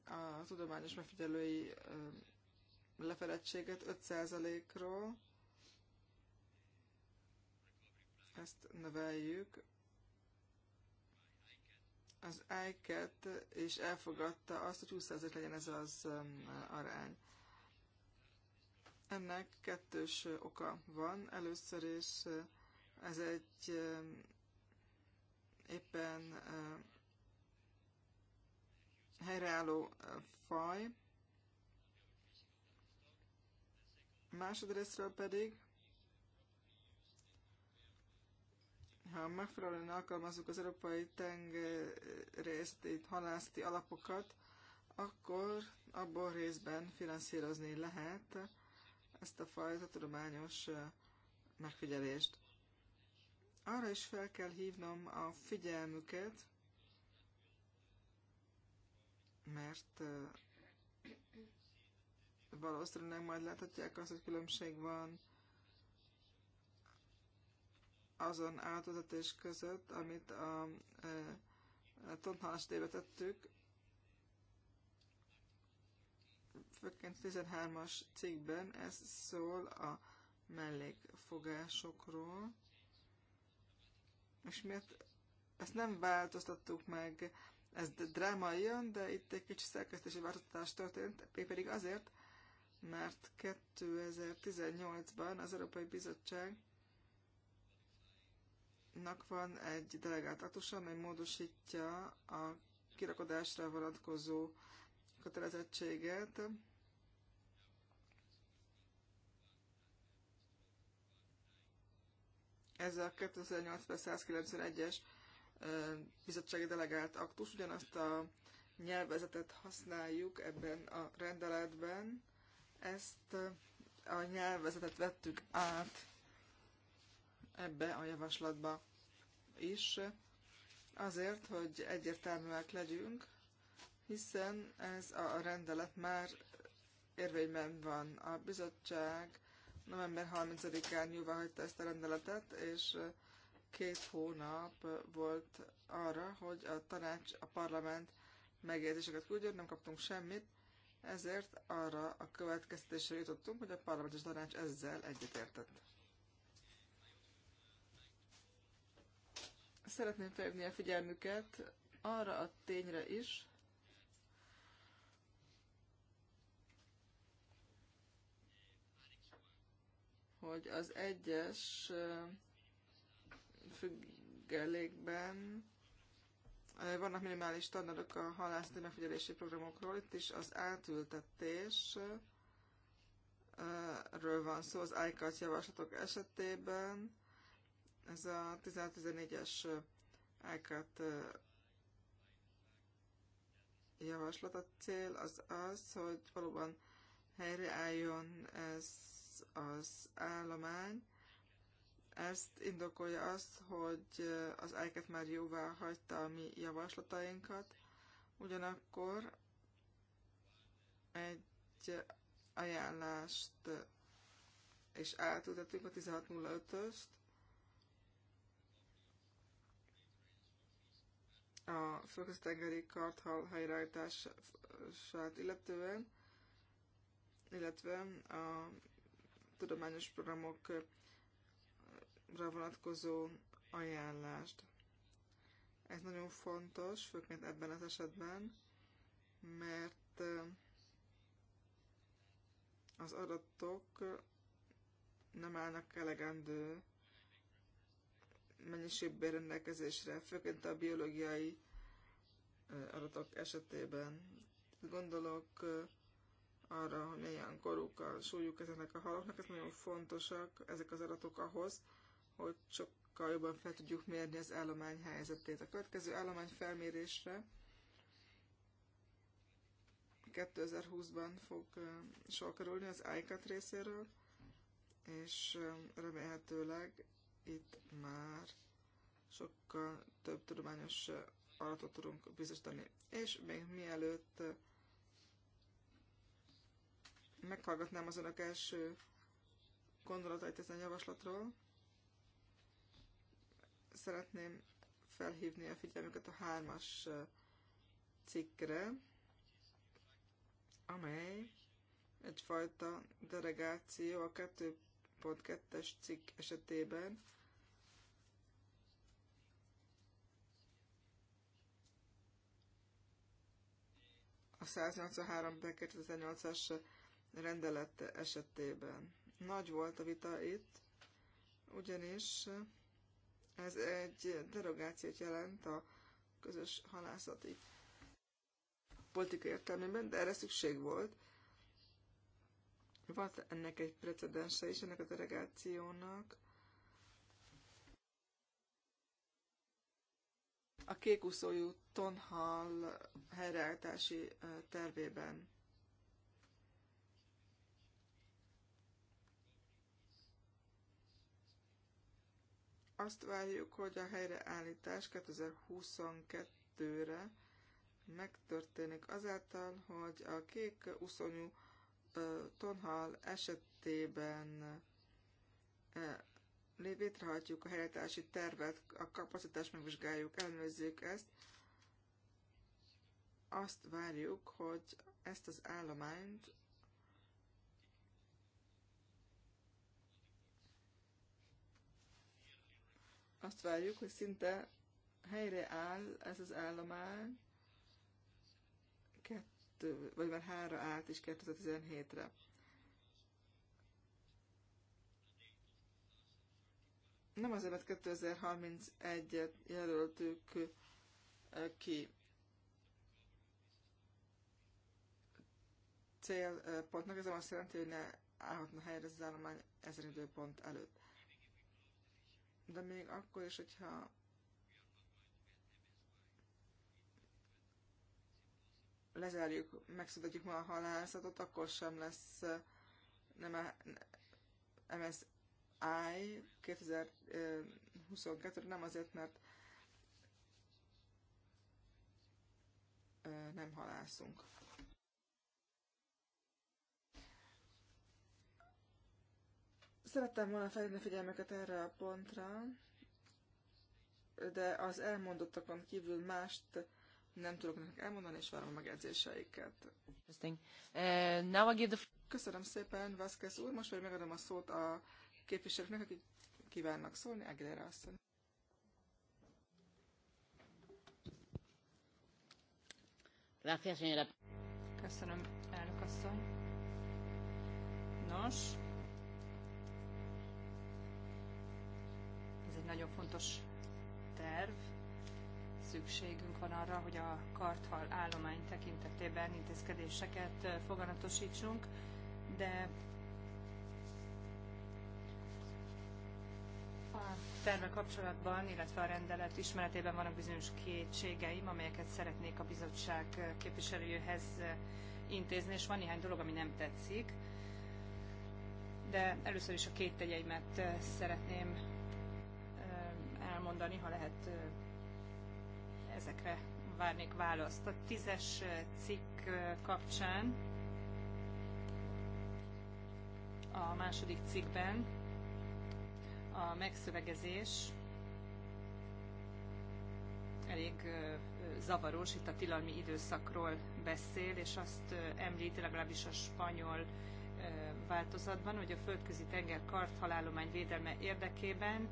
a tudományos megfigyelői lefedettséget 5%-ról. Ezt növeljük az EIKET és elfogadta azt, hogy 20% legyen ez az um, arány. Ennek kettős oka van. Először is uh, ez egy um, éppen uh, helyreálló uh, faj. Másodrésztről pedig ha megfelelően alkalmazzuk az európai tengerészt, itt halászti alapokat, akkor abból részben finanszírozni lehet ezt a fajta tudományos megfigyelést. Arra is fel kell hívnom a figyelmüket, mert valószínűleg majd láthatják azt, hogy különbség van azon áldozatés között, amit a, a tonhalas tettük, főként 13-as cikkben ez szól a mellékfogásokról. És miért ezt nem változtattuk meg, ez drámaian, jön, de itt egy kicsi szerkesztési változtatás történt, pedig azért, mert 2018-ban az Európai Bizottság nak van egy delegált aktusa, amely módosítja a kirakodásra vonatkozó kötelezettséget. Ez a 2008-191-es bizottsági delegált aktus, ugyanazt a nyelvezetet használjuk ebben a rendeletben. Ezt a nyelvezetet vettük át ebbe a javaslatba is, azért, hogy egyértelműek legyünk, hiszen ez a rendelet már érvényben van. A bizottság november 30-án hagyta ezt a rendeletet, és két hónap volt arra, hogy a tanács, a parlament megjegyzéseket küldjön, nem kaptunk semmit, ezért arra a következtetésre jutottunk, hogy a parlament és tanács ezzel egyetértett. szeretném felhívni a figyelmüket arra a tényre is, hogy az egyes függelékben vannak minimális standardok a halászati megfigyelési programokról. Itt is az átültetésről van szó az ICAT javaslatok esetében ez a 16-14-es ICAT javaslat. A cél az az, hogy valóban helyreálljon ez az állomány. Ezt indokolja azt, hogy az ICAT már jóvá hagyta a mi javaslatainkat, ugyanakkor egy ajánlást és átültettük a 1605-öst, a földközi-tengeri karthal helyreállítását illetően, illetve a tudományos programokra vonatkozó ajánlást. Ez nagyon fontos, főként ebben az esetben, mert az adatok nem állnak elegendő mennyiségben rendelkezésre, főként a biológiai adatok esetében. Gondolok arra, hogy milyen koruk a súlyuk ezeknek a halaknak, ez nagyon fontosak ezek az adatok ahhoz, hogy sokkal jobban fel tudjuk mérni az állomány helyzetét. A következő állomány felmérésre 2020-ban fog sor kerülni az ICAT részéről, és remélhetőleg itt már sokkal több tudományos adatot tudunk biztosítani. És még mielőtt meghallgatnám az önök első gondolatait ezen a javaslatról, szeretném felhívni a figyelmüket a hármas cikkre, amely egyfajta delegáció a kettő 2.2-es cikk esetében a 183-2008-as rendelet esetében. Nagy volt a vita itt, ugyanis ez egy derogációt jelent a közös halászati politika értelmében, de erre szükség volt, volt ennek egy precedense is, ennek a delegációnak. A kékúszójú tonhal helyreállítási tervében. Azt várjuk, hogy a helyreállítás 2022-re megtörténik azáltal, hogy a kék uszonyú tonhal esetében létrehajtjuk a helyreállítási tervet, a kapacitást megvizsgáljuk, ellenőrizzük ezt. Azt várjuk, hogy ezt az állományt azt várjuk, hogy szinte helyre áll ez az állomány, 2, vagy már hára állt is 2017-re. Nem azért, mert 2031-et jelöltük eh, ki célpontnak, eh, ez azt jelenti, hogy ne állhatna helyre az állomány ezen időpont előtt. De még akkor is, hogyha lezárjuk, megszüntetjük ma a halászatot, akkor sem lesz nem MSI 2022 nem azért, mert nem halászunk. Szerettem volna felhívni figyelmeket erre a pontra, de az elmondottakon kívül mást nem tudok nekik elmondani, és várom a megjegyzéseiket. Uh, Köszönöm szépen, Vázquez úr. Most pedig megadom a szót a képviselőknek, akik kívánnak szólni. Aguilera asszony. Köszönöm, elnök asszony. Nos, ez egy nagyon fontos terv, szükségünk van arra, hogy a karthal állomány tekintetében intézkedéseket foganatosítsunk, de a terve kapcsolatban, illetve a rendelet ismeretében vannak bizonyos kétségeim, amelyeket szeretnék a bizottság képviselőjéhez intézni, és van néhány dolog, ami nem tetszik. De először is a két tegyeimet szeretném elmondani, ha lehet ezekre várnék választ. A tízes eh, cikk eh, kapcsán a második cikkben a megszövegezés elég eh, zavaros, itt a tilalmi időszakról beszél, és azt említi legalábbis a spanyol változatban, hogy a földközi tenger karthalálomány védelme érdekében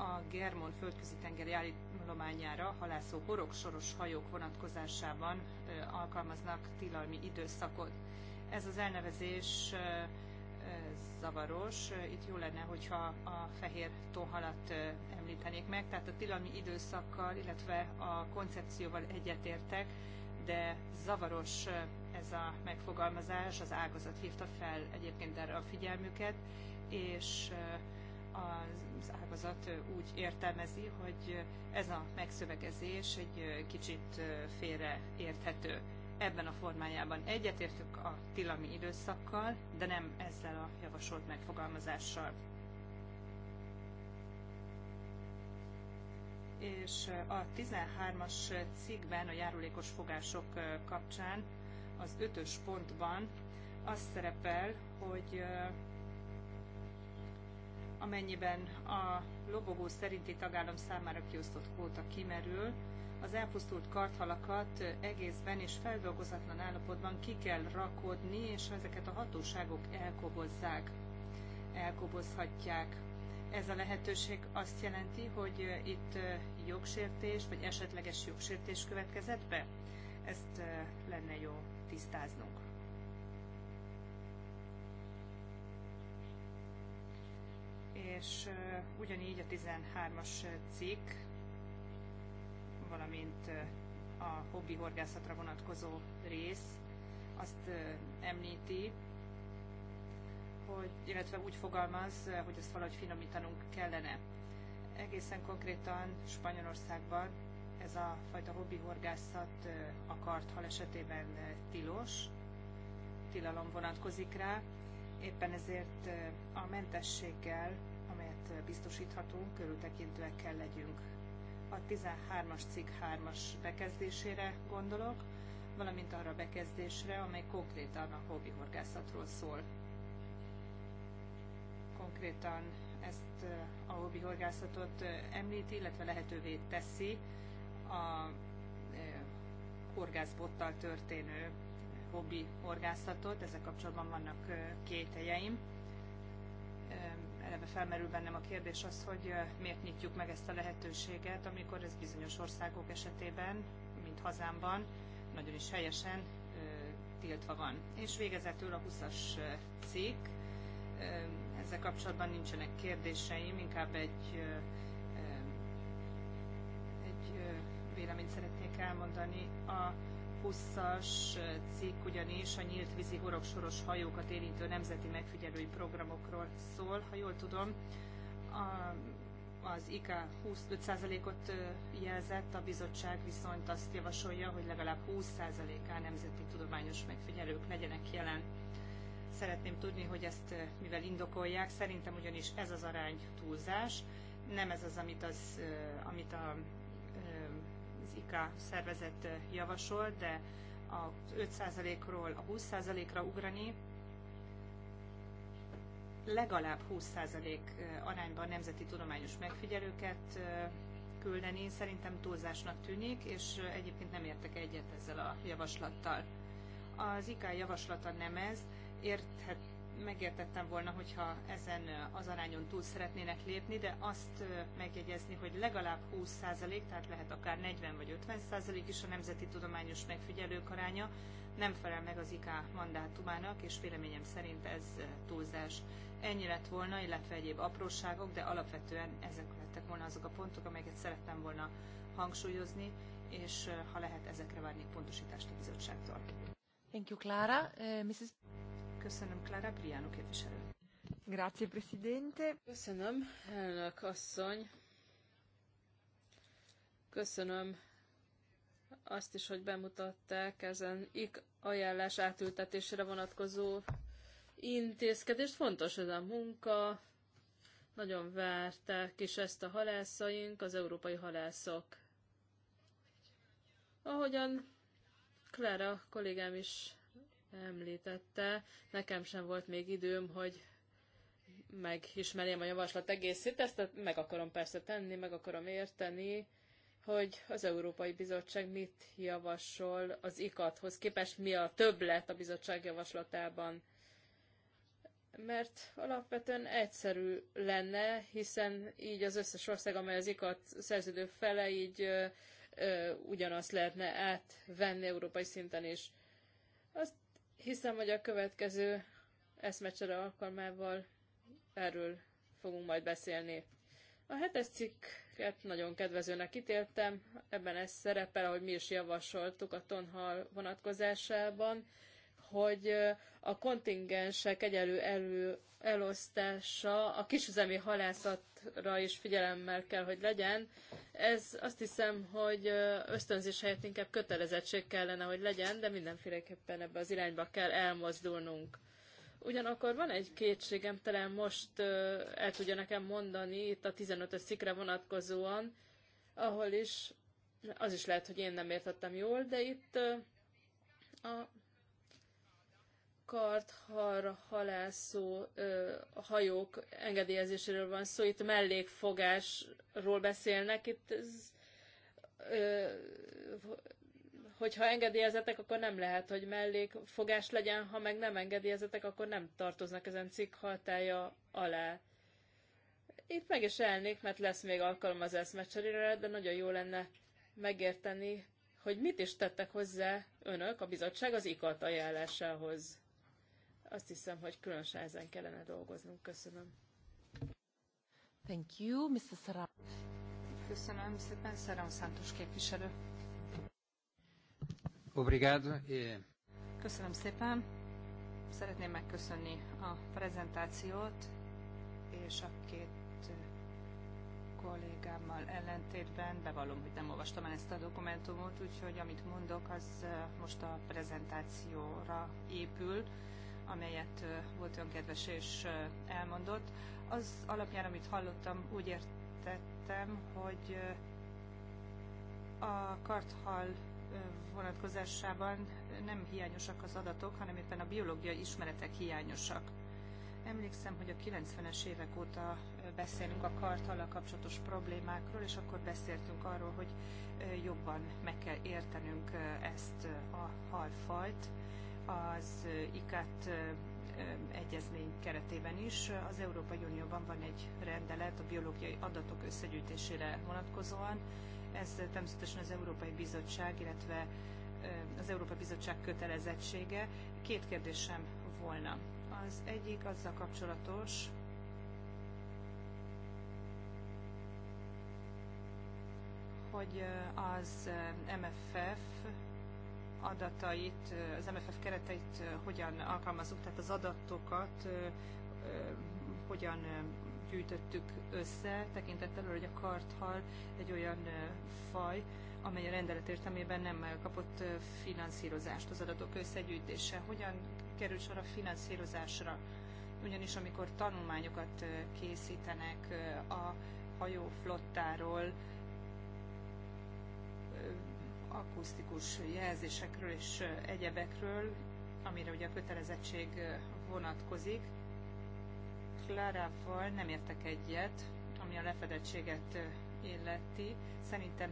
a Germon földközi tengeri állományára halászó soros hajók vonatkozásában alkalmaznak tilalmi időszakot. Ez az elnevezés zavaros. Itt jó lenne, hogyha a fehér tonhalat említenék meg. Tehát a tilalmi időszakkal, illetve a koncepcióval egyetértek, de zavaros ez a megfogalmazás. Az ágazat hívta fel egyébként erre a figyelmüket, és az ágazat úgy értelmezi, hogy ez a megszövegezés egy kicsit félreérthető. Ebben a formájában egyetértünk a tilami időszakkal, de nem ezzel a javasolt megfogalmazással. És a 13-as cikkben a járulékos fogások kapcsán az 5-ös pontban az szerepel, hogy amennyiben a lobogó szerinti tagállam számára kiosztott kvóta kimerül, az elpusztult karthalakat egészben és feldolgozatlan állapotban ki kell rakodni, és ezeket a hatóságok elkobozzák, elkobozhatják. Ez a lehetőség azt jelenti, hogy itt jogsértés, vagy esetleges jogsértés következett be? Ezt eh, lenne jó tisztáznunk. és ugyanígy a 13-as cikk, valamint a hobbi horgászatra vonatkozó rész azt említi, hogy, illetve úgy fogalmaz, hogy ezt valahogy finomítanunk kellene. Egészen konkrétan Spanyolországban ez a fajta hobbi horgászat a hal esetében tilos, tilalom vonatkozik rá, éppen ezért a mentességgel amit biztosíthatunk, körültekintőek kell legyünk. A 13-as cikk 3-as bekezdésére gondolok, valamint arra a bekezdésre, amely konkrétan a hobbi horgászatról szól. Konkrétan ezt eh, a hobbi horgászatot eh, említi, illetve lehetővé teszi a eh, horgászbottal történő hobbi horgászatot. Ezzel kapcsolatban vannak kételjeim eleve felmerül bennem a kérdés az, hogy miért nyitjuk meg ezt a lehetőséget, amikor ez bizonyos országok esetében, mint hazámban, nagyon is helyesen tiltva van. És végezetül a 20-as cikk, ezzel kapcsolatban nincsenek kérdéseim, inkább egy, egy véleményt szeretnék elmondani. A 20-as cikk ugyanis a nyílt vízi horogsoros hajókat érintő nemzeti megfigyelői programokról szól. Ha jól tudom, a, az IKA 25%-ot jelzett, a bizottság viszont azt javasolja, hogy legalább 20%-á nemzeti tudományos megfigyelők legyenek jelen. Szeretném tudni, hogy ezt mivel indokolják. Szerintem ugyanis ez az arány túlzás, nem ez az, amit, az, amit a politika szervezet javasol, de az 5%-ról a 20%-ra ugrani legalább 20% arányban nemzeti tudományos megfigyelőket küldeni, szerintem túlzásnak tűnik, és egyébként nem értek egyet ezzel a javaslattal. Az IKA javaslata nem ez, érthet, megértettem volna, hogyha ezen az arányon túl szeretnének lépni, de azt megjegyezni, hogy legalább 20%, tehát lehet akár 40 vagy 50% is a Nemzeti Tudományos Megfigyelők aránya nem felel meg az IK mandátumának, és véleményem szerint ez túlzás. Ennyi lett volna, illetve egyéb apróságok, de alapvetően ezek lettek volna azok a pontok, amelyeket szerettem volna hangsúlyozni, és ha lehet, ezekre várni pontosítást a bizottságtól. Thank you, Clara. Uh, Mrs. Köszönöm, Clara Briano képviselő. Grazie, Presidente. Köszönöm, elnök asszony. Köszönöm azt is, hogy bemutatták ezen ik ajánlás átültetésére vonatkozó intézkedést. Fontos ez a munka, nagyon várták is ezt a halászaink, az európai halászok. Ahogyan Klára kollégám is említette. Nekem sem volt még időm, hogy megismerjem a javaslat egészét, ezt meg akarom persze tenni, meg akarom érteni, hogy az Európai Bizottság mit javasol az ikathoz képest, mi a többlet a bizottság javaslatában. Mert alapvetően egyszerű lenne, hiszen így az összes ország, amely az ikat szerződő fele, így ö, ö, ugyanazt lehetne átvenni európai szinten is. Azt Hiszem, hogy a következő eszmecsere alkalmával erről fogunk majd beszélni. A hetes cikket nagyon kedvezőnek ítéltem, ebben ez szerepel, ahogy mi is javasoltuk a tonhal vonatkozásában, hogy a kontingensek egyelő elő, elosztása a kisüzemi halászatra is figyelemmel kell, hogy legyen, ez azt hiszem, hogy ösztönzés helyett inkább kötelezettség kellene, hogy legyen, de mindenféleképpen ebbe az irányba kell elmozdulnunk. Ugyanakkor van egy kétségem, talán most el tudja nekem mondani itt a 15-ös szikre vonatkozóan, ahol is, az is lehet, hogy én nem értettem jól, de itt a karthar halászó ö, hajók engedélyezéséről van szó, itt mellékfogásról beszélnek, itt ez, ö, hogyha engedélyezetek, akkor nem lehet, hogy mellékfogás legyen, ha meg nem engedélyezetek, akkor nem tartoznak ezen cikk hatája alá. Itt meg is elnék, mert lesz még alkalom az eszmecserére, de nagyon jó lenne megérteni, hogy mit is tettek hozzá önök, a bizottság az ikat ajánlásához. Azt hiszem, hogy különösen ezen kellene dolgoznunk. Köszönöm. Thank you, Mr. Sarah. Köszönöm szépen, Szerem Szántos képviselő. Obrigado. E- Köszönöm szépen. Szeretném megköszönni a prezentációt, és a két kollégámmal ellentétben bevallom, hogy nem olvastam el ezt a dokumentumot, úgyhogy amit mondok, az eh, most a prezentációra épül amelyet volt olyan kedves és elmondott. Az alapján, amit hallottam, úgy értettem, hogy a karthal vonatkozásában nem hiányosak az adatok, hanem éppen a biológiai ismeretek hiányosak. Emlékszem, hogy a 90-es évek óta beszélünk a karthallal kapcsolatos problémákról, és akkor beszéltünk arról, hogy jobban meg kell értenünk ezt a halfajt, az ICAT egyezmény keretében is. Az Európai Unióban van egy rendelet a biológiai adatok összegyűjtésére vonatkozóan. Ez természetesen az Európai Bizottság, illetve az Európai Bizottság kötelezettsége. Két kérdésem volna. Az egyik azzal kapcsolatos, hogy az MFF adatait, az MFF kereteit hogyan alkalmazunk, tehát az adatokat hogyan gyűjtöttük össze, tekintettel, hogy a karthal egy olyan faj, amely a rendelet értelmében nem kapott finanszírozást az adatok összegyűjtése. Hogyan kerül sor a finanszírozásra? Ugyanis amikor tanulmányokat készítenek a hajóflottáról, akusztikus jelzésekről és egyebekről, amire ugye a kötelezettség vonatkozik. Klárával nem értek egyet, ami a lefedettséget illeti. Szerintem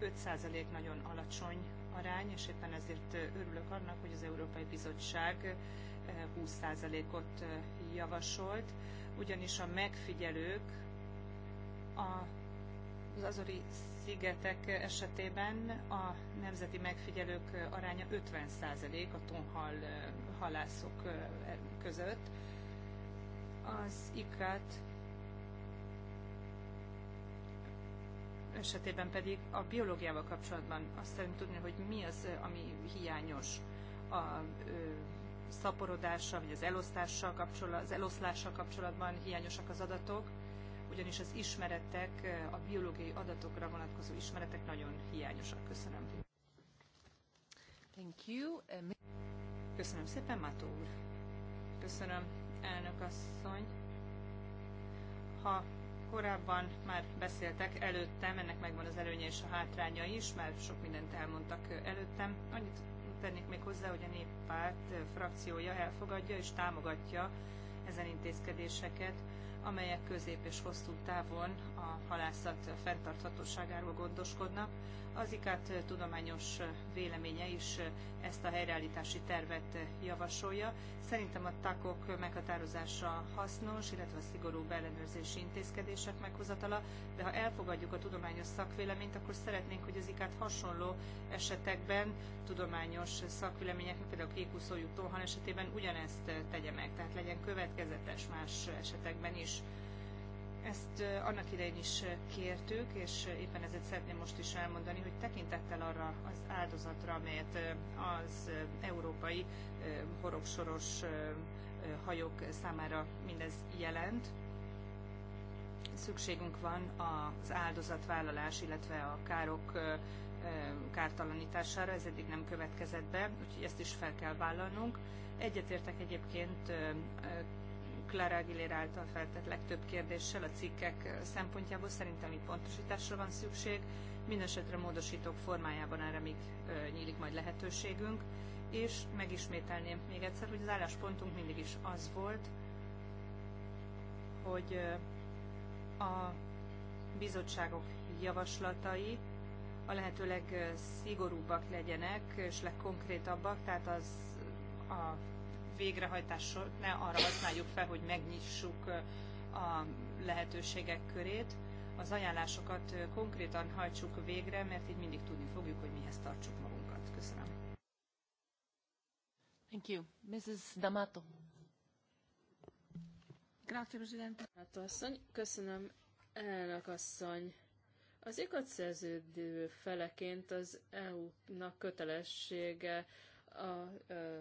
5% nagyon alacsony arány, és éppen ezért örülök annak, hogy az Európai Bizottság 20%-ot javasolt, ugyanis a megfigyelők Azori szigetek esetében a nemzeti megfigyelők aránya 50% a tonhal halászok között. Az ikrát esetében pedig a biológiával kapcsolatban azt szeretném tudni, hogy mi az, ami hiányos a szaporodással, vagy az elosztással kapcsolatban, az eloszlással kapcsolatban hiányosak az adatok, ugyanis az ismeretek, eh, a biológiai adatokra vonatkozó ismeretek nagyon hiányosak. Köszönöm. Thank you. Eh, Köszönöm szépen, Mató úr. Köszönöm, elnök asszony. Ha korábban már beszéltek előttem, ennek megvan az előnye és a hátránya is, mert sok mindent elmondtak eh, előttem. Annyit tennék még hozzá, hogy a néppárt frakciója elfogadja és támogatja ezen intézkedéseket, amelyek közép és hosszú távon a halászat fenntarthatóságáról gondoskodnak. Az ICAT tudományos véleménye is ezt a helyreállítási tervet javasolja. Szerintem a takok meghatározása hasznos, illetve a szigorú ellenőrzési intézkedések meghozatala, de ha elfogadjuk a tudományos szakvéleményt, akkor szeretnénk, hogy az ICAT hasonló esetekben tudományos szakvélemények, mint például a kékuszójú tonhal esetében ugyanezt tegye meg, tehát legyen következetes más esetekben is is. Ezt annak idején is kértük, és éppen ezért szeretném most is elmondani, hogy tekintettel arra az áldozatra, amelyet az európai horogsoros hajók számára mindez jelent, szükségünk van az áldozatvállalás, illetve a károk kártalanítására, ez eddig nem következett be, úgyhogy ezt is fel kell vállalnunk. Egyetértek egyébként Clara Aguilera által feltett legtöbb kérdéssel a cikkek szempontjából. Szerintem itt pontosításra van szükség. Mindenesetre módosítók formájában erre még nyílik majd lehetőségünk. És megismételném még egyszer, hogy az álláspontunk mindig is az volt, hogy a bizottságok javaslatai a lehető legszigorúbbak legyenek, és legkonkrétabbak, tehát az a végrehajtás ne arra használjuk fel, hogy megnyissuk a lehetőségek körét. Az ajánlásokat konkrétan hajtsuk végre, mert így mindig tudni fogjuk, hogy mihez tartsuk magunkat. Köszönöm. Thank you. Mrs. D'Amato. Grazie, Presidente. Köszönöm, elnök asszony. Az szerződő feleként az EU-nak kötelessége a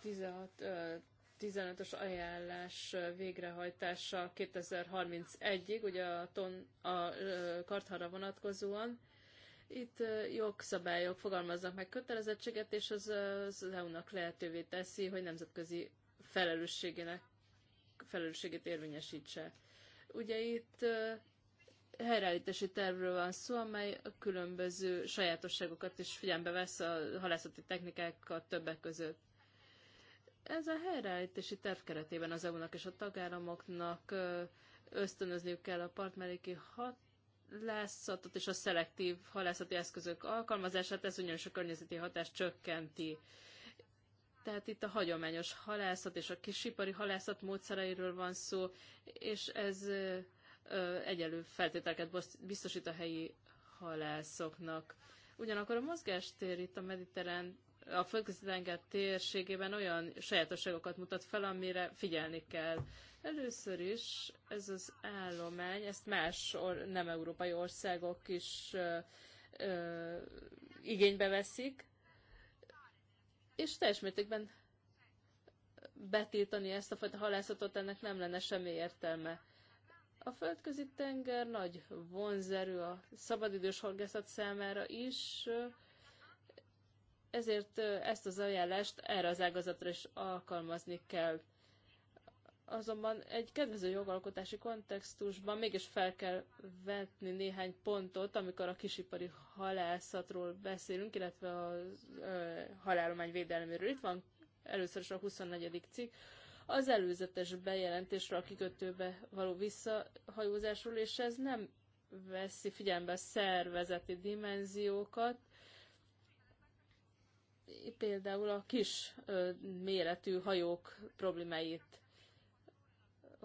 16 15-ös ajánlás végrehajtása 2031-ig, ugye a, ton, a karthara vonatkozóan. Itt jogszabályok fogalmaznak meg kötelezettséget, és az, az EU-nak lehetővé teszi, hogy nemzetközi felelősségének felelősségét érvényesítse. Ugye itt helyreállítási tervről van szó, amely a különböző sajátosságokat is figyelembe vesz a halászati technikákat többek között. Ez a helyreállítási terv keretében az EU-nak és a tagállamoknak ösztönözniük kell a partmeléki halászatot és a szelektív halászati eszközök alkalmazását, ez ugyanis a környezeti hatást csökkenti. Tehát itt a hagyományos halászat és a kisipari halászat módszereiről van szó, és ez egyelő feltételeket biztosít a helyi halászoknak. Ugyanakkor a mozgástér itt a mediterrán a földközi tenger térségében olyan sajátosságokat mutat fel, amire figyelni kell. Először is ez az állomány, ezt más or, nem európai országok is ö, ö, igénybe veszik, és teljes mértékben betiltani ezt a fajta halászatot, ennek nem lenne semmi értelme. A földközi tenger nagy vonzerű a szabadidős horgászat számára is, ezért ezt az ajánlást erre az ágazatra is alkalmazni kell. Azonban egy kedvező jogalkotási kontextusban mégis fel kell vetni néhány pontot, amikor a kisipari halászatról beszélünk, illetve a halálomány védelméről. Itt van először is a 24. cikk, az előzetes bejelentésről a kikötőbe való visszahajózásról, és ez nem veszi figyelembe a szervezeti dimenziókat, például a kis ö, méretű hajók problémáit.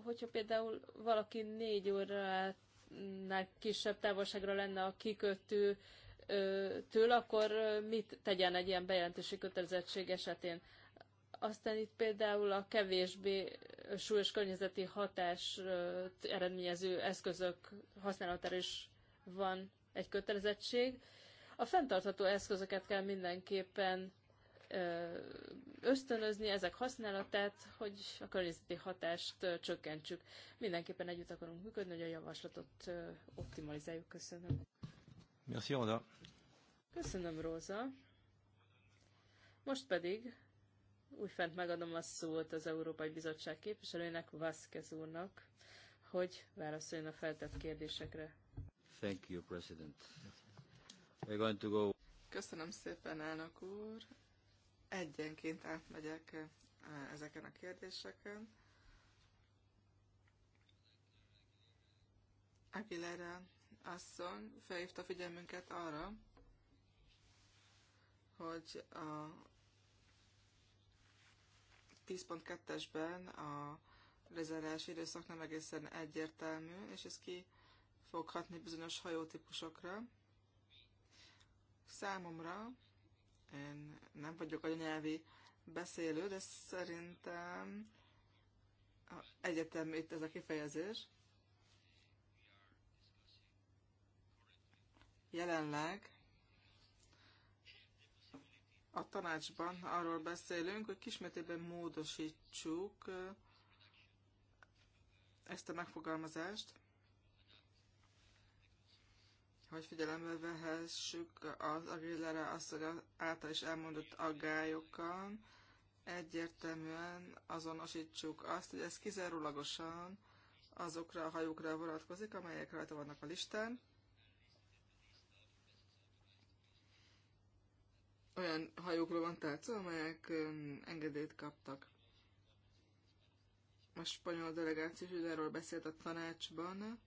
Hogyha például valaki négy óránál kisebb távolságra lenne a kikötő, től, akkor mit tegyen egy ilyen bejelentési kötelezettség esetén? Aztán itt például a kevésbé súlyos környezeti hatás eredményező eszközök használatára is van egy kötelezettség. A fenntartható eszközöket kell mindenképpen ösztönözni ezek használatát, hogy a környezeti hatást csökkentsük. Mindenképpen együtt akarunk működni, hogy a javaslatot optimalizáljuk. Köszönöm. Köszönöm, Róza. Most pedig újfent megadom a szót az Európai Bizottság képviselőjének, Vázquez úrnak, hogy válaszoljon a feltett kérdésekre. Thank you, President. We're going to go. Köszönöm szépen, elnök úr. Egyenként átmegyek eh, ezeken a kérdéseken. Aguilera asszony felhívta figyelmünket arra, hogy a 10.2-esben a lezárás időszak nem egészen egyértelmű, és ez ki fog hatni bizonyos hajótípusokra. Számomra, én nem vagyok nyelvi beszélő, de szerintem egyetem itt ez a kifejezés. Jelenleg a tanácsban arról beszélünk, hogy kismetében módosítsuk ezt a megfogalmazást, hogy figyelembe vehessük az Aguilera asszony által is elmondott aggályokkal, egyértelműen azonosítsuk azt, hogy ez kizárólagosan azokra a hajókra vonatkozik, amelyek rajta vannak a listán, olyan hajókról van tehát szó, amelyek engedélyt kaptak. A spanyol delegáció is erről beszélt a tanácsban,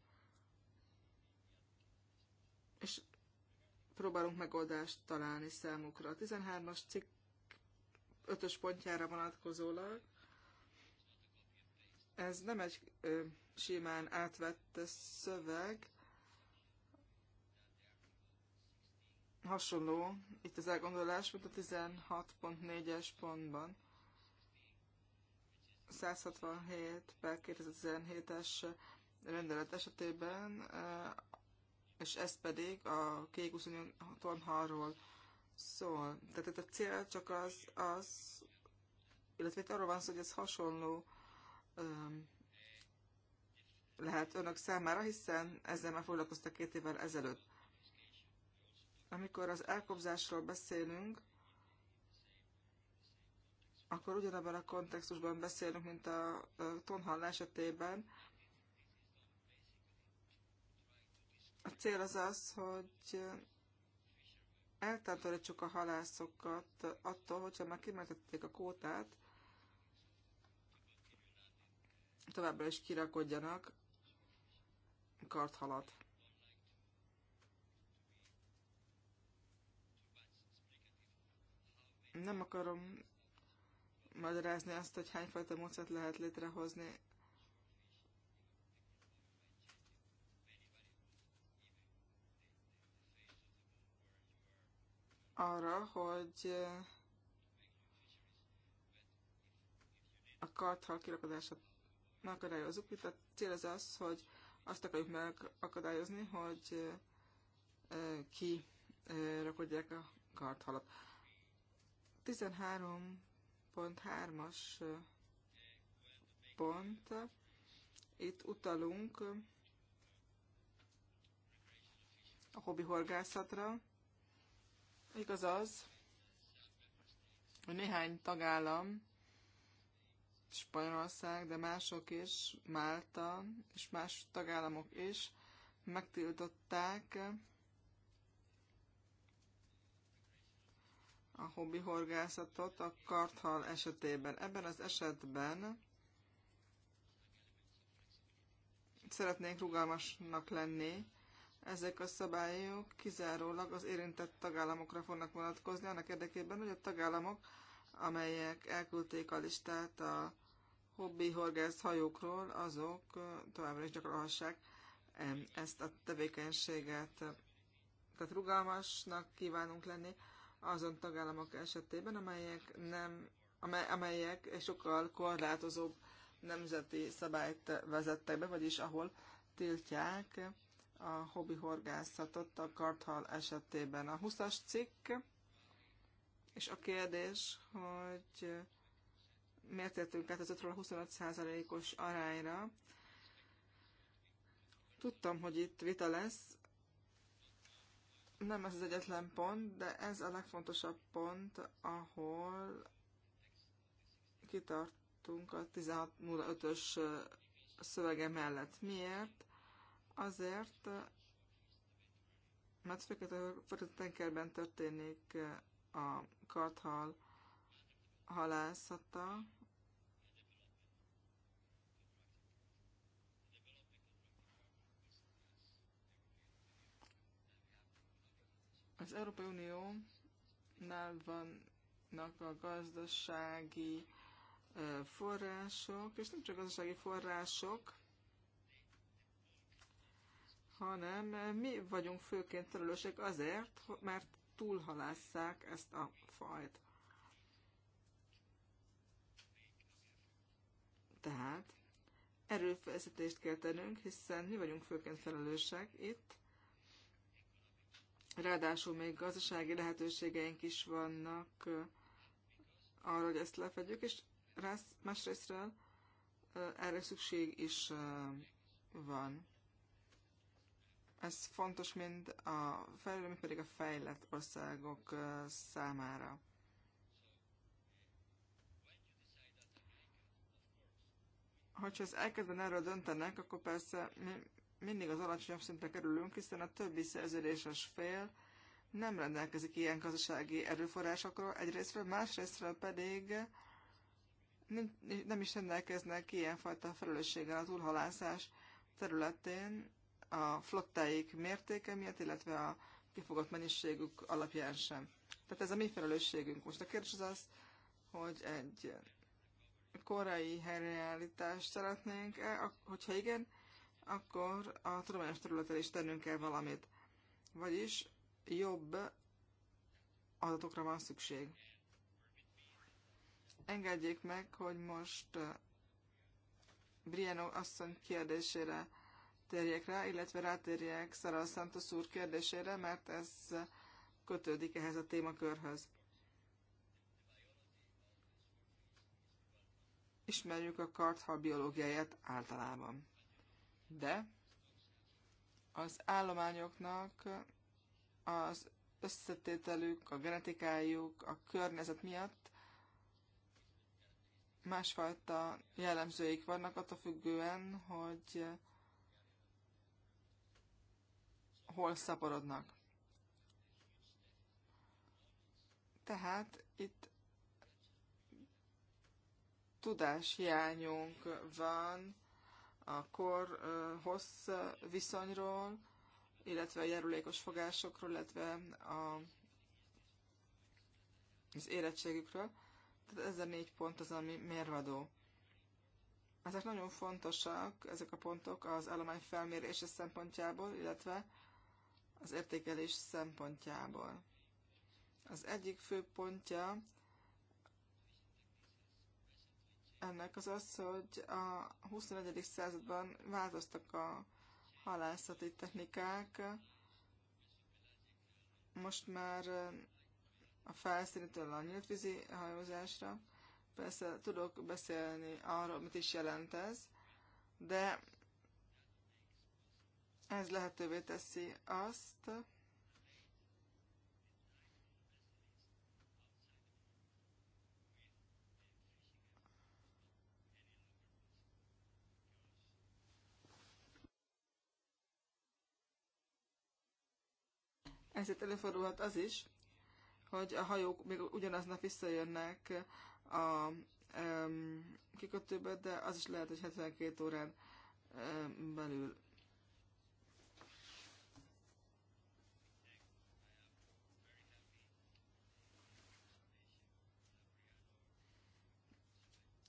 és próbálunk megoldást találni számukra. A 13-as cikk 5-ös pontjára vonatkozólag ez nem egy ö, simán átvett szöveg, hasonló itt az elgondolás, mint a 16.4-es pontban. 167 per 2017-es rendelet esetében, és ez pedig a kék 28 szól. Tehát itt a cél csak az, az illetve itt arról van szó, hogy ez hasonló um, lehet önök számára, hiszen ezzel már foglalkoztak két évvel ezelőtt amikor az elkobzásról beszélünk, akkor ugyanabban a kontextusban beszélünk, mint a tonhal esetében. A cél az az, hogy eltántorítsuk a halászokat attól, hogyha már kimentették a kótát, továbbra is kirakodjanak karthalat. Nem akarom magyarázni azt, hogy hányfajta módszert lehet létrehozni. Arra, hogy a karthal kirakodását megakadályozzuk. Itt a cél az az, hogy azt akarjuk megakadályozni, hogy ki rakodják a karthalat. 13.3-as pont, itt utalunk a hobbi horgászatra. Igaz az, hogy néhány tagállam, Spanyolország, de mások is, Málta és más tagállamok is megtiltották a hobbi horgászatot a karthal esetében. Ebben az esetben szeretnénk rugalmasnak lenni, ezek a szabályok kizárólag az érintett tagállamokra fognak vonatkozni, annak érdekében, hogy a tagállamok, amelyek elküldték a listát a hobbi horgász hajókról, azok továbbra is gyakorolhassák ezt a tevékenységet. Tehát rugalmasnak kívánunk lenni azon tagállamok esetében, amelyek, nem, amely, amelyek sokkal korlátozóbb nemzeti szabályt vezettek be, vagyis ahol tiltják a hobbi horgászatot a karthal esetében. A 20-as cikk, és a kérdés, hogy miért értünk át az 5-ről 25%-os arányra. Tudtam, hogy itt vita lesz, nem ez az egyetlen pont, de ez a legfontosabb pont, ahol kitartunk a 16.05-ös szövege mellett. Miért? Azért, mert fekete tengerben történik a karthal halászata, Az Európai nál vannak a gazdasági források, és nem csak gazdasági források, hanem mi vagyunk főként felelősek azért, mert túlhalásszák ezt a fajt. Tehát erőfeszítést kell tennünk, hiszen mi vagyunk főként felelősek itt, Ráadásul még gazdasági lehetőségeink is vannak eh, arra, hogy ezt lefedjük, és másrésztről eh, erre szükség is eh, van. Ez fontos mind a fejlődő, pedig a fejlett országok számára. Hogyha az elkezdben erről döntenek, akkor persze mi mindig az alacsonyabb szintre kerülünk, hiszen a többi szerződéses fél nem rendelkezik ilyen gazdasági erőforrásokról egyrésztről, másrésztről pedig nem, is rendelkeznek ilyenfajta felelősséggel a túlhalászás területén a flottáik mértéke miatt, illetve a kifogott mennyiségük alapján sem. Tehát ez a mi felelősségünk. Most a kérdés az az, hogy egy korai helyreállítást szeretnénk-e, hogyha igen, akkor a tudományos területen is tennünk kell valamit. Vagyis jobb adatokra van szükség. Engedjék meg, hogy most eh, Briano asszony kérdésére térjek rá, illetve rátérjek Szara Santos úr kérdésére, mert ez kötődik ehhez a témakörhöz. Ismerjük a kartha biológiáját általában de az állományoknak az összetételük, a genetikájuk, a környezet miatt másfajta jellemzőik vannak, attól függően, hogy hol szaporodnak. Tehát itt tudáshiányunk van a kor hossz viszonyról, illetve a járulékos fogásokról, illetve a, az érettségükről. Tehát ez a négy pont az, ami mérvadó. Ezek nagyon fontosak, ezek a pontok az állomány felmérése szempontjából, illetve az értékelés szempontjából. Az egyik fő pontja ennek az az, hogy a 21. században változtak a halászati technikák. Most már eh, a felszínűtől a nyíltvízi hajózásra. Persze tudok beszélni arról, mit is jelent ez, de ez lehetővé teszi azt, Ezért előfordulhat az is, hogy a hajók még ugyanaznap visszajönnek a um, kikötőbe, de az is lehet, hogy 72 órán um, belül.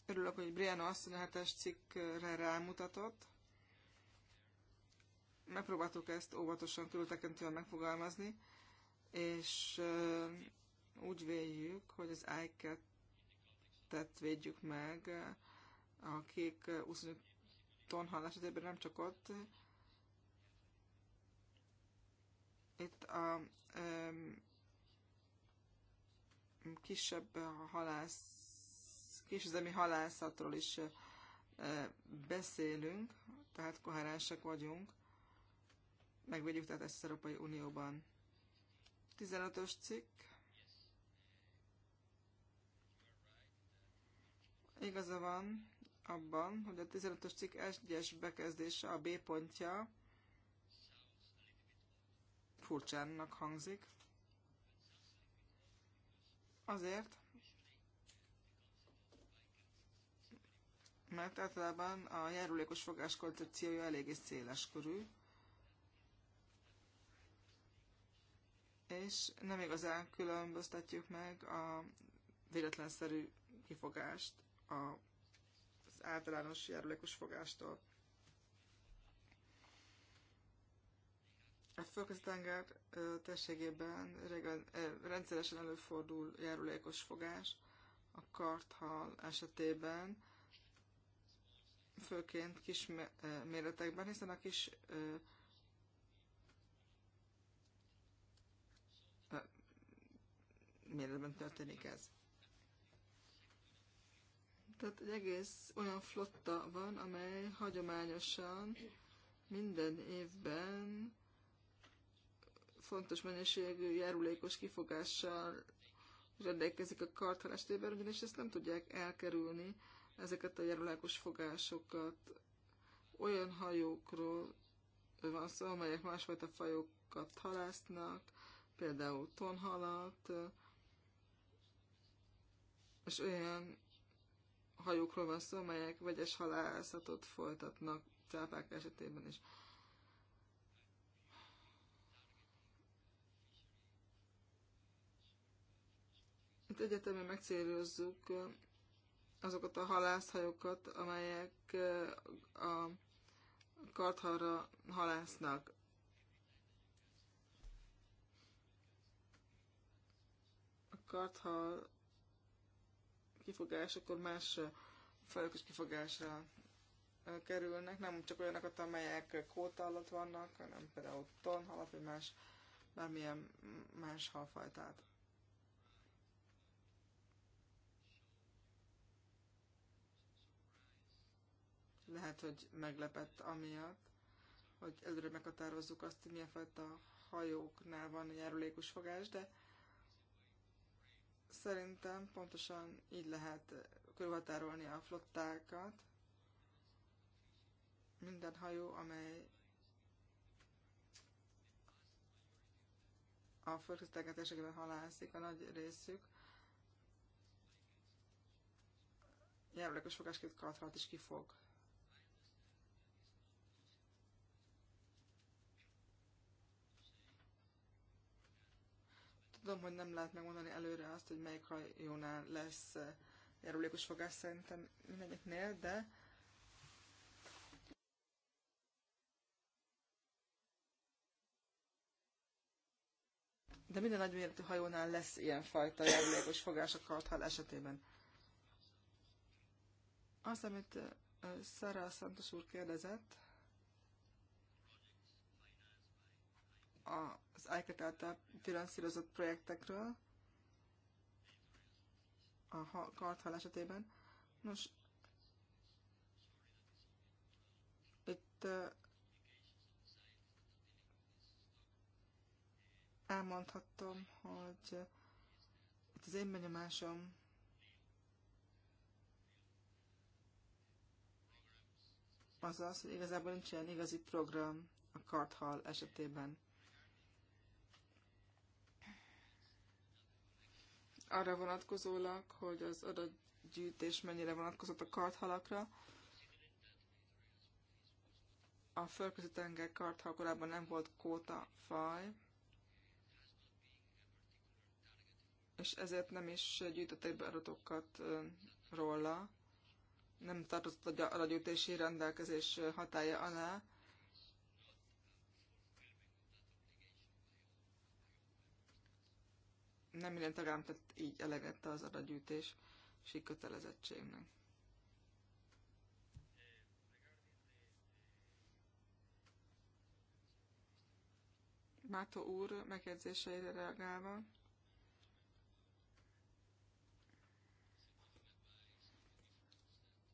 Örülök, hogy Brianna asszony a hetes cikkre rámutatott megpróbáltuk ezt óvatosan, körültekintően megfogalmazni, és úgy véljük, hogy az i tett védjük meg a kék 25 tonhal esetében nem csak ott, itt a um, kisebb halász, kisüzemi halászatról is beszélünk, tehát koherensek vagyunk megvédjük tehát ezt az Európai Unióban. 15-ös cikk. Igaza van abban, hogy a 15-ös cikk egyes bekezdése, a B pontja furcsának hangzik. Azért, mert általában a járulékos fogás koncepciója eléggé széleskörű. és nem igazán különböztetjük meg a véletlenszerű kifogást az általános járulékos fogástól. A Fölközi-tenger térségében rendszeresen előfordul járulékos fogás, a karthal esetében, főként kis méretekben, hiszen a kis méretben történik ez. Tehát egy egész olyan flotta van, amely hagyományosan minden évben fontos mennyiségű járulékos kifogással rendelkezik a karthal estében, ugyanis ezt nem tudják elkerülni, ezeket a járulékos fogásokat. Olyan hajókról van szó, amelyek másfajta fajokat halásznak, például tonhalat, és olyan hajókról van szó, amelyek vegyes halászatot folytatnak cápák esetében is. Itt egyetemben megcélőzzük azokat a halászhajókat, amelyek a karthalra halásznak. A karthal kifogás, akkor más fajok is kifogásra eh, kerülnek, nem csak olyanokat, amelyek kóta alatt vannak, hanem például tonhalat, vagy más, bármilyen más halfajtát. Lehet, hogy meglepett amiatt, hogy előre meghatározzuk azt, hogy milyen fajta hajóknál van járulékos fogás, de Szerintem pontosan így lehet eh, körülhatárolni a flottákat. Minden hajó, amely a földköztelket esetében halászik, a nagy részük a fogásként kathat és ki fog tudom, hogy nem lehet megmondani előre azt, hogy melyik hajónál lesz eh, járulékos fogás szerintem mindegyiknél, de de minden nagyméretű hajónál lesz fajta járulékos fogás a karthal esetében. Az, amit eh, Szara Santos úr kérdezett, a az ICAT e által finanszírozott projektekről a karthal esetében. Nos, itt elmondhatom, hogy itt az én benyomásom az az, hogy igazából nincs ilyen igazi program a karthal esetében. arra vonatkozólag, hogy az adatgyűjtés mennyire vonatkozott a karthalakra. A földközi tenger karthal korábban nem volt kóta faj, és ezért nem is gyűjtötték be adatokat róla. Nem tartozott a adatgyűjtési rendelkezés hatája alá, nem minden tagállam tett így elegette az adatgyűjtés és kötelezettségnek. Mátó úr megjegyzéseire reagálva.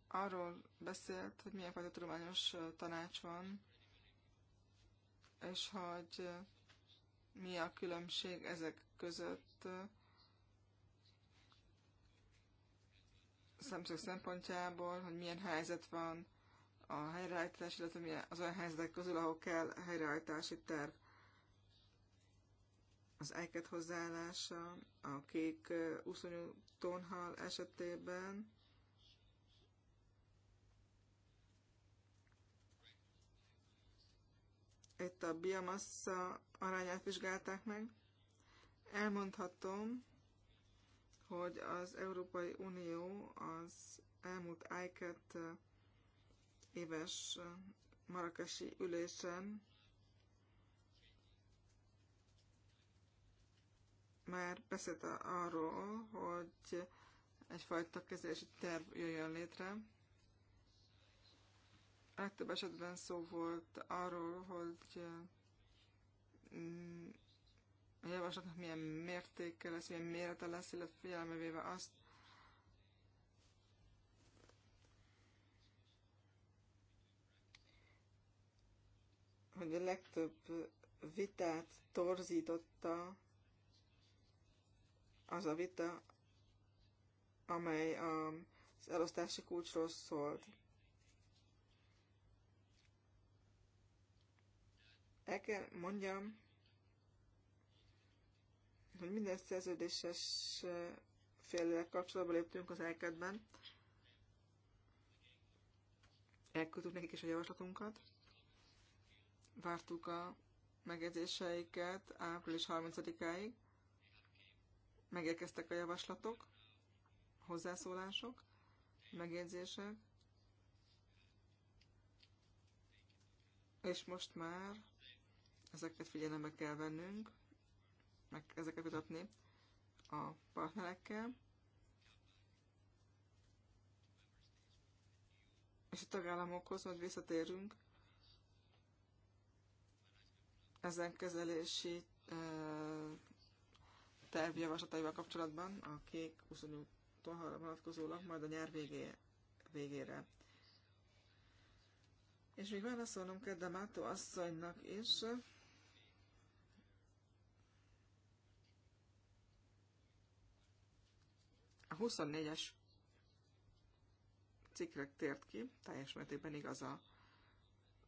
Arról beszélt, hogy milyen fajta tudományos tanács van, és hogy mi a különbség ezek között szemszög szempontjából, hogy milyen helyzet van a helyreállítás, illetve milyen az olyan helyzetek közül, ahol kell helyreállítási terv. Az eket hozzáállása, a kék úszonyú tonhal esetében, itt a biomassa arányát vizsgálták meg. Elmondhatom, hogy az Európai Unió az elmúlt ICAT éves marakesi ülésen már beszélt arról, hogy egyfajta kezelési terv jöjjön létre. Legtöbb esetben szó volt arról, hogy mm, a javaslatnak milyen mértéke lesz, milyen mérete lesz, illetve figyelembe véve azt, hogy a legtöbb vitát torzította az a vita, amely az elosztási kulcsról szólt. El kell mondjam, hogy minden szerződéses félre kapcsolatba léptünk az elkedben. Elküldtük nekik is a javaslatunkat. Vártuk a megjegyzéseiket április 30-áig. Megérkeztek a javaslatok, hozzászólások, megjegyzések. És most már ezeket figyelembe kell vennünk meg ezeket vitatni a partnerekkel. És a tagállamokhoz majd visszatérünk ezen kezelési terv javaslataival kapcsolatban a kék 28-tól vonatkozólag majd a nyár végé, végére. És még válaszolnom kell Damato asszonynak is, 24-es cikkre tért ki, teljes mértékben igaza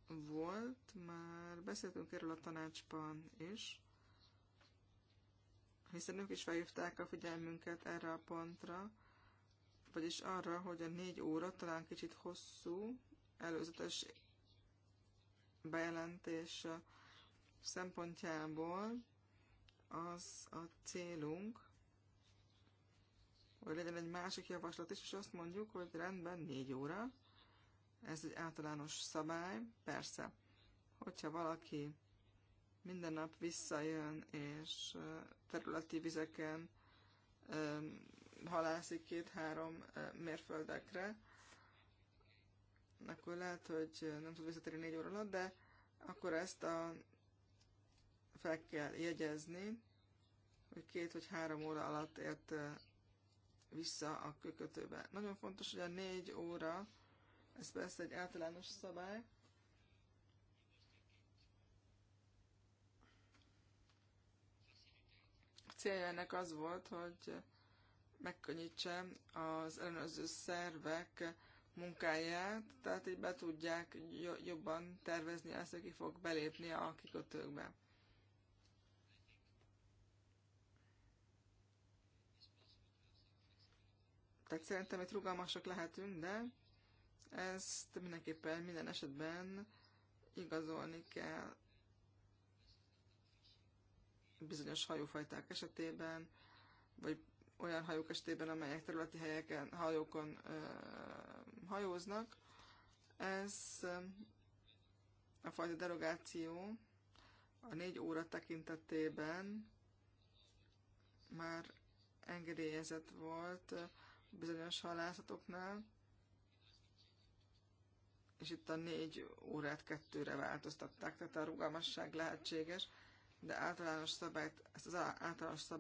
volt, már beszéltünk erről a tanácsban is, hiszen ők is felhívták a figyelmünket erre a pontra, vagyis arra, hogy a négy óra talán kicsit hosszú előzetes bejelentés szempontjából az a célunk, vagy legyen egy másik javaslat is, és azt mondjuk, hogy rendben négy óra, ez egy általános szabály, persze, hogyha valaki minden nap visszajön, és területi vizeken halászik két-három mérföldekre, akkor lehet, hogy nem tud visszatérni négy óra alatt, de akkor ezt a fel kell jegyezni, hogy két vagy három óra alatt ért vissza a kökötőbe. Nagyon fontos, hogy a négy óra, ez persze egy általános szabály, célja ennek az volt, hogy megkönnyítse az ellenőrző szervek munkáját, tehát így be tudják jobban tervezni azt, aki fog belépni a kikötőkbe. Tehát szerintem itt rugalmasak lehetünk, de ezt mindenképpen minden esetben igazolni kell bizonyos hajófajták esetében, vagy olyan hajók esetében, amelyek területi helyeken, hajókon ö, hajóznak. Ez a fajta derogáció a négy óra tekintetében már engedélyezett volt bizonyos halászatoknál, és itt a négy órát kettőre változtatták, tehát a rugalmasság lehetséges, de általános szabályt, ezt az általános szabályt